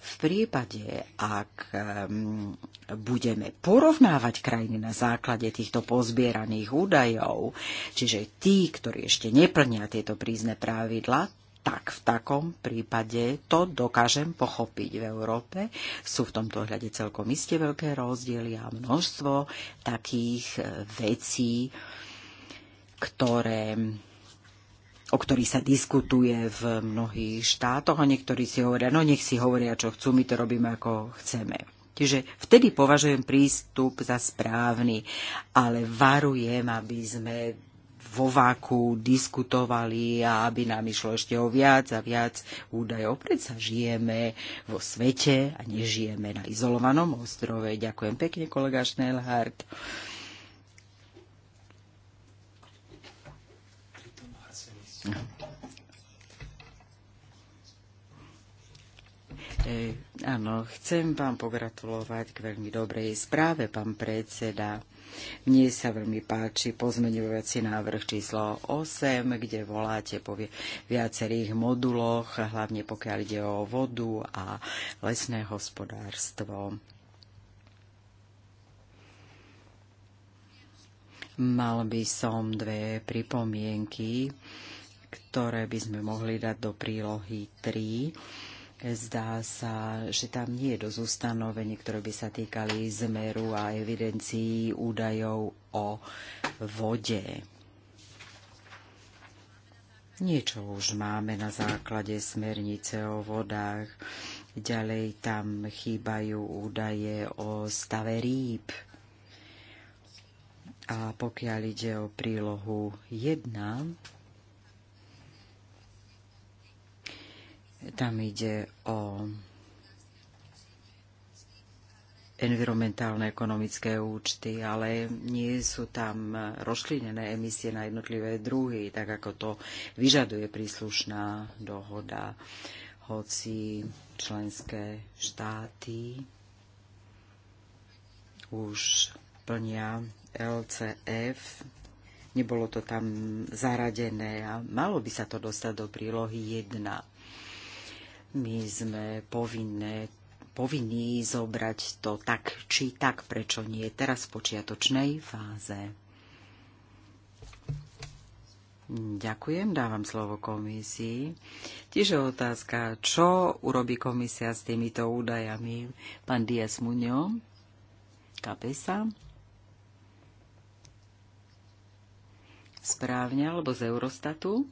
V prípade, ak um, budeme porovnávať krajiny na základe týchto pozbieraných údajov, čiže tí, ktorí ešte neplnia tieto prízne pravidla, tak v takom prípade to dokážem pochopiť. V Európe sú v tomto hľade celkom isté veľké rozdiely a množstvo takých e, vecí, ktoré o ktorých sa diskutuje v mnohých štátoch a niektorí si hovoria, no nech si hovoria, čo chcú, my to robíme, ako chceme. Čiže vtedy považujem prístup za správny, ale varujem, aby sme vo váku diskutovali a aby nám išlo ešte o viac a viac údajov. Predsa žijeme vo svete a nežijeme na izolovanom ostrove. Ďakujem pekne, kolega Schnellhardt. E, áno, chcem vám pogratulovať k veľmi dobrej správe, pán predseda. Mne sa veľmi páči pozmeňovací návrh číslo 8, kde voláte po viacerých moduloch, hlavne pokiaľ ide o vodu a lesné hospodárstvo. Mal by som dve pripomienky, ktoré by sme mohli dať do prílohy 3 Zdá sa, že tam nie je dosť ustanovení, ktoré by sa týkali zmeru a evidencií údajov o vode. Niečo už máme na základe smernice o vodách. Ďalej tam chýbajú údaje o stave rýb. A pokiaľ ide o prílohu 1, Tam ide o environmentálne ekonomické účty, ale nie sú tam rozšlinené emisie na jednotlivé druhy, tak ako to vyžaduje príslušná dohoda. Hoci členské štáty už plnia LCF, nebolo to tam zaradené a malo by sa to dostať do prílohy 1. My sme povinné, povinní zobrať to tak či tak, prečo nie teraz v počiatočnej fáze. Ďakujem, dávam slovo komisii. Tiež je otázka, čo urobí komisia s týmito údajami. Pán Dias Muňo, Kapesa. Správne, alebo z Eurostatu?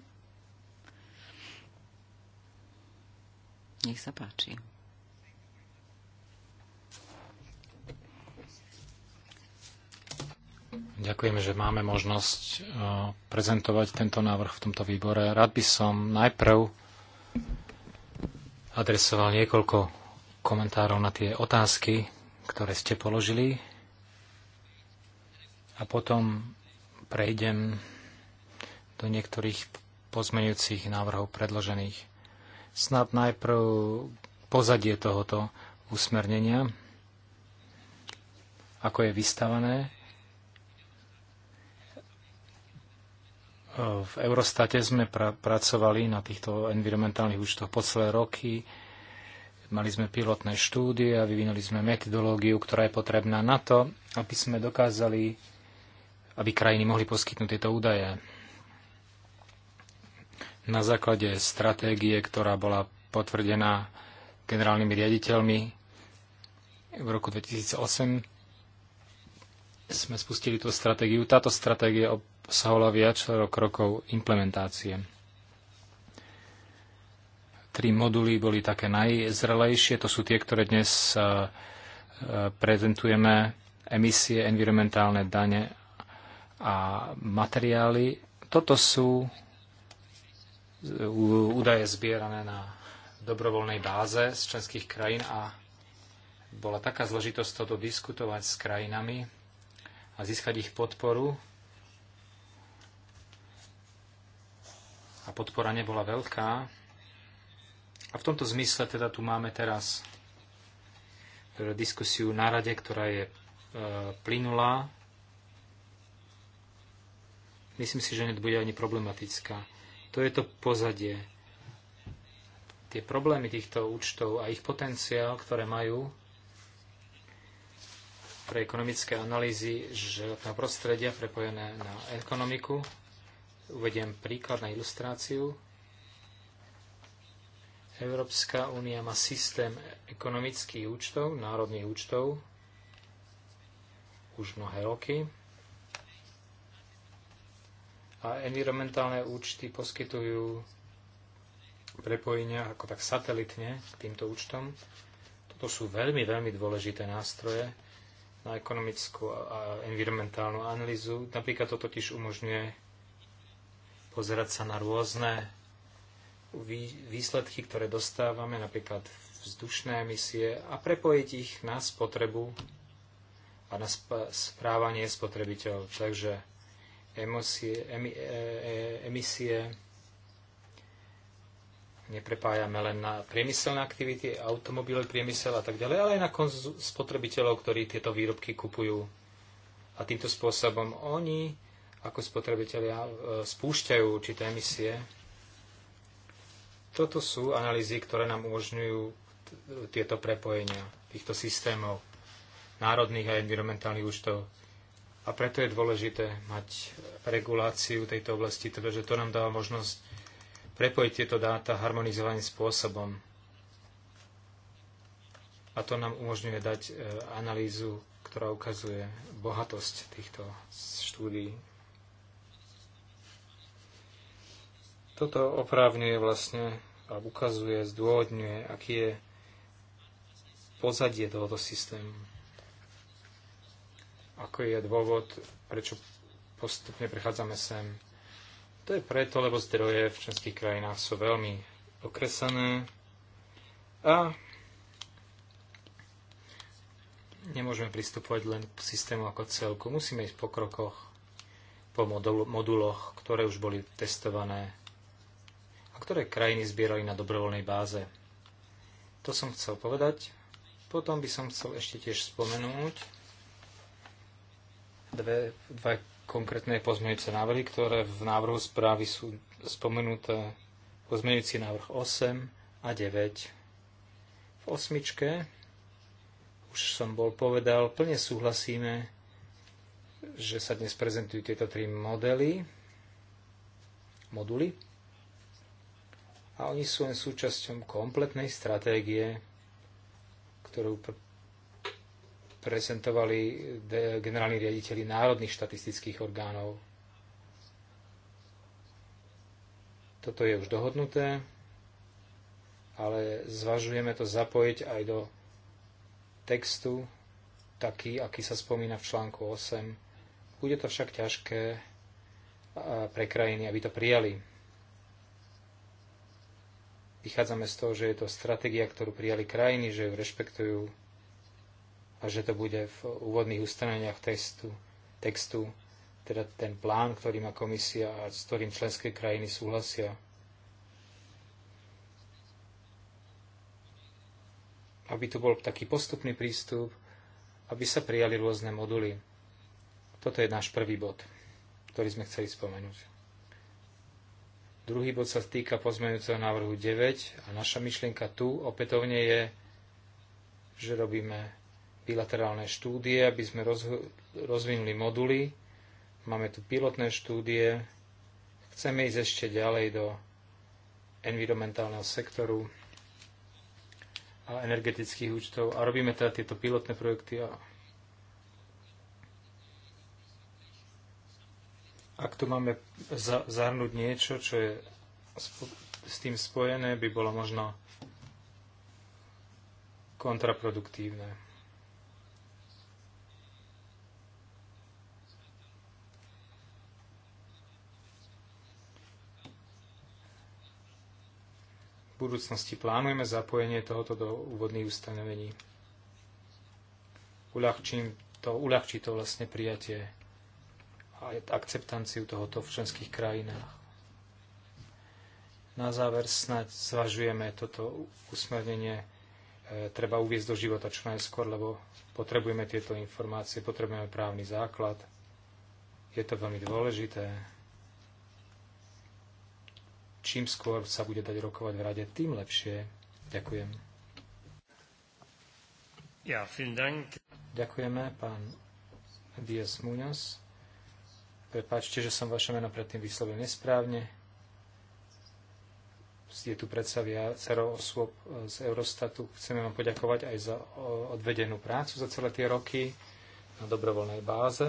Nech sa páči. Ďakujem, že máme možnosť e, prezentovať tento návrh v tomto výbore. Rád by som najprv adresoval niekoľko komentárov na tie otázky, ktoré ste položili a potom prejdem do niektorých pozmeňujúcich návrhov predložených Snad najprv pozadie tohoto usmernenia, ako je vystavané. V Eurostate sme pra- pracovali na týchto environmentálnych účtoch po celé roky. Mali sme pilotné štúdie a vyvinuli sme metodológiu, ktorá je potrebná na to, aby sme dokázali, aby krajiny mohli poskytnúť tieto údaje na základe stratégie, ktorá bola potvrdená generálnymi riaditeľmi v roku 2008 sme spustili tú stratégiu. Táto stratégia obsahovala viac krokov implementácie. Tri moduly boli také najzrelejšie. To sú tie, ktoré dnes e, prezentujeme. Emisie, environmentálne dane a materiály. Toto sú údaje zbierané na dobrovoľnej báze z členských krajín a bola taká zložitosť toto diskutovať s krajinami a získať ich podporu. A podpora nebola veľká. A v tomto zmysle teda tu máme teraz e, diskusiu na rade, ktorá je e, plynulá. Myslím si, že nebude ani problematická to je to pozadie. Tie problémy týchto účtov a ich potenciál, ktoré majú pre ekonomické analýzy životného prostredia prepojené na ekonomiku. Uvediem príklad na ilustráciu. Európska únia má systém ekonomických účtov, národných účtov, už mnohé roky a environmentálne účty poskytujú prepojenia ako tak satelitne k týmto účtom. Toto sú veľmi, veľmi dôležité nástroje na ekonomickú a environmentálnu analýzu. Napríklad to totiž umožňuje pozerať sa na rôzne výsledky, ktoré dostávame, napríklad vzdušné emisie a prepojiť ich na spotrebu a na správanie spotrebiteľov. Takže emisie, e, emisie neprepájame len na priemyselné aktivity, automobil, priemysel a tak ďalej, ale aj na spotrebiteľov, ktorí tieto výrobky kupujú. A týmto spôsobom oni, ako spotrebitelia, e, spúšťajú určité emisie. Toto sú analýzy, ktoré nám umožňujú tieto prepojenia týchto systémov národných a environmentálnych účtov. A preto je dôležité mať reguláciu tejto oblasti, teda že to nám dáva možnosť prepojiť tieto dáta harmonizovaným spôsobom. A to nám umožňuje dať e, analýzu, ktorá ukazuje bohatosť týchto štúdií. Toto oprávňuje vlastne a ukazuje, zdôvodňuje, aký je pozadie tohoto systému ako je dôvod, prečo postupne prechádzame sem. To je preto, lebo zdroje v členských krajinách sú veľmi okresané a nemôžeme pristupovať len k systému ako celku. Musíme ísť po krokoch, po moduloch, ktoré už boli testované a ktoré krajiny zbierali na dobrovoľnej báze. To som chcel povedať. Potom by som chcel ešte tiež spomenúť, dve, dva konkrétne pozmeňujúce návrhy, ktoré v návrhu správy sú spomenuté pozmeňujúci návrh 8 a 9. V osmičke, už som bol povedal, plne súhlasíme, že sa dnes prezentujú tieto tri modely, moduly, a oni sú len súčasťom kompletnej stratégie, ktorú prezentovali generálni riaditeľi národných štatistických orgánov. Toto je už dohodnuté, ale zvažujeme to zapojiť aj do textu, taký, aký sa spomína v článku 8. Bude to však ťažké pre krajiny, aby to prijali. Vychádzame z toho, že je to stratégia, ktorú prijali krajiny, že ju rešpektujú a že to bude v úvodných ustanoveniach textu, textu, teda ten plán, ktorý má komisia a s ktorým členské krajiny súhlasia. Aby tu bol taký postupný prístup, aby sa prijali rôzne moduly. Toto je náš prvý bod, ktorý sme chceli spomenúť. Druhý bod sa týka pozmeňujúceho návrhu 9 a naša myšlienka tu opätovne je, že robíme bilaterálne štúdie, aby sme rozvinuli moduly. Máme tu pilotné štúdie. Chceme ísť ešte ďalej do environmentálneho sektoru a energetických účtov a robíme teda tieto pilotné projekty a ak tu máme za- zahrnúť niečo, čo je s tým spojené, by bolo možno kontraproduktívne. budúcnosti plánujeme zapojenie tohoto do úvodných ustanovení. Uľahčím to, uľahčí to vlastne prijatie a akceptanciu tohoto v členských krajinách. Na záver snáď zvažujeme toto usmernenie e, treba uviezť do života čo najskôr, lebo potrebujeme tieto informácie, potrebujeme právny základ. Je to veľmi dôležité čím skôr sa bude dať rokovať v rade, tým lepšie. Ďakujem. Ja, dank. Ďakujeme, pán Díaz Muñoz. Prepáčte, že som vaše meno predtým vyslovil nesprávne. Je tu predsa viacero osôb e, z Eurostatu. Chceme vám poďakovať aj za odvedenú prácu za celé tie roky na dobrovoľnej báze.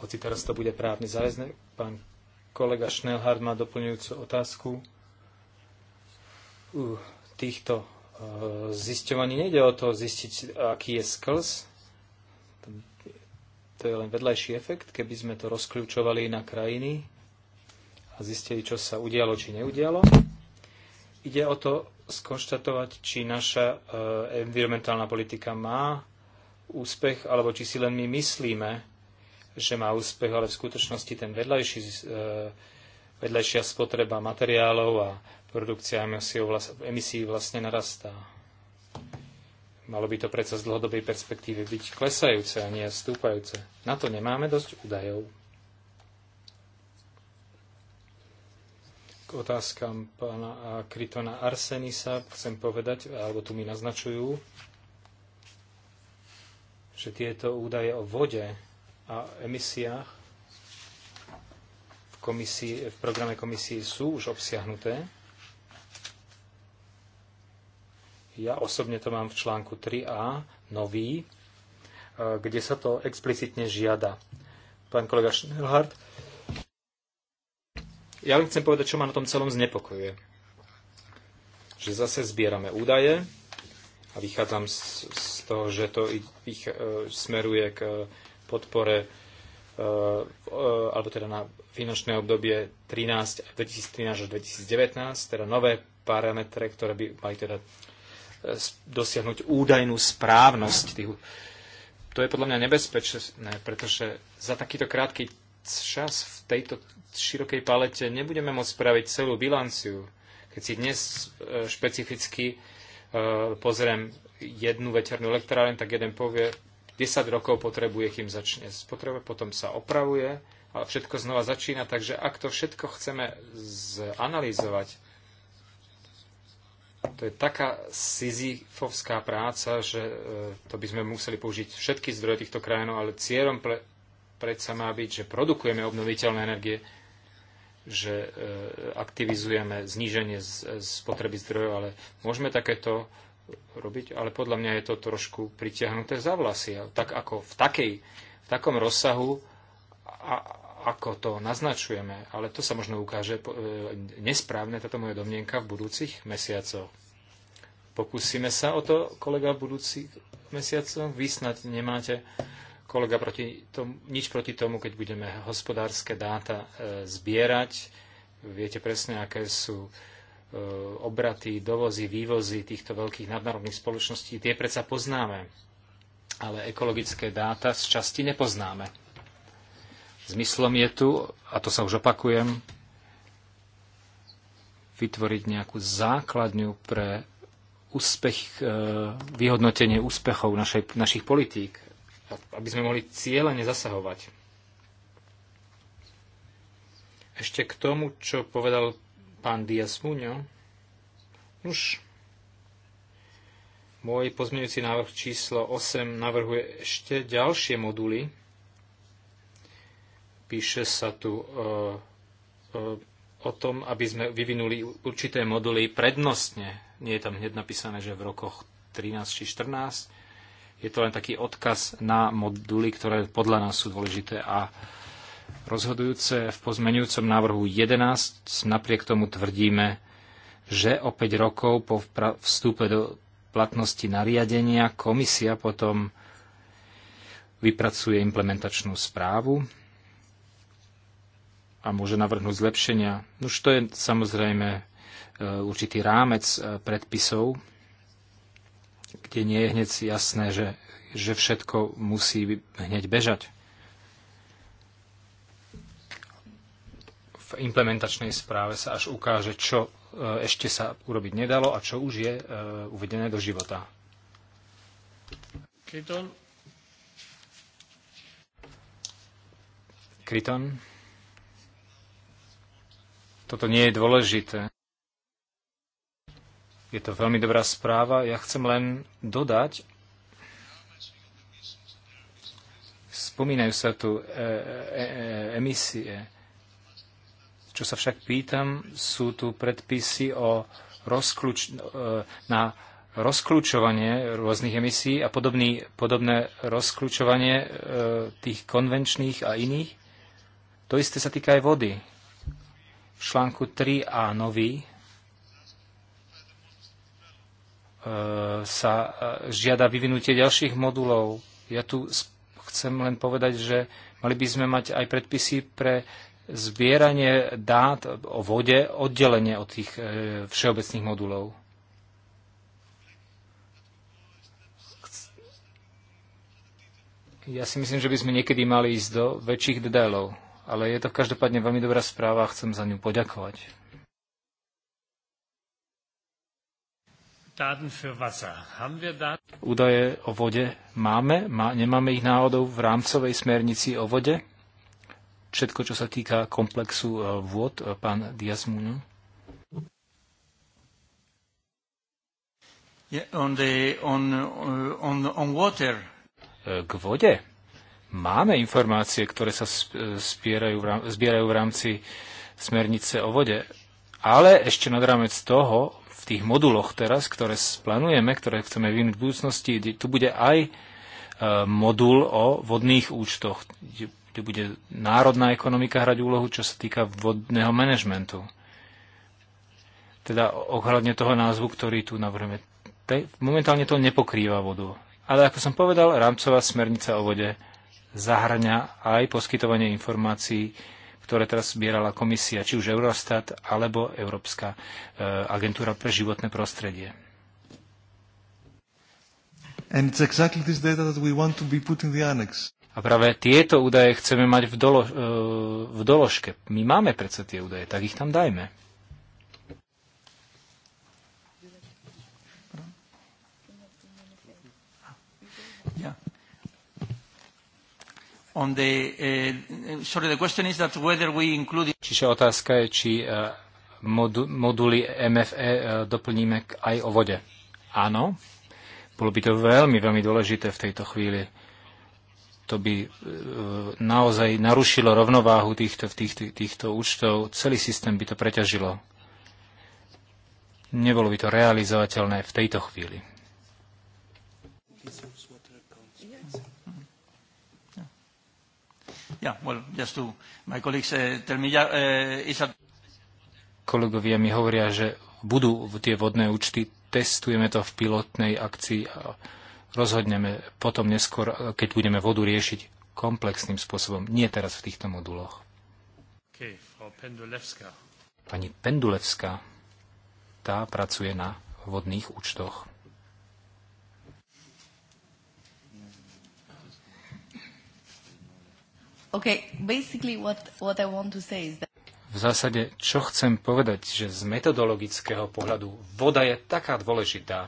Hoci teraz to bude právne záväzné, pán Kolega Schnellhardt má doplňujúcu otázku. U týchto e, zisťovaní nejde o to zistiť, aký je sklz. To je len vedľajší efekt, keby sme to rozkľúčovali na krajiny a zistili, čo sa udialo, či neudialo. Ide o to skonštatovať, či naša e, environmentálna politika má úspech, alebo či si len my myslíme, že má úspech, ale v skutočnosti ten vedľajší, e, vedľajšia spotreba materiálov a produkcia emisí vlastne narastá. Malo by to predsa z dlhodobej perspektívy byť klesajúce a nie stúpajúce. Na to nemáme dosť údajov. K otázkam pána Krytona Arsenisa chcem povedať, alebo tu mi naznačujú, že tieto údaje o vode a emisiách v, komisii, v programe komisie sú už obsiahnuté. Ja osobne to mám v článku 3a, nový, e, kde sa to explicitne žiada. Pán kolega Schnellhardt, ja len chcem povedať, čo ma na tom celom znepokojuje. Že zase zbierame údaje a vychádzam z, z toho, že to ich, ich e, smeruje k e, podpore e, e, alebo teda na finančné obdobie 13, 2013 až 2019, teda nové parametre, ktoré by mali teda e, dosiahnuť údajnú správnosť tých. To je podľa mňa nebezpečné, pretože za takýto krátky čas v tejto širokej palete nebudeme môcť spraviť celú bilanciu. Keď si dnes špecificky pozriem jednu veternú elektráreň, tak jeden povie, 10 rokov potrebuje, kým začne spotrebovať, potom sa opravuje a všetko znova začína. Takže ak to všetko chceme zanalýzovať, to je taká sizifovská práca, že e, to by sme museli použiť všetky zdroje týchto krajín, ale cieľom pre, predsa má byť, že produkujeme obnoviteľné energie, že e, aktivizujeme zníženie z, z e, spotreby zdrojov, ale môžeme takéto robiť, ale podľa mňa je to trošku pritiahnuté za vlasy. Tak ako v, takej, v takom rozsahu, a, ako to naznačujeme, ale to sa možno ukáže e, nesprávne, táto moja domnienka v budúcich mesiacoch. Pokúsime sa o to, kolega, v budúcich mesiacoch. Vy snad nemáte, kolega, proti tomu, nič proti tomu, keď budeme hospodárske dáta e, zbierať. Viete presne, aké sú e, E, obraty, dovozy, vývozy týchto veľkých nadnárodných spoločností, tie predsa poznáme. Ale ekologické dáta z časti nepoznáme. Zmyslom je tu, a to sa už opakujem, vytvoriť nejakú základňu pre úspech, e, vyhodnotenie úspechov našej, našich politík, aby sme mohli cieľene zasahovať. Ešte k tomu, čo povedal Pán Díaz Muňo. Už môj pozmeňujúci návrh číslo 8 navrhuje ešte ďalšie moduly. Píše sa tu e, e, o tom, aby sme vyvinuli určité moduly prednostne. Nie je tam hneď napísané, že v rokoch 13 či 14. Je to len taký odkaz na moduly, ktoré podľa nás sú dôležité a rozhodujúce. V pozmenujúcom návrhu 11 napriek tomu tvrdíme, že o 5 rokov po vstupe do platnosti nariadenia komisia potom vypracuje implementačnú správu a môže navrhnúť zlepšenia. Už to je samozrejme e, určitý rámec e, predpisov, kde nie je hneď jasné, že, že všetko musí hneď bežať. v implementačnej správe sa až ukáže, čo e, ešte sa urobiť nedalo a čo už je e, uvedené do života. Kryton. Kryton. Toto nie je dôležité. Je to veľmi dobrá správa. Ja chcem len dodať, spomínajú sa tu e, e, e, e emisie čo sa však pýtam, sú tu predpisy o rozkluč- e, na rozklúčovanie rôznych emisí a podobný, podobné rozklúčovanie e, tých konvenčných a iných. To isté sa týka aj vody. V článku 3a nový e, sa žiada vyvinutie ďalších modulov. Ja tu chcem len povedať, že mali by sme mať aj predpisy pre zbieranie dát o vode oddelenie od tých e, všeobecných modulov. Ja si myslím, že by sme niekedy mali ísť do väčších detailov, ale je to každopádne veľmi dobrá správa a chcem za ňu poďakovať. Údaje o vode máme, má, nemáme ich náhodou v rámcovej smernici o vode? všetko, čo sa týka komplexu e, vôd, e, pán Diaz Muno? Yeah, on the, on, uh, on, on water. E, k vode. Máme informácie, ktoré sa spierajú, zbierajú v rámci smernice o vode. Ale ešte nad rámec toho, v tých moduloch teraz, ktoré splanujeme, ktoré chceme vyvinúť v budúcnosti, tu bude aj modul o vodných účtoch kde bude národná ekonomika hrať úlohu, čo sa týka vodného manažmentu. Teda ohľadne toho názvu, ktorý tu navrhujeme. Momentálne to nepokrýva vodu. Ale ako som povedal, rámcová smernica o vode zahrňa aj poskytovanie informácií, ktoré teraz zbierala komisia, či už Eurostat alebo Európska e, agentúra pre životné prostredie. And it's exactly this data that we want to be put in the annex. A práve tieto údaje chceme mať v, dolo, e, v doložke. My máme predsa tie údaje, tak ich tam dajme. The, uh, sorry, include... Čiže otázka je, či uh, modu, moduly MFE uh, doplníme aj o vode. Áno, bolo by to veľmi, veľmi dôležité v tejto chvíli to by e, naozaj narušilo rovnováhu týchto, týchto, týchto účtov, celý systém by to preťažilo. Nebolo by to realizovateľné v tejto chvíli. Yeah, well, just to, my colleagues uh, tell me, uh, is a... Kolegovia mi hovoria, že budú tie vodné účty, testujeme to v pilotnej akcii. Uh, rozhodneme potom neskôr, keď budeme vodu riešiť komplexným spôsobom, nie teraz v týchto moduloch. Okay, Pendulevská. Pani Pendulevská, tá pracuje na vodných účtoch. Okay, basically what, what I want to say is that v zásade, čo chcem povedať, že z metodologického pohľadu voda je taká dôležitá,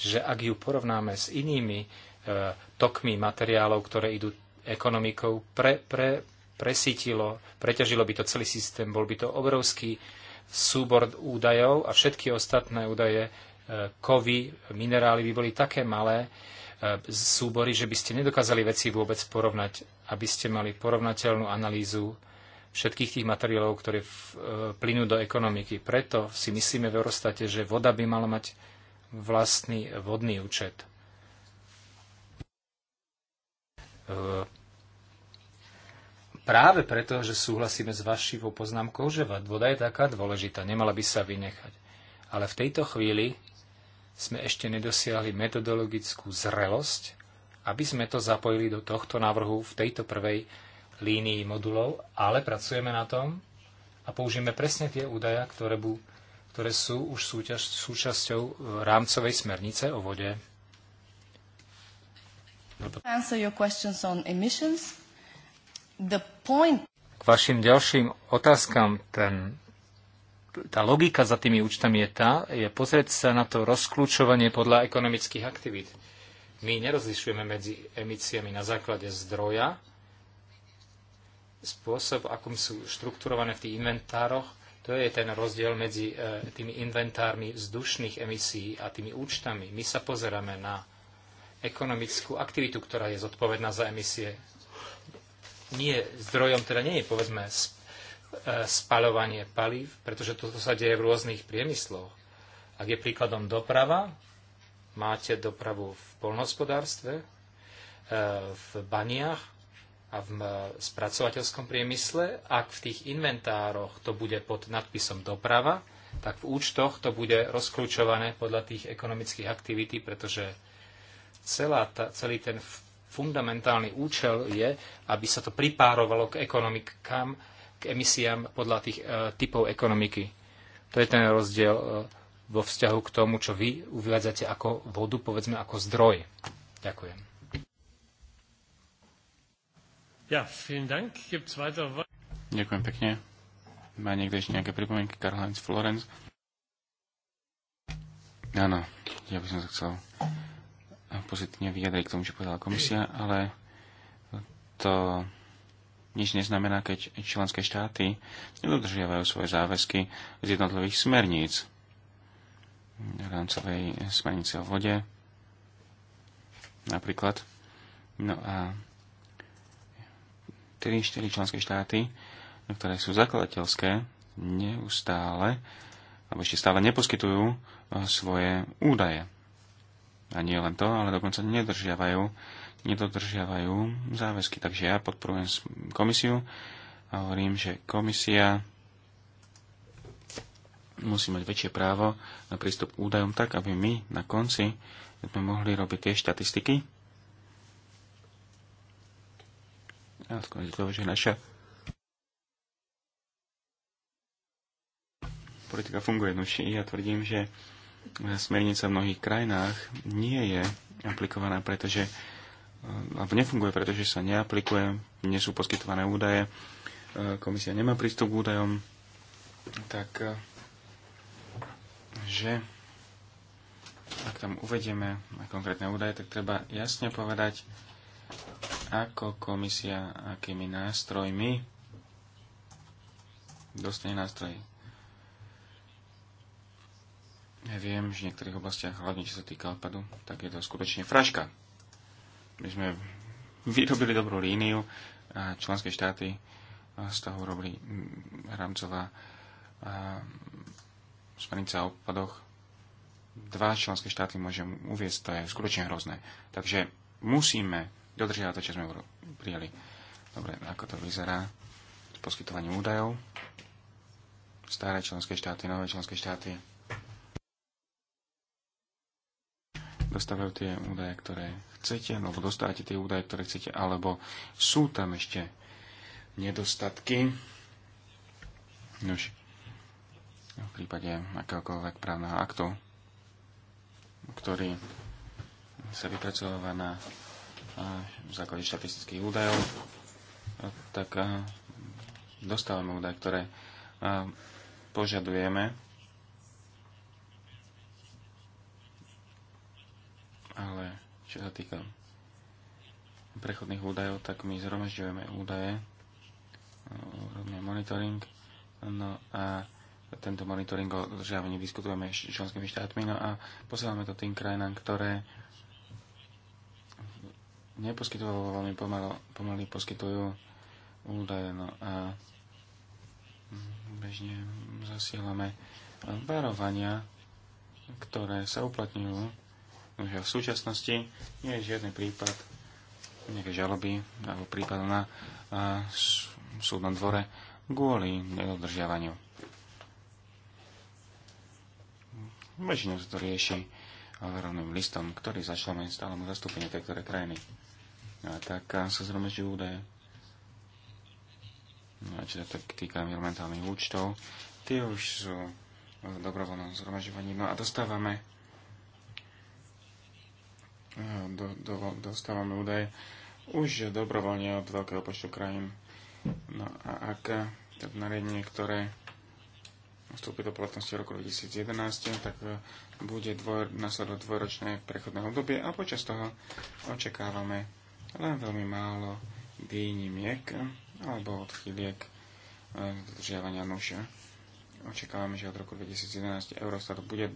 že ak ju porovnáme s inými e, tokmi materiálov, ktoré idú ekonomikou, pre, pre, presítilo, preťažilo by to celý systém, bol by to obrovský súbor údajov a všetky ostatné údaje, e, kovy, minerály by boli také malé e, súbory, že by ste nedokázali veci vôbec porovnať, aby ste mali porovnateľnú analýzu všetkých tých materiálov, ktoré e, plynú do ekonomiky. Preto si myslíme v Eurostate, že voda by mala mať vlastný vodný účet. E, práve preto, že súhlasíme s vašivou poznámkou, že voda je taká dôležitá, nemala by sa vynechať. Ale v tejto chvíli sme ešte nedosiahli metodologickú zrelosť, aby sme to zapojili do tohto návrhu v tejto prvej línii modulov, ale pracujeme na tom a použijeme presne tie údaja, ktoré, budú ktoré sú už súťaž, súčasťou e, rámcovej smernice o vode. K vašim ďalším otázkam ten, tá logika za tými účtami je tá, je pozrieť sa na to rozklúčovanie podľa ekonomických aktivít. My nerozlišujeme medzi emisiami na základe zdroja, spôsob, akom sú štrukturované v tých inventároch to je ten rozdiel medzi e, tými inventármi vzdušných emisí a tými účtami. My sa pozeráme na ekonomickú aktivitu, ktorá je zodpovedná za emisie. Nie, zdrojom teda nie je, povedzme, e, spaľovanie palív, pretože toto sa deje v rôznych priemysloch. Ak je príkladom doprava, máte dopravu v polnohospodárstve, e, v baniach, a v spracovateľskom priemysle. Ak v tých inventároch to bude pod nadpisom doprava, tak v účtoch to bude rozklúčované podľa tých ekonomických aktivít, pretože celá ta, celý ten fundamentálny účel je, aby sa to pripárovalo k ekonomikám, k emisiám podľa tých e, typov ekonomiky. To je ten rozdiel e, vo vzťahu k tomu, čo vy uvádzate ako vodu, povedzme ako zdroj. Ďakujem. Ja, vielen Dank. Gibt's weiter... Ďakujem pekne. Má niekto ešte nejaké pripomienky? Karl-Heinz Florenz. Áno, ja by som sa chcel pozitívne vyjadriť k tomu, čo povedala komisia, ale to nič neznamená, keď členské štáty nedodržiavajú svoje záväzky z jednotlivých smerníc. Rámcovej smernice o vode napríklad. No a 3-4 členské štáty, no, ktoré sú zakladateľské, neustále alebo ešte stále neposkytujú e, svoje údaje. A nie len to, ale dokonca nedržiavajú, nedodržiavajú záväzky. Takže ja podporujem komisiu a hovorím, že komisia musí mať väčšie právo na prístup k údajom tak, aby my na konci sme mohli robiť tie štatistiky, že naša politika funguje. No ja tvrdím, že smernica v mnohých krajinách nie je aplikovaná, pretože alebo nefunguje, pretože sa neaplikuje, nie sú poskytované údaje, komisia nemá prístup k údajom, tak že ak tam uvedieme konkrétne údaje, tak treba jasne povedať, ako komisia, akými nástrojmi dostane nástroj. Ja viem, že v niektorých oblastiach, hlavne čo sa týka odpadu, tak je to skutočne fraška. My sme vyrobili dobrú líniu a členské štáty z toho robili rámcová smernica o odpadoch. Dva členské štáty môžem uviezť, to je skutočne hrozné. Takže musíme dodržiava to, čo sme prijali. Dobre, ako to vyzerá s poskytovaním údajov. Staré členské štáty, nové členské štáty dostávajú tie údaje, ktoré chcete, alebo dostávate tie údaje, ktoré chcete, alebo sú tam ešte nedostatky. Nož, v prípade akéhokoľvek právneho aktu, ktorý sa vypracováva na v základe štatistických údajov, tak dostávame údaje, ktoré požadujeme. Ale čo sa týka prechodných údajov, tak my zhromažďujeme údaje, robíme monitoring, no a tento monitoring o dodržiavaní diskutujeme s členskými štátmi, no a posielame to tým krajinám, ktoré neposkytovalo veľmi pomaly poskytujú údaje. No a bežne zasielame varovania, ktoré sa uplatňujú. Že v súčasnosti nie je žiadny prípad nejaké žaloby alebo prípad na a, súdnom dvore kvôli nedodržiavaniu. Väčšinou sa to rieši verovným listom, ktorý zašleme stálemu zastúpeniu tejto krajiny. A tak sa zhromažďujú údaje. No, či sa to týka environmentálnych účtov, tie už sú v dobrovoľnom zhromažďovaní. No a dostávame do, do, dostávame údaje už dobrovoľne od veľkého počtu krajín. No a ak tak nariadenie, ktoré vstúpi do platnosti roku 2011, tak e, bude dvoj, nasledovať dvojročné prechodné obdobie a počas toho očakávame len veľmi málo výnimiek alebo odchyliek e, dodržiavania noža. Očakávame, že od roku 2011 Eurostat bude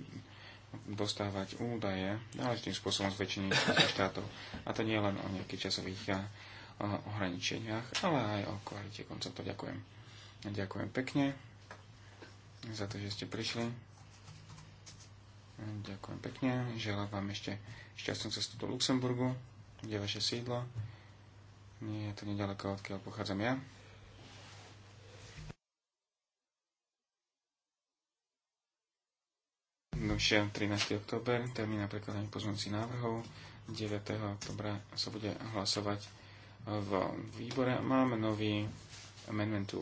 dostávať údaje náležitým spôsobom z väčšiny štátov. A to nie len o nejakých časových e, ohraničeniach, ale aj o kvalite konceptu. Ďakujem. Ďakujem pekne za to, že ste prišli. Ďakujem pekne. Želám vám ešte šťastnú cestu do Luxemburgu kde je vaše sídlo. Nie, je to nedaleko, odkiaľ pochádzam ja. Nošia 13. október, termín na prekladanie pozmúcich návrhov. 9. oktobra sa bude hlasovať v výbore. Máme nový amendment tu.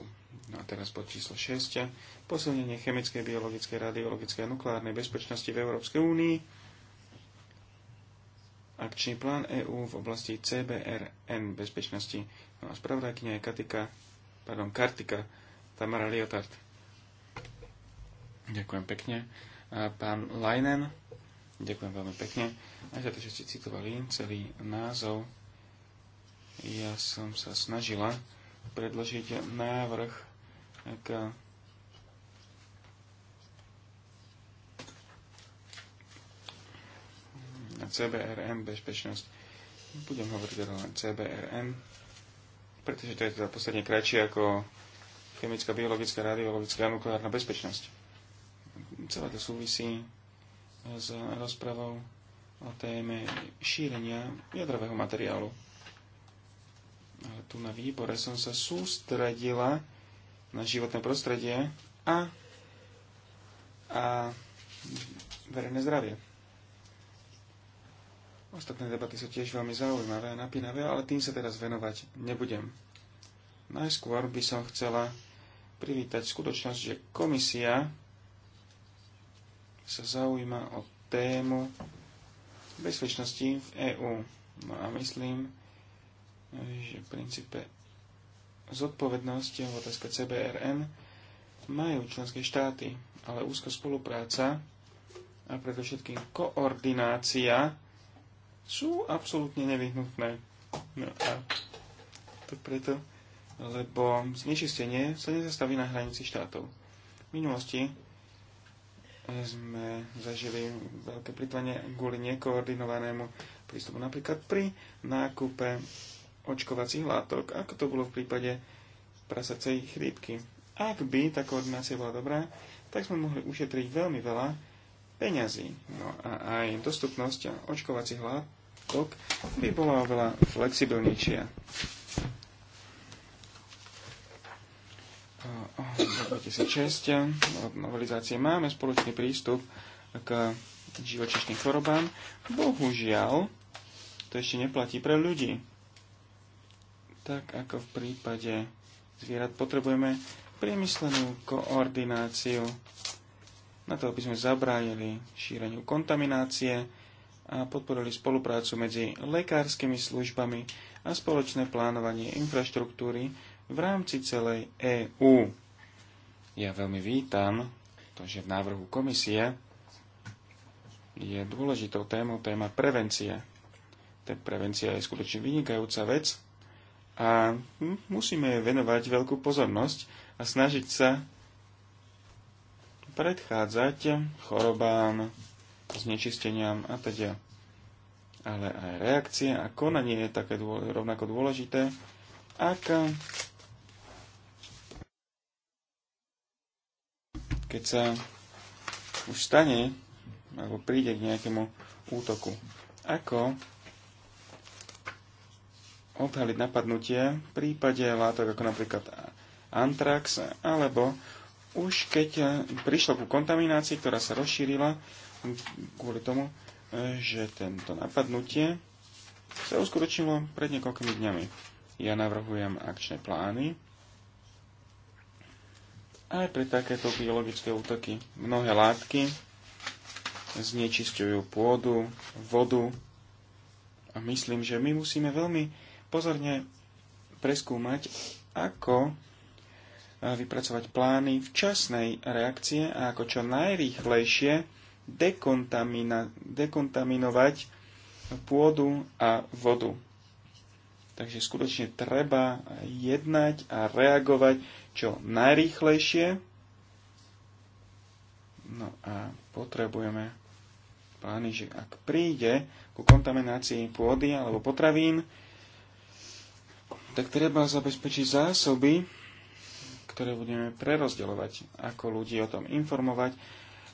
No a teraz pod číslo 6. Posilnenie chemickej, biologickej, radiologickej a nukleárnej bezpečnosti v Európskej únii akčný plán EÚ v oblasti CBRN bezpečnosti. No a spravodajkynia je Katika, pardon, Kartika Tamara Liotard. Ďakujem pekne. A pán Leinen, ďakujem veľmi pekne. Aj za to, že ste citovali celý názov. Ja som sa snažila predložiť návrh k CBRN, bezpečnosť. Budem hovoriť teda len CBRN, pretože to je teda posledne kratšie ako chemická, biologická, radiologická a nukleárna bezpečnosť. Celé to súvisí s rozpravou o téme šírenia jadrového materiálu. Ale tu na výbore som sa sústredila na životné prostredie a, a verejné zdravie. Ostatné debaty sú tiež veľmi zaujímavé a napínavé, ale tým sa teraz venovať nebudem. Najskôr by som chcela privítať skutočnosť, že komisia sa zaujíma o tému bezpečnosti v EÚ. No a myslím, že v princípe zodpovednosť v otázke CBRN majú členské štáty, ale úzka spolupráca a predovšetkým koordinácia sú absolútne nevyhnutné. No a to preto, lebo znečistenie sa nezastaví na hranici štátov. V minulosti sme zažili veľké plitvanie kvôli nekoordinovanému prístupu napríklad pri nákupe očkovacích látok, ako to bolo v prípade prasacej chrípky. Ak by tá koordinácia bola dobrá, tak sme mohli ušetriť veľmi veľa peňazí. No a aj dostupnosť očkovacích látok by bola oveľa flexibilnejšia. V 2006 no, od novelizácie máme spoločný prístup k živočišným chorobám. Bohužiaľ, to ešte neplatí pre ľudí. Tak ako v prípade zvierat potrebujeme priemyslenú koordináciu na to, aby sme zabránili šíreniu kontaminácie a podporili spoluprácu medzi lekárskymi službami a spoločné plánovanie infraštruktúry v rámci celej EÚ. Ja veľmi vítam to, že v návrhu komisie je dôležitou témou téma prevencie. Tá prevencia je skutočne vynikajúca vec a musíme jej venovať veľkú pozornosť a snažiť sa predchádzať chorobám, znečisteniam a teda. Ale aj reakcie a konanie je také dô, rovnako dôležité, ak keď sa už stane alebo príde k nejakému útoku. Ako odhaliť napadnutie v prípade látok ako napríklad antrax alebo už keď eh, prišlo ku kontaminácii, ktorá sa rozšírila kvôli tomu, eh, že tento napadnutie sa uskutočnilo pred niekoľkými dňami. Ja navrhujem akčné plány aj pre takéto biologické útoky. Mnohé látky znečisťujú pôdu, vodu a myslím, že my musíme veľmi pozorne preskúmať, ako vypracovať plány včasnej reakcie a ako čo najrýchlejšie dekontaminovať pôdu a vodu. Takže skutočne treba jednať a reagovať čo najrýchlejšie. No a potrebujeme plány, že ak príde ku kontaminácii pôdy alebo potravín, tak treba zabezpečiť zásoby ktoré budeme prerozdeľovať, ako ľudí o tom informovať,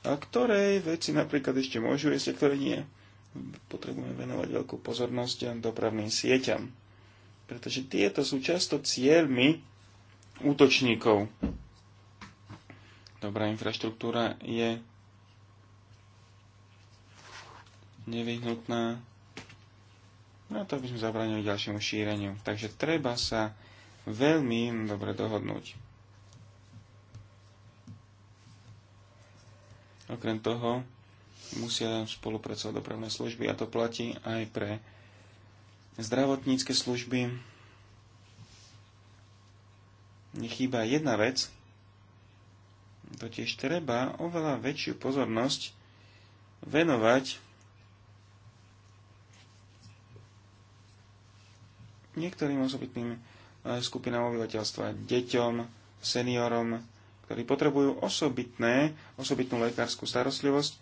a ktoré veci napríklad ešte môžu jesť a ktoré nie. Potrebujeme venovať veľkú pozornosť dopravným sieťam, pretože tieto sú často cieľmi útočníkov. Dobrá infraštruktúra je nevyhnutná na no to, aby sme zabránili ďalšiemu šíreniu. Takže treba sa veľmi dobre dohodnúť. Okrem toho musia spolupracovať dopravné služby a to platí aj pre zdravotnícke služby. Nechýba jedna vec, totiž treba oveľa väčšiu pozornosť venovať niektorým osobitným eh, skupinám obyvateľstva, deťom, seniorom, ktorí potrebujú osobitné, osobitnú lekárskú starostlivosť,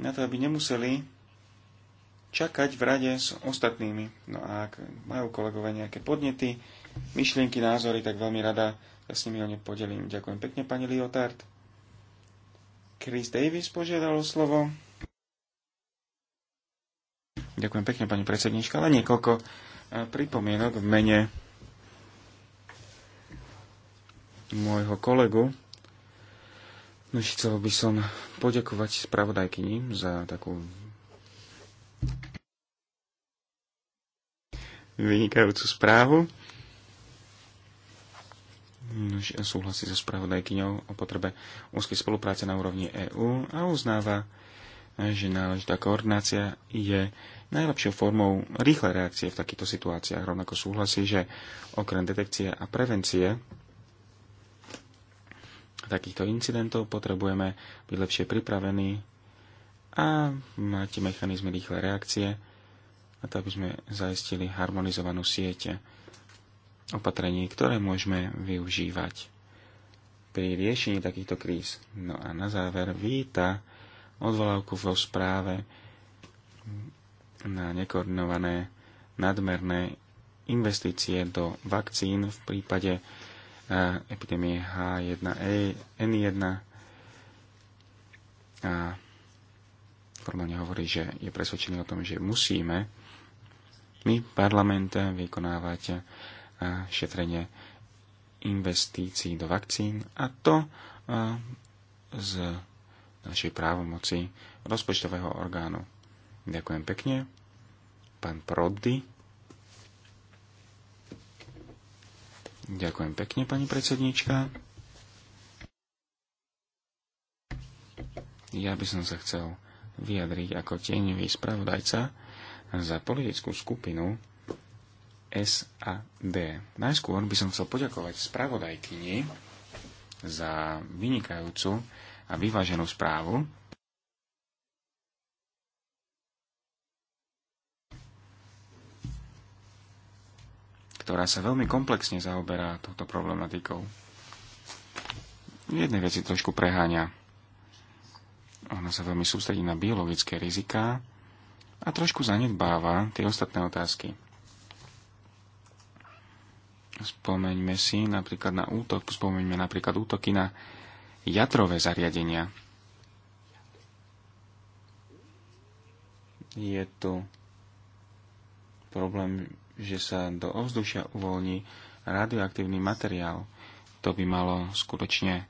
na to, aby nemuseli čakať v rade s ostatnými. No a ak majú kolegové nejaké podnety, myšlienky, názory, tak veľmi rada sa s nimi o ne podelím. Ďakujem pekne, pani Liotard. Chris Davis požiadal o slovo. Ďakujem pekne, pani predsednička, ale niekoľko eh, pripomienok v mene môjho kolegu. No, chcel by som poďakovať spravodajkyni za takú vynikajúcu správu. Nož súhlasí so spravodajkyňou o potrebe úzkej spolupráce na úrovni EÚ a uznáva, že náležitá koordinácia je najlepšou formou rýchlej reakcie v takýchto situáciách. Rovnako súhlasí, že okrem detekcie a prevencie takýchto incidentov potrebujeme byť lepšie pripravení a mať mechanizmy rýchle reakcie, a to aby sme zaistili harmonizovanú siete opatrení, ktoré môžeme využívať pri riešení takýchto kríz. No a na záver víta odvolávku vo správe na nekoordinované nadmerné investície do vakcín v prípade epidémie H1N1 a formálne hovorí, že je presvedčený o tom, že musíme my, parlament, vykonávať šetrenie investícií do vakcín a to z našej právomoci rozpočtového orgánu. Ďakujem pekne. Pán Prody. Ďakujem pekne, pani predsedníčka. Ja by som sa chcel vyjadriť ako tieňový spravodajca za politickú skupinu SAD. Najskôr by som chcel poďakovať spravodajkyni za vynikajúcu a vyváženú správu, ktorá sa veľmi komplexne zaoberá touto problematikou. Jednej veci trošku preháňa. Ona sa veľmi sústredí na biologické riziká a trošku zanedbáva tie ostatné otázky. Spomeňme si napríklad na útok, spomeňme napríklad útoky na jadrové zariadenia. Je tu problém že sa do ovzdušia uvoľní radioaktívny materiál. To by malo skutočne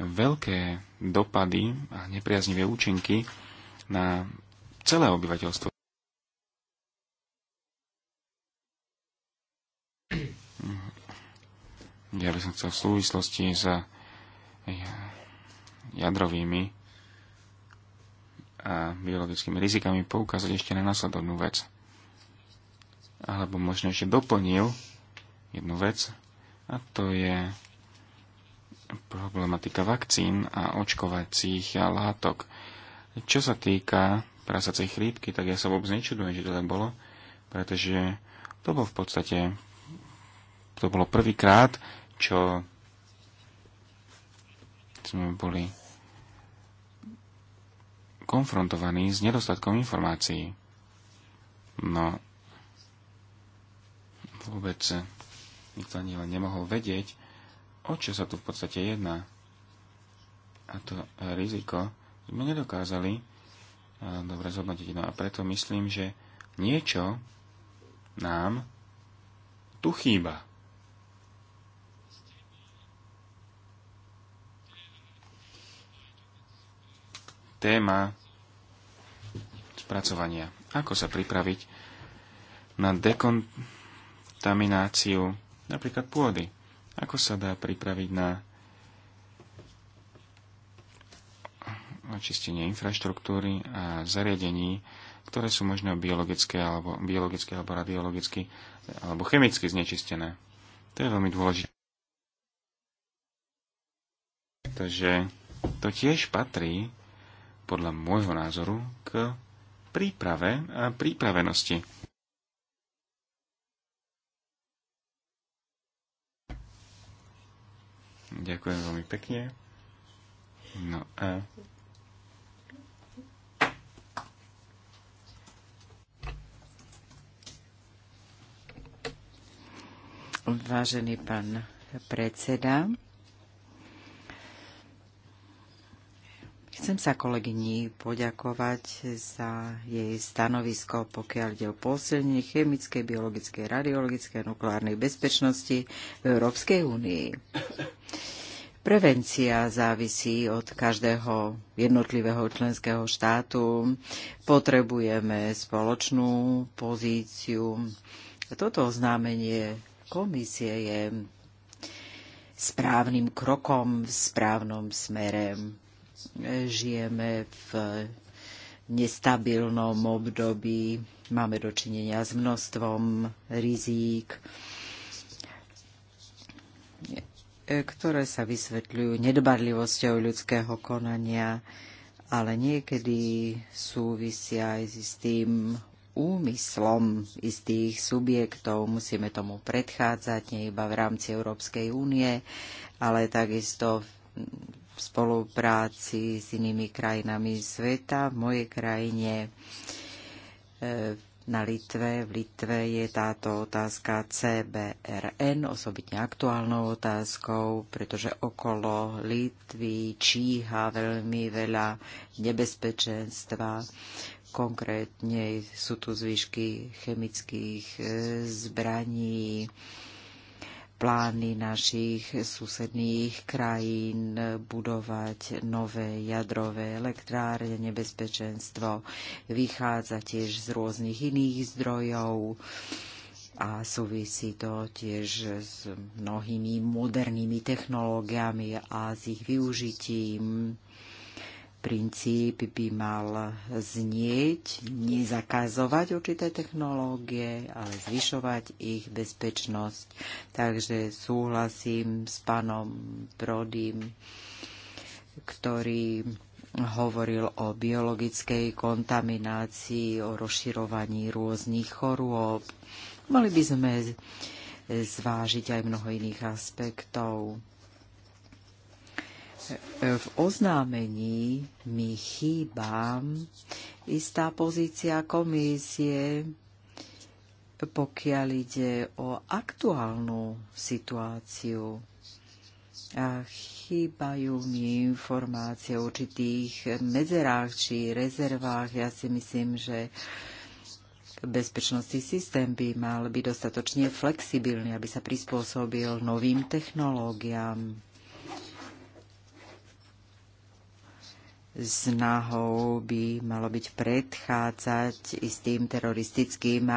veľké dopady a nepriaznivé účinky na celé obyvateľstvo. Ja by som chcel v súvislosti s eh, jadrovými a biologickými rizikami poukázať ešte na následovnú vec alebo možno ešte doplnil jednu vec, a to je problematika vakcín a očkovacích látok. Čo sa týka prasacej chrípky, tak ja sa vôbec nečudujem, že to tak bolo, pretože to bolo v podstate to bolo prvýkrát, čo sme boli konfrontovaní s nedostatkom informácií. No vôbec nikto ani len nemohol vedieť, o čo sa tu v podstate jedná. A to riziko sme nedokázali eh, dobre zhodnotiť. No a preto myslím, že niečo nám tu chýba. Téma spracovania. Ako sa pripraviť na dekon kontamináciu napríklad pôdy. Ako sa dá pripraviť na očistenie infraštruktúry a zariadení, ktoré sú možno biologické alebo, biologické alebo radiologicky alebo chemicky znečistené. To je veľmi dôležité. Takže to tiež patrí, podľa môjho názoru, k príprave a prípravenosti Ďakujem veľmi pekne. No a... Vážený pán predseda, Chcem sa kolegyni poďakovať za jej stanovisko, pokiaľ ide o posilnenie chemickej, biologickej, radiologickej a nukleárnej bezpečnosti v Európskej únii. Prevencia závisí od každého jednotlivého členského štátu. Potrebujeme spoločnú pozíciu. Toto oznámenie komisie je správnym krokom v správnom smere žijeme v nestabilnom období, máme dočinenia s množstvom rizík, ktoré sa vysvetľujú nedbarlivosťou ľudského konania, ale niekedy súvisia aj s tým úmyslom istých subjektov. Musíme tomu predchádzať nie iba v rámci Európskej únie, ale takisto spolupráci s inými krajinami sveta. V mojej krajine e, na Litve, v Litve je táto otázka CBRN osobitne aktuálnou otázkou, pretože okolo Litvy číha veľmi veľa nebezpečenstva. Konkrétne sú tu zvyšky chemických e, zbraní, plány našich susedných krajín budovať nové jadrové elektrárne, nebezpečenstvo vychádza tiež z rôznych iných zdrojov a súvisí to tiež s mnohými modernými technológiami a s ich využitím princíp by mal znieť, nezakazovať určité technológie, ale zvyšovať ich bezpečnosť. Takže súhlasím s pánom Prodym, ktorý hovoril o biologickej kontaminácii, o rozširovaní rôznych chorôb. Mali by sme zvážiť aj mnoho iných aspektov v oznámení mi chýba istá pozícia komisie, pokiaľ ide o aktuálnu situáciu. A chýbajú mi informácie o určitých medzerách či rezervách. Ja si myslím, že bezpečnostný systém by mal byť dostatočne flexibilný, aby sa prispôsobil novým technológiám snahou by malo byť predchádzať istým teroristickým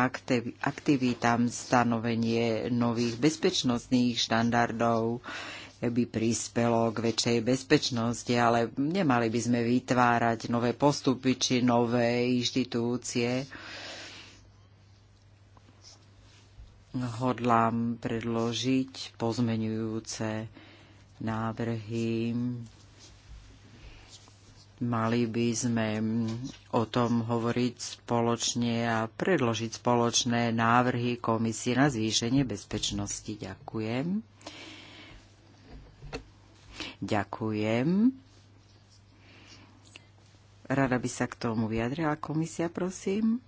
aktivitám stanovenie nových bezpečnostných štandardov by prispelo k väčšej bezpečnosti, ale nemali by sme vytvárať nové postupy či nové inštitúcie. Hodlám predložiť pozmenujúce návrhy Mali by sme o tom hovoriť spoločne a predložiť spoločné návrhy komisie na zvýšenie bezpečnosti. Ďakujem. Ďakujem. Rada by sa k tomu vyjadrila komisia, prosím.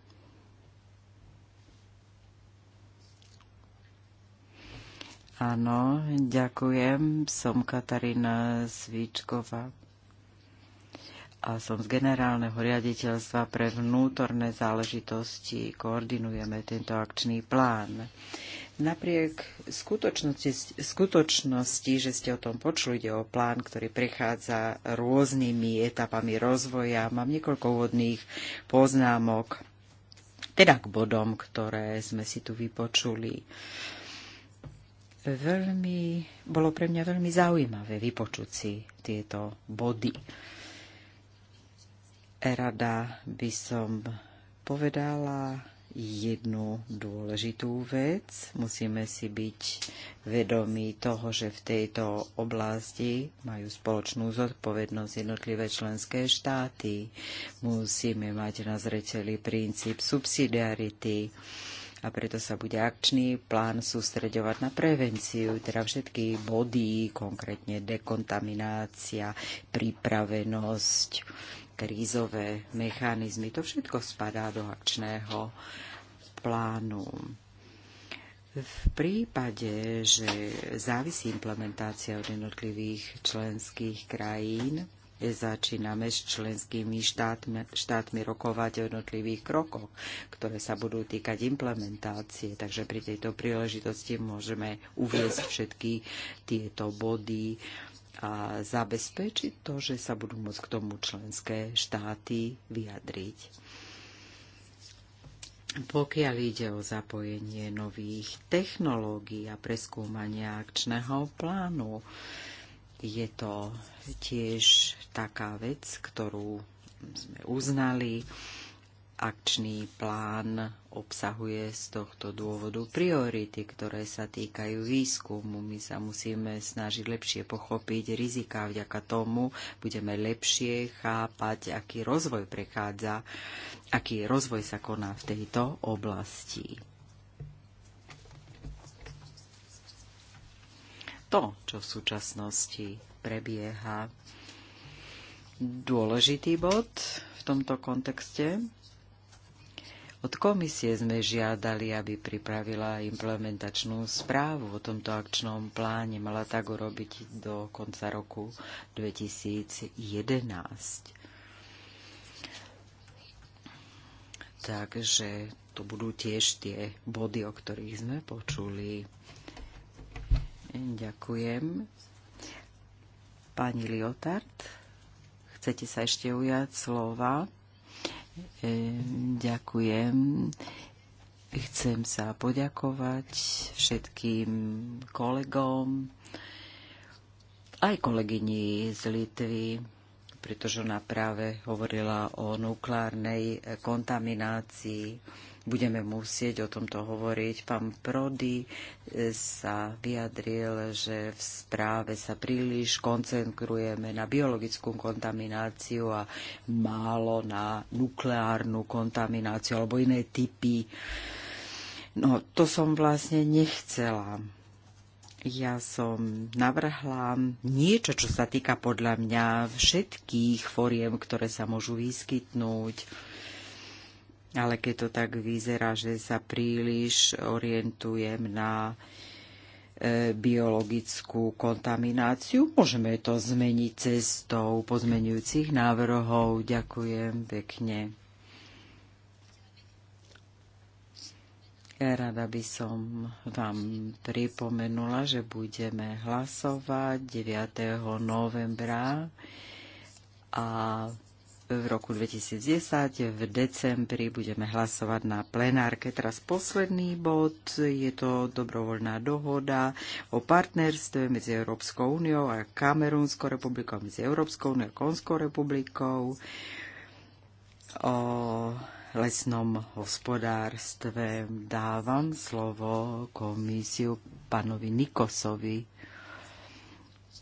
Áno, ďakujem. Som Katarína Svíčková a som z generálneho riaditeľstva pre vnútorné záležitosti. Koordinujeme tento akčný plán. Napriek skutočnosti, skutočnosti, že ste o tom počuli, ide o plán, ktorý prechádza rôznymi etapami rozvoja, mám niekoľko úvodných poznámok, teda k bodom, ktoré sme si tu vypočuli. Veľmi, bolo pre mňa veľmi zaujímavé vypočuť si tieto body Rada by som povedala jednu dôležitú vec. Musíme si byť vedomí toho, že v tejto oblasti majú spoločnú zodpovednosť jednotlivé členské štáty. Musíme mať na zreteli princíp subsidiarity a preto sa bude akčný plán sústreďovať na prevenciu, teda všetky body, konkrétne dekontaminácia, pripravenosť krízové mechanizmy. To všetko spadá do akčného plánu. V prípade, že závisí implementácia od jednotlivých členských krajín, začíname s členskými štátmi, štátmi rokovať o jednotlivých krokoch, ktoré sa budú týkať implementácie. Takže pri tejto príležitosti môžeme uviezť všetky tieto body, a zabezpečiť to, že sa budú môcť k tomu členské štáty vyjadriť. Pokiaľ ide o zapojenie nových technológií a preskúmania akčného plánu, je to tiež taká vec, ktorú sme uznali. Akčný plán obsahuje z tohto dôvodu priority, ktoré sa týkajú výskumu. My sa musíme snažiť lepšie pochopiť rizika. Vďaka tomu budeme lepšie chápať, aký rozvoj prechádza, aký rozvoj sa koná v tejto oblasti. To, čo v súčasnosti prebieha, dôležitý bod v tomto kontexte od komisie sme žiadali, aby pripravila implementačnú správu o tomto akčnom pláne. Mala tak urobiť do konca roku 2011. Takže to budú tiež tie body, o ktorých sme počuli. Ďakujem. Pani Liotard, chcete sa ešte ujať slova? E, ďakujem. Chcem sa poďakovať všetkým kolegom, aj kolegyni z Litvy, pretože ona práve hovorila o nukleárnej kontaminácii budeme musieť o tomto hovoriť. Pán Prody e, sa vyjadril, že v správe sa príliš koncentrujeme na biologickú kontamináciu a málo na nukleárnu kontamináciu alebo iné typy. No, to som vlastne nechcela ja som navrhla niečo, čo sa týka podľa mňa všetkých foriem, ktoré sa môžu vyskytnúť ale keď to tak vyzerá, že sa príliš orientujem na e, biologickú kontamináciu. Môžeme to zmeniť cestou pozmenujúcich návrhov. Ďakujem pekne. Rada by som vám pripomenula, že budeme hlasovať 9. novembra a v roku 2010. V decembri budeme hlasovať na plenárke. Teraz posledný bod, je to dobrovoľná dohoda o partnerstve medzi Európskou úniou a Kamerúnskou republikou, medzi Európskou úniou a Konskou republikou o lesnom hospodárstve. Dávam slovo komisiu pánovi Nikosovi.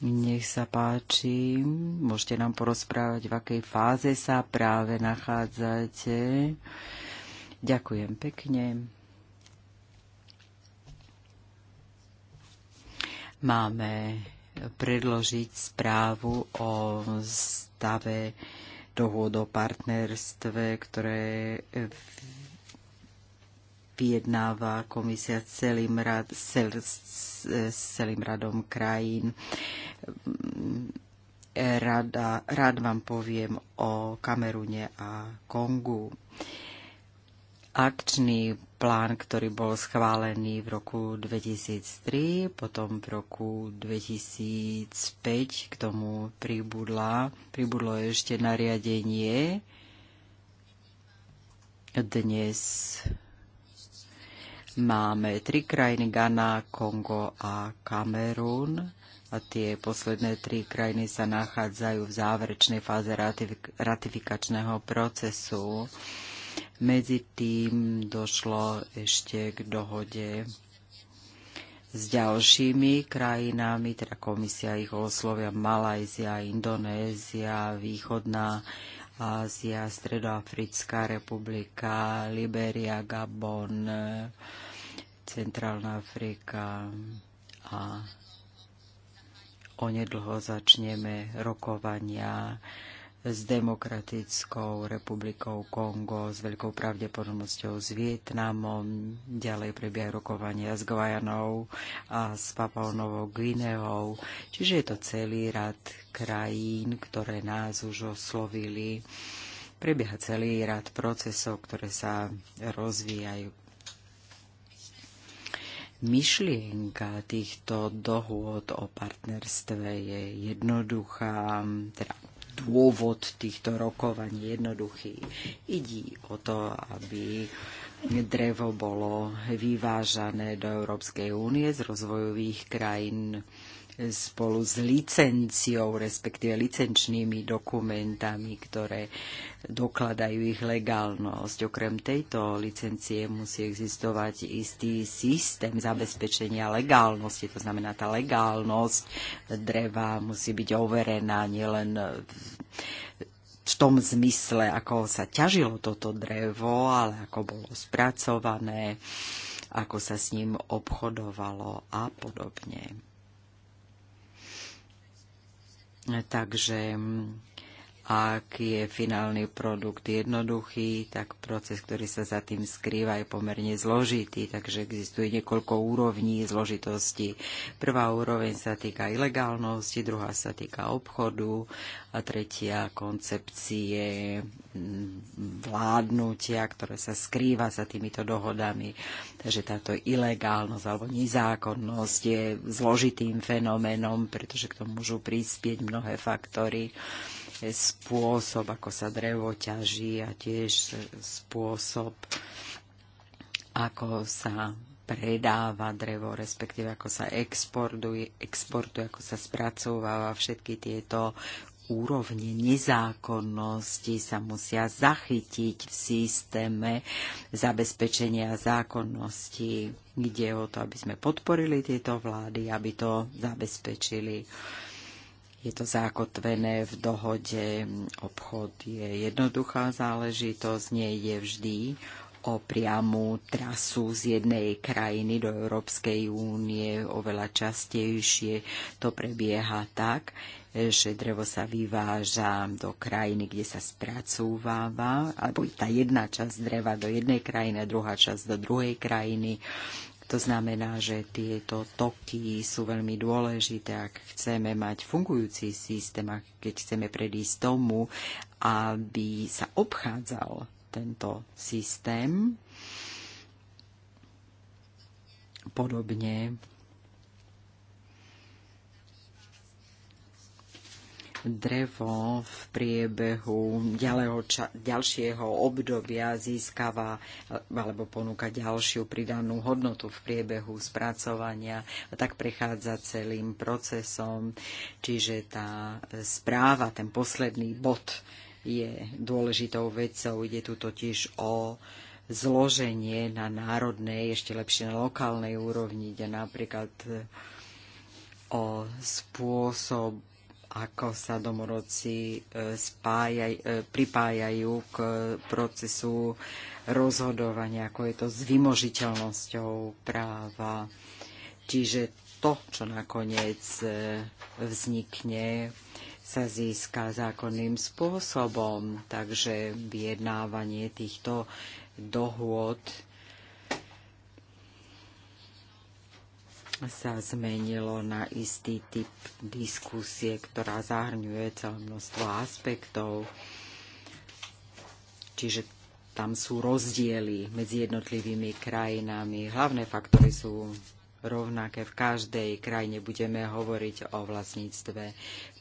Nech sa páči, môžete nám porozprávať, v akej fáze sa práve nachádzate. Ďakujem pekne. Máme predložiť správu o stave dohôd o partnerstve, ktoré vyjednáva komisia s celým, rad, cel, s celým radom krajín. Rada, rád vám poviem o Kamerune a Kongu. Akčný plán, ktorý bol schválený v roku 2003, potom v roku 2005 k tomu pribudla, pribudlo ešte nariadenie. Dnes Máme tri krajiny, Ghana, Kongo a Kamerún. A tie posledné tri krajiny sa nachádzajú v záverečnej fáze ratifik ratifikačného procesu. Medzi tým došlo ešte k dohode s ďalšími krajinami, teda komisia ich oslovia Malajzia, Indonézia, Východná Ázia, Stredoafrická republika, Liberia, Gabon, Centrálna Afrika a onedlho začneme rokovania s Demokratickou republikou Kongo, s veľkou pravdepodobnosťou s Vietnamom, ďalej prebiehajú rokovania s Guajanou a s Papou Guineou. Čiže je to celý rad krajín, ktoré nás už oslovili. Prebieha celý rad procesov, ktoré sa rozvíjajú. Myšlienka týchto dohôd o partnerstve je jednoduchá, teda dôvod týchto rokovaní jednoduchý. Idí o to, aby drevo bolo vyvážané do Európskej únie z rozvojových krajín spolu s licenciou, respektíve licenčnými dokumentami, ktoré dokladajú ich legálnosť. Okrem tejto licencie musí existovať istý systém zabezpečenia legálnosti, to znamená tá legálnosť dreva musí byť overená nielen v tom zmysle, ako sa ťažilo toto drevo, ale ako bolo spracované, ako sa s ním obchodovalo a podobne. Takže mm, ak je finálny produkt jednoduchý, tak proces, ktorý sa za tým skrýva, je pomerne zložitý, takže existuje niekoľko úrovní zložitosti. Prvá úroveň sa týka ilegálnosti, druhá sa týka obchodu a tretia koncepcie mm, vládnutia, ktoré sa skrýva za týmito dohodami. Takže táto ilegálnosť alebo nezákonnosť je zložitým fenoménom, pretože k tomu môžu prispieť mnohé faktory spôsob, ako sa drevo ťaží a tiež spôsob, ako sa predáva drevo, respektíve ako sa exportuje, exportuje ako sa spracováva všetky tieto úrovne nezákonnosti sa musia zachytiť v systéme zabezpečenia zákonnosti. kde o to, aby sme podporili tieto vlády, aby to zabezpečili je to zakotvené v dohode. Obchod je jednoduchá záležitosť, nie je vždy o priamu trasu z jednej krajiny do Európskej únie. Oveľa častejšie to prebieha tak, že drevo sa vyváža do krajiny, kde sa spracováva, alebo tá jedna časť dreva do jednej krajiny a druhá časť do druhej krajiny. To znamená, že tieto toky sú veľmi dôležité, ak chceme mať fungujúci systém, ak keď chceme predísť tomu, aby sa obchádzal tento systém. Podobne drevo v priebehu ďalšieho obdobia získava alebo ponúka ďalšiu pridanú hodnotu v priebehu spracovania a tak prechádza celým procesom. Čiže tá správa, ten posledný bod je dôležitou vecou. Ide tu totiž o zloženie na národnej, ešte lepšie na lokálnej úrovni, kde napríklad e, o spôsob ako sa domorodci e, spájaj, e, pripájajú k procesu rozhodovania, ako je to s vymožiteľnosťou práva. Čiže to, čo nakoniec e, vznikne, sa získa zákonným spôsobom. Takže vyjednávanie týchto dohôd sa zmenilo na istý typ diskusie, ktorá zahrňuje celé množstvo aspektov. Čiže tam sú rozdiely medzi jednotlivými krajinami. Hlavné faktory sú rovnaké. V každej krajine budeme hovoriť o vlastníctve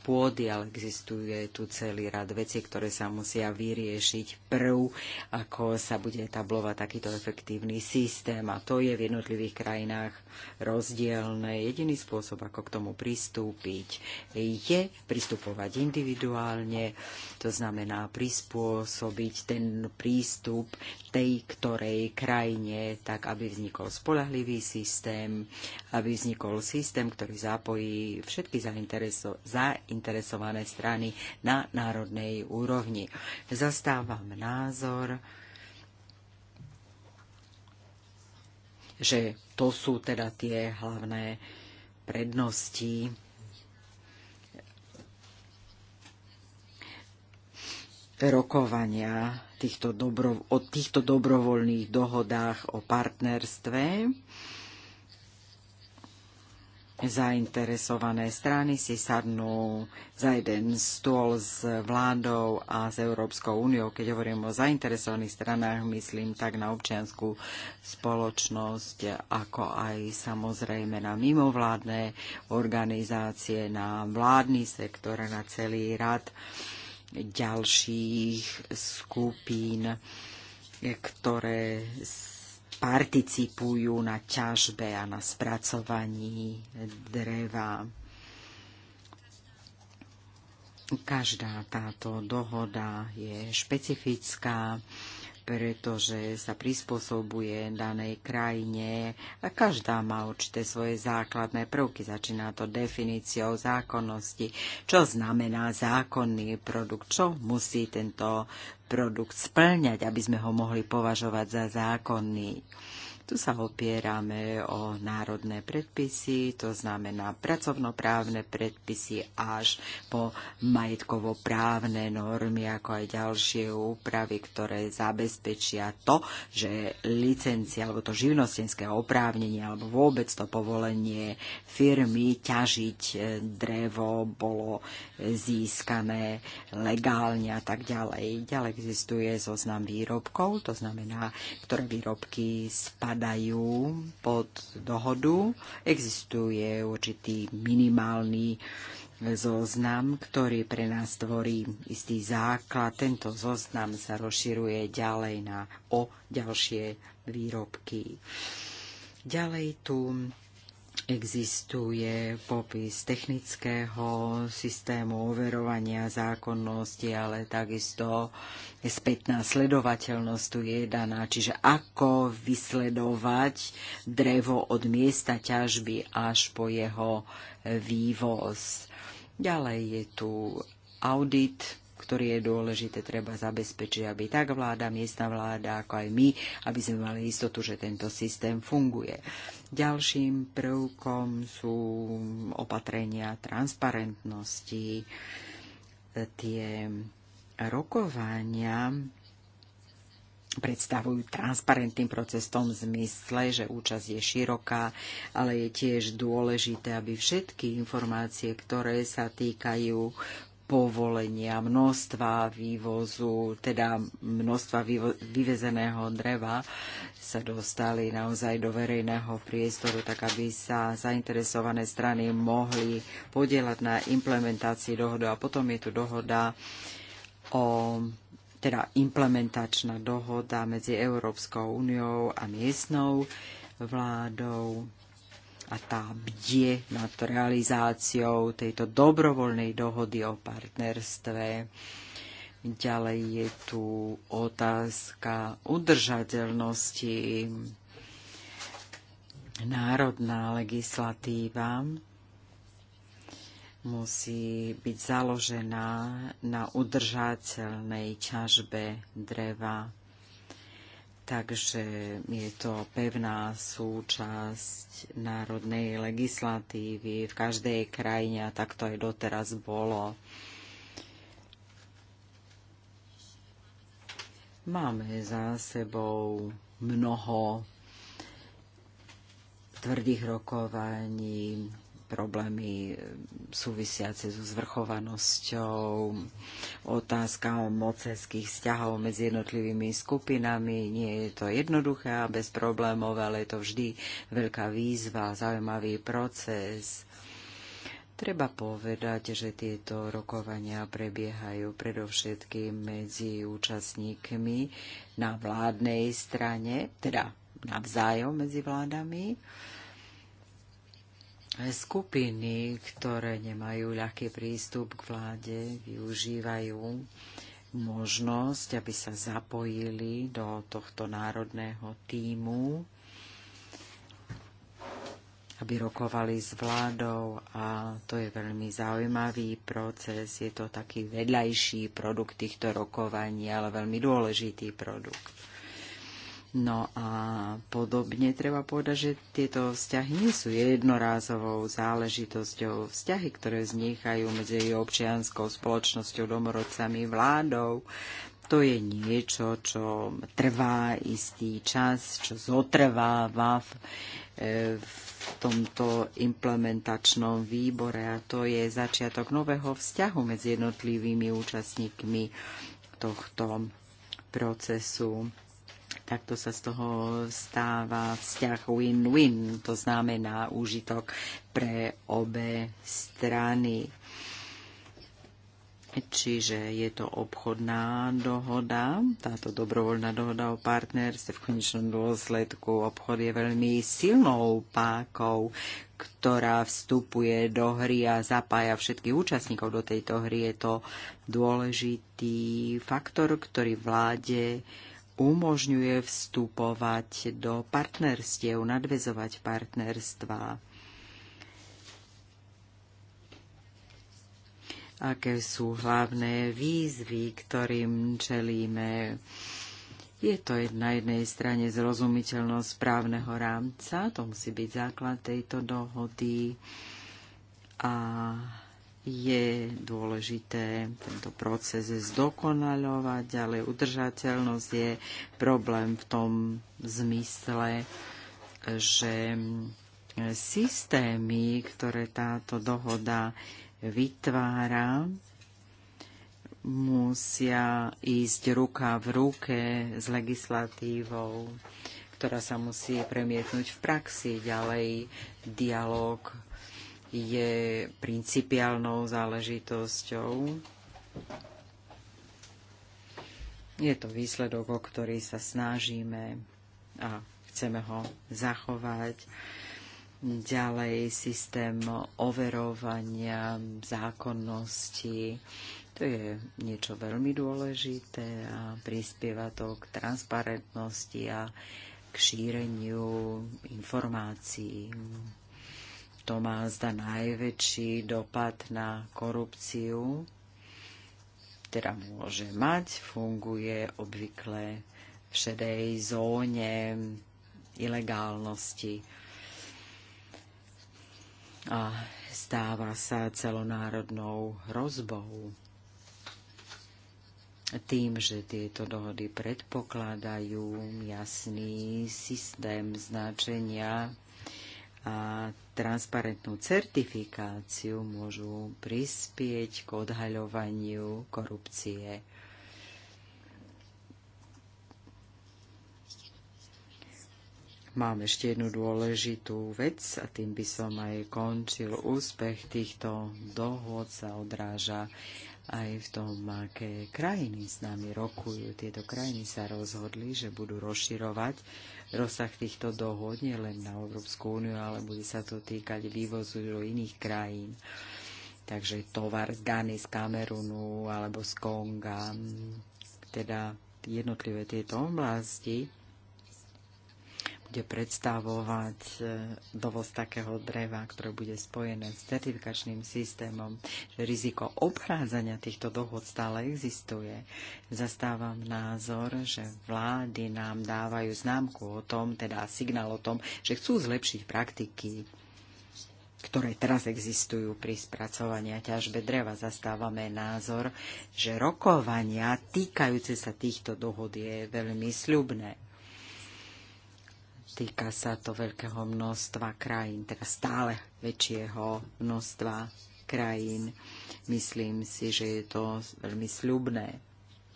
pôdy, ale existuje tu celý rad vecí, ktoré sa musia vyriešiť prv, ako sa bude tablovať takýto efektívny systém. A to je v jednotlivých krajinách rozdielne. Jediný spôsob, ako k tomu pristúpiť, je pristupovať individuálne, to znamená prispôsobiť ten prístup tej ktorej krajine, tak aby vznikol spolahlivý systém, aby vznikol systém, ktorý zapojí všetky zainteresované zainteresované strany na národnej úrovni. Zastávam názor, že to sú teda tie hlavné prednosti. rokovania týchto dobro, o týchto dobrovoľných dohodách o partnerstve zainteresované strany si sadnú za jeden stôl s vládou a s Európskou úniou. Keď hovorím o zainteresovaných stranách, myslím tak na občianskú spoločnosť, ako aj samozrejme na mimovládne organizácie, na vládny sektor a na celý rad ďalších skupín, ktoré participujú na ťažbe a na spracovaní dreva. Každá táto dohoda je špecifická pretože sa prispôsobuje danej krajine a každá má určité svoje základné prvky. Začína to definíciou zákonnosti, čo znamená zákonný produkt, čo musí tento produkt splňať, aby sme ho mohli považovať za zákonný. Tu sa opierame o národné predpisy, to znamená pracovnoprávne predpisy až po majetkovo-právne normy, ako aj ďalšie úpravy, ktoré zabezpečia to, že licencia alebo to živnostenské oprávnenie alebo vôbec to povolenie firmy ťažiť e, drevo bolo získané legálne a tak ďalej. Ďalej existuje zoznam výrobkov, to znamená, ktoré výrobky spadajú spadajú pod dohodu. Existuje určitý minimálny zoznam, ktorý pre nás tvorí istý základ. Tento zoznam sa rozširuje ďalej na o ďalšie výrobky. Ďalej tu Existuje popis technického systému overovania zákonnosti, ale takisto spätná sledovateľnosť tu je daná, čiže ako vysledovať drevo od miesta ťažby až po jeho vývoz. Ďalej je tu audit ktorý je dôležité, treba zabezpečiť, aby tak vláda, miestna vláda, ako aj my, aby sme mali istotu, že tento systém funguje. Ďalším prvkom sú opatrenia transparentnosti, tie rokovania predstavujú transparentným procesom v zmysle, že účasť je široká, ale je tiež dôležité, aby všetky informácie, ktoré sa týkajú povolenia množstva vývozu, teda množstva vývo- vyvezeného dreva sa dostali naozaj do verejného priestoru, tak aby sa zainteresované strany mohli podielať na implementácii dohody. A potom je tu dohoda o teda implementačná dohoda medzi Európskou úniou a miestnou vládou a tá bdie nad realizáciou tejto dobrovoľnej dohody o partnerstve. Ďalej je tu otázka udržateľnosti. Národná legislatíva musí byť založená na udržateľnej ťažbe dreva takže je to pevná súčasť národnej legislatívy v každej krajine a tak to aj doteraz bolo. Máme za sebou mnoho tvrdých rokovaní problémy e, súvisiace so zvrchovanosťou, otázka o mocenských vzťahov medzi jednotlivými skupinami. Nie je to jednoduché a bez problémov, ale je to vždy veľká výzva, zaujímavý proces. Treba povedať, že tieto rokovania prebiehajú predovšetkým medzi účastníkmi na vládnej strane, teda navzájom medzi vládami skupiny, ktoré nemajú ľahký prístup k vláde, využívajú možnosť, aby sa zapojili do tohto národného týmu, aby rokovali s vládou a to je veľmi zaujímavý proces. Je to taký vedľajší produkt týchto rokovaní, ale veľmi dôležitý produkt. No a podobne treba povedať, že tieto vzťahy nie sú jednorázovou záležitosťou. Vzťahy, ktoré vznikajú medzi občianskou spoločnosťou, domorodcami, vládou, to je niečo, čo trvá istý čas, čo zotrváva v, e, v tomto implementačnom výbore a to je začiatok nového vzťahu medzi jednotlivými účastníkmi tohto procesu. Takto sa z toho stáva vzťah win-win, to znamená úžitok pre obe strany. Čiže je to obchodná dohoda, táto dobrovoľná dohoda o partnerstve. V konečnom dôsledku obchod je veľmi silnou pákou, ktorá vstupuje do hry a zapája všetkých účastníkov do tejto hry. Je to dôležitý faktor, ktorý vláde umožňuje vstupovať do partnerstiev, nadvezovať partnerstva. Aké sú hlavné výzvy, ktorým čelíme? Je to na jednej strane zrozumiteľnosť právneho rámca, to musí byť základ tejto dohody. A je dôležité tento proces zdokonaľovať, ale udržateľnosť je problém v tom zmysle, že systémy, ktoré táto dohoda vytvára, musia ísť ruka v ruke s legislatívou, ktorá sa musí premietnúť v praxi ďalej dialog je principiálnou záležitosťou. Je to výsledok, o ktorý sa snažíme a chceme ho zachovať. Ďalej systém overovania zákonnosti. To je niečo veľmi dôležité a prispieva to k transparentnosti a k šíreniu informácií to má zda najväčší dopad na korupciu, ktorá teda môže mať, funguje obvykle v šedej zóne ilegálnosti. A stáva sa celonárodnou hrozbou tým, že tieto dohody predpokladajú jasný systém značenia a transparentnú certifikáciu môžu prispieť k odhaľovaniu korupcie. Mám ešte jednu dôležitú vec a tým by som aj končil. Úspech týchto dohod sa odráža aj v tom, aké krajiny s nami rokujú. Tieto krajiny sa rozhodli, že budú rozširovať rozsah týchto dohod nie len na Európsku úniu, ale bude sa to týkať vývozu do iných krajín. Takže tovar z Gany, z Kamerunu alebo z Konga, teda jednotlivé tieto oblasti bude predstavovať e, dovoz takého dreva, ktoré bude spojené s certifikačným systémom, že riziko obchádzania týchto dohod stále existuje. Zastávam názor, že vlády nám dávajú známku o tom, teda signál o tom, že chcú zlepšiť praktiky ktoré teraz existujú pri spracovaní a ťažbe dreva. Zastávame názor, že rokovania týkajúce sa týchto dohod je veľmi sľubné Týka sa to veľkého množstva krajín, teda stále väčšieho množstva krajín. Myslím si, že je to veľmi sľubné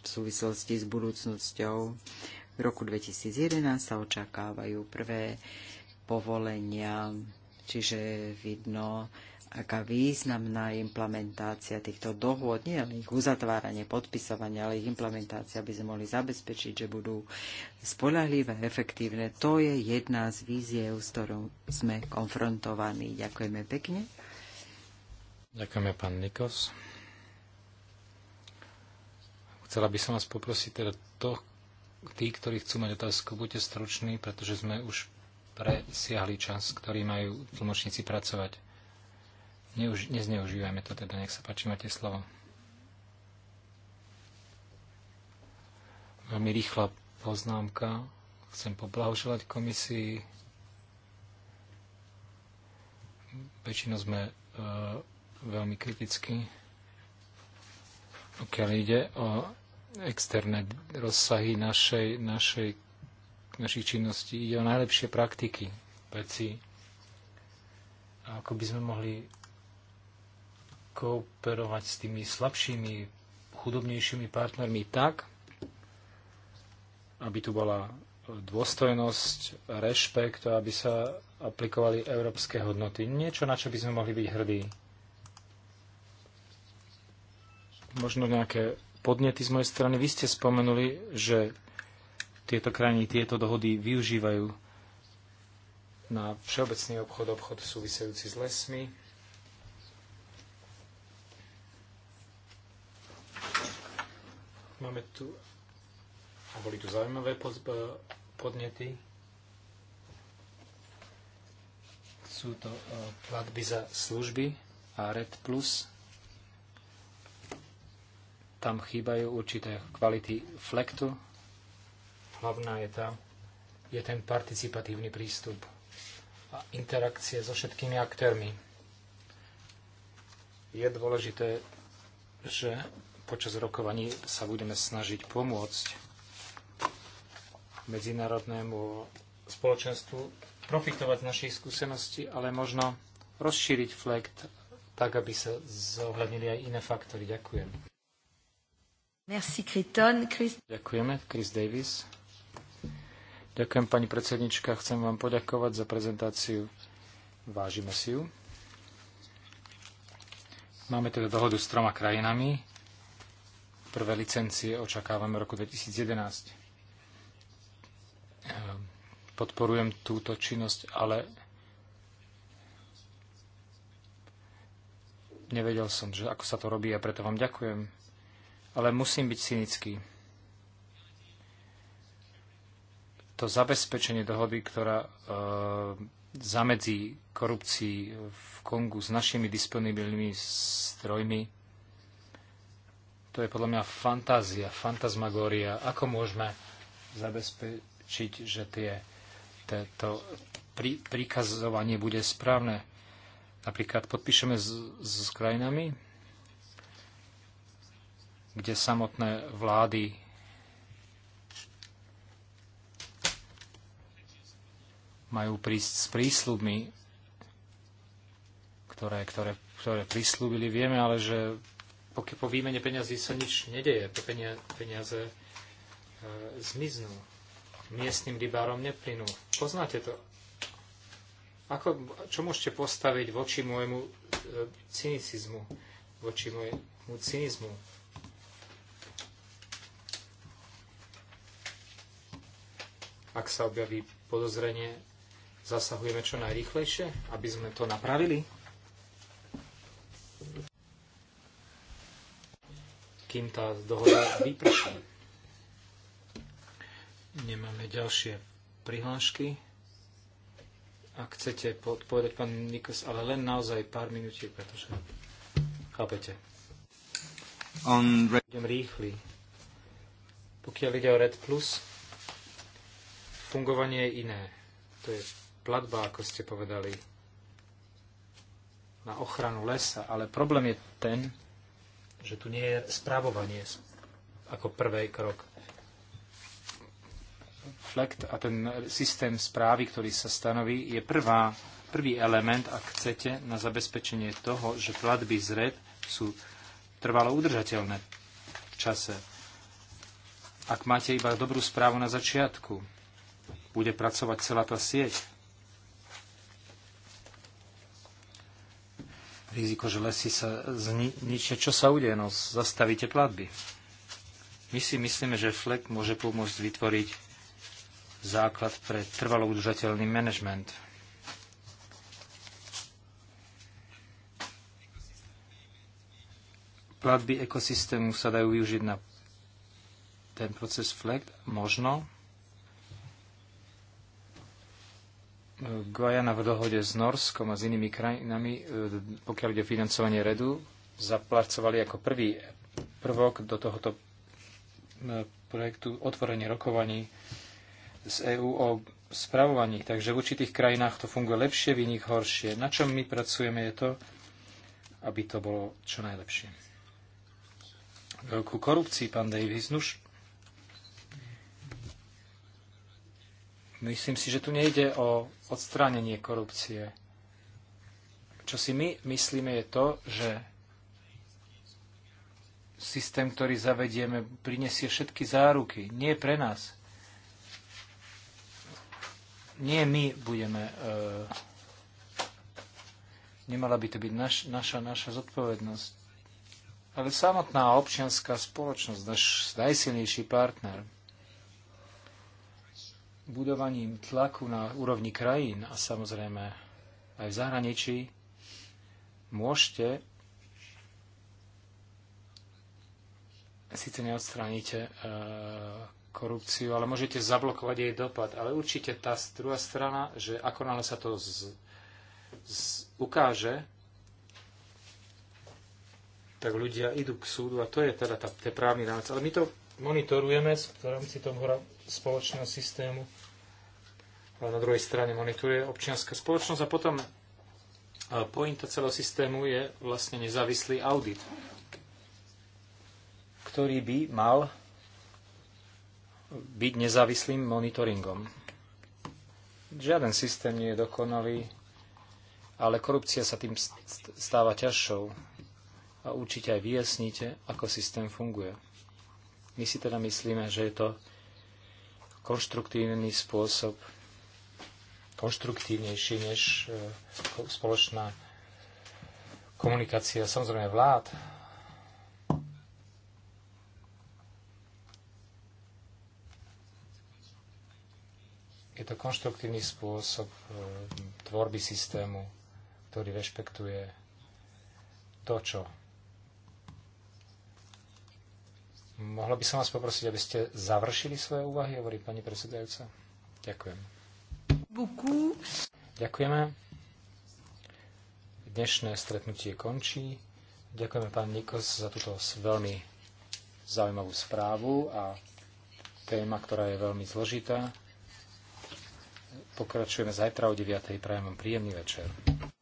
v súvislosti s budúcnosťou. V roku 2011 sa očakávajú prvé povolenia, čiže vidno, aká významná je implementácia týchto dohôd, nie len ich uzatváranie, podpisovanie, ale ich implementácia, aby sme mohli zabezpečiť, že budú spolahlivé, efektívne. To je jedna z víziev, s ktorou sme konfrontovaní. Ďakujeme pekne. Ďakujeme, pán Nikos. Chcela by som vás poprosiť teda to, tí, ktorí chcú mať otázku, buďte struční, pretože sme už presiahli čas, ktorý majú tlmočníci pracovať. Neuž, nezneužívajme to teda, nech sa páči, máte slovo. Veľmi rýchla poznámka. Chcem poblahoželať komisii. Väčšinou sme e, veľmi kritickí. Pokiaľ ide o externé rozsahy našej, našej, našich činností, ide o najlepšie praktiky veci, ako by sme mohli kooperovať s tými slabšími, chudobnejšími partnermi tak, aby tu bola dôstojnosť, rešpekt a aby sa aplikovali európske hodnoty. Niečo, na čo by sme mohli byť hrdí. Možno nejaké podnety z mojej strany. Vy ste spomenuli, že tieto krajiny tieto dohody využívajú na všeobecný obchod, obchod súvisejúci s lesmi, Máme tu, a boli tu zaujímavé eh, podnety. Sú to eh, platby za služby a Red Plus. Tam chýbajú určité kvality flektu. Hlavná je tam, je ten participatívny prístup a interakcie so všetkými aktérmi. Je dôležité, že počas rokovaní sa budeme snažiť pomôcť medzinárodnému spoločenstvu profitovať z našich skúseností, ale možno rozšíriť flekt tak, aby sa zohľadnili aj iné faktory. Ďakujem. Merci, Kriton. Chris... Ďakujeme, Chris Davis. Ďakujem, pani predsednička. Chcem vám poďakovať za prezentáciu. Vážime si ju. Máme teda dohodu s troma krajinami Prvé licencie očakávame v roku 2011. Ehm, podporujem túto činnosť, ale nevedel som, že ako sa to robí a preto vám ďakujem. Ale musím byť cynický. To zabezpečenie dohody, ktorá e, zamedzí korupcii v Kongu s našimi disponibilnými strojmi, to je podľa mňa fantázia, fantasmagória. Ako môžeme zabezpečiť, že tie, to prí, prikazovanie bude správne? Napríklad podpíšeme s, s krajinami, kde samotné vlády majú prísť s prísľubmi, ktoré, ktoré, ktoré prislúbili. Vieme ale, že pokiaľ po výmene peňazí sa nič nedeje, to peniaze e, zmiznú. Miestnym rybárom neplynú. Poznáte to? Ako, čo môžete postaviť voči môjmu e, cynicizmu? Voči môjmu cynizmu? Ak sa objaví podozrenie, zasahujeme čo najrýchlejšie, aby sme to napravili? kým tá dohoda vyprší. Nemáme ďalšie prihlášky. Ak chcete odpovedať, pán Nikos, ale len naozaj pár minútiek, pretože chápete. On... Idem rýchly. Pokiaľ ide o Red Plus, fungovanie je iné. To je platba, ako ste povedali, na ochranu lesa, ale problém je ten, že tu nie je správovanie ako prvý krok. Flekt a ten systém správy, ktorý sa stanoví, je prvá, prvý element, ak chcete, na zabezpečenie toho, že platby z RED sú trvalo udržateľné v čase. Ak máte iba dobrú správu na začiatku, bude pracovať celá tá sieť, riziko, že lesy sa zničia. Čo sa udeje? No, zastavíte platby. My si myslíme, že FLEG môže pomôcť vytvoriť základ pre trvalo udržateľný manažment. Platby ekosystému sa dajú využiť na ten proces FLEG? Možno. Guajana v dohode s Norskom a s inými krajinami, e, pokiaľ ide o financovanie redu, zaplacovali ako prvý prvok do tohoto e, projektu otvorenie rokovaní z EÚ o spravovaní. Takže v určitých krajinách to funguje lepšie, v iných horšie. Na čom my pracujeme je to, aby to bolo čo najlepšie. E, ku korupcii, pán Davis, nuž, Myslím si, že tu nejde o odstránenie korupcie. Čo si my myslíme je to, že systém, ktorý zavedieme, prinesie všetky záruky. Nie pre nás. Nie my budeme. E, nemala by to byť naš, naša, naša zodpovednosť. Ale samotná občianská spoločnosť, náš najsilnejší partner, budovaním tlaku na úrovni krajín a samozrejme aj v zahraničí môžete síce neodstránite e, korupciu, ale môžete zablokovať jej dopad. Ale určite tá druhá strana, že ako náhle sa to z, z, ukáže, tak ľudia idú k súdu a to je teda tá, tá právny rámec. Ale my to monitorujeme v rámci toho spoločného systému ale na druhej strane monitoruje občianská spoločnosť a potom pointa celého systému je vlastne nezávislý audit, ktorý by mal byť nezávislým monitoringom. Žiaden systém nie je dokonalý, ale korupcia sa tým stáva ťažšou a určite aj vyjasníte, ako systém funguje. My si teda myslíme, že je to konštruktívny spôsob konštruktívnejšie než e, spoločná komunikácia samozrejme vlád. Je to konštruktívny spôsob e, tvorby systému, ktorý rešpektuje to, čo. Mohla by som vás poprosiť, aby ste završili svoje úvahy, hovorí pani predsedajúca. Ďakujem beaucoup. Ďakujeme. Dnešné stretnutie končí. Ďakujeme pán Nikos za túto veľmi zaujímavú správu a téma, ktorá je veľmi zložitá. Pokračujeme zajtra o 9.00. Prajem vám príjemný večer.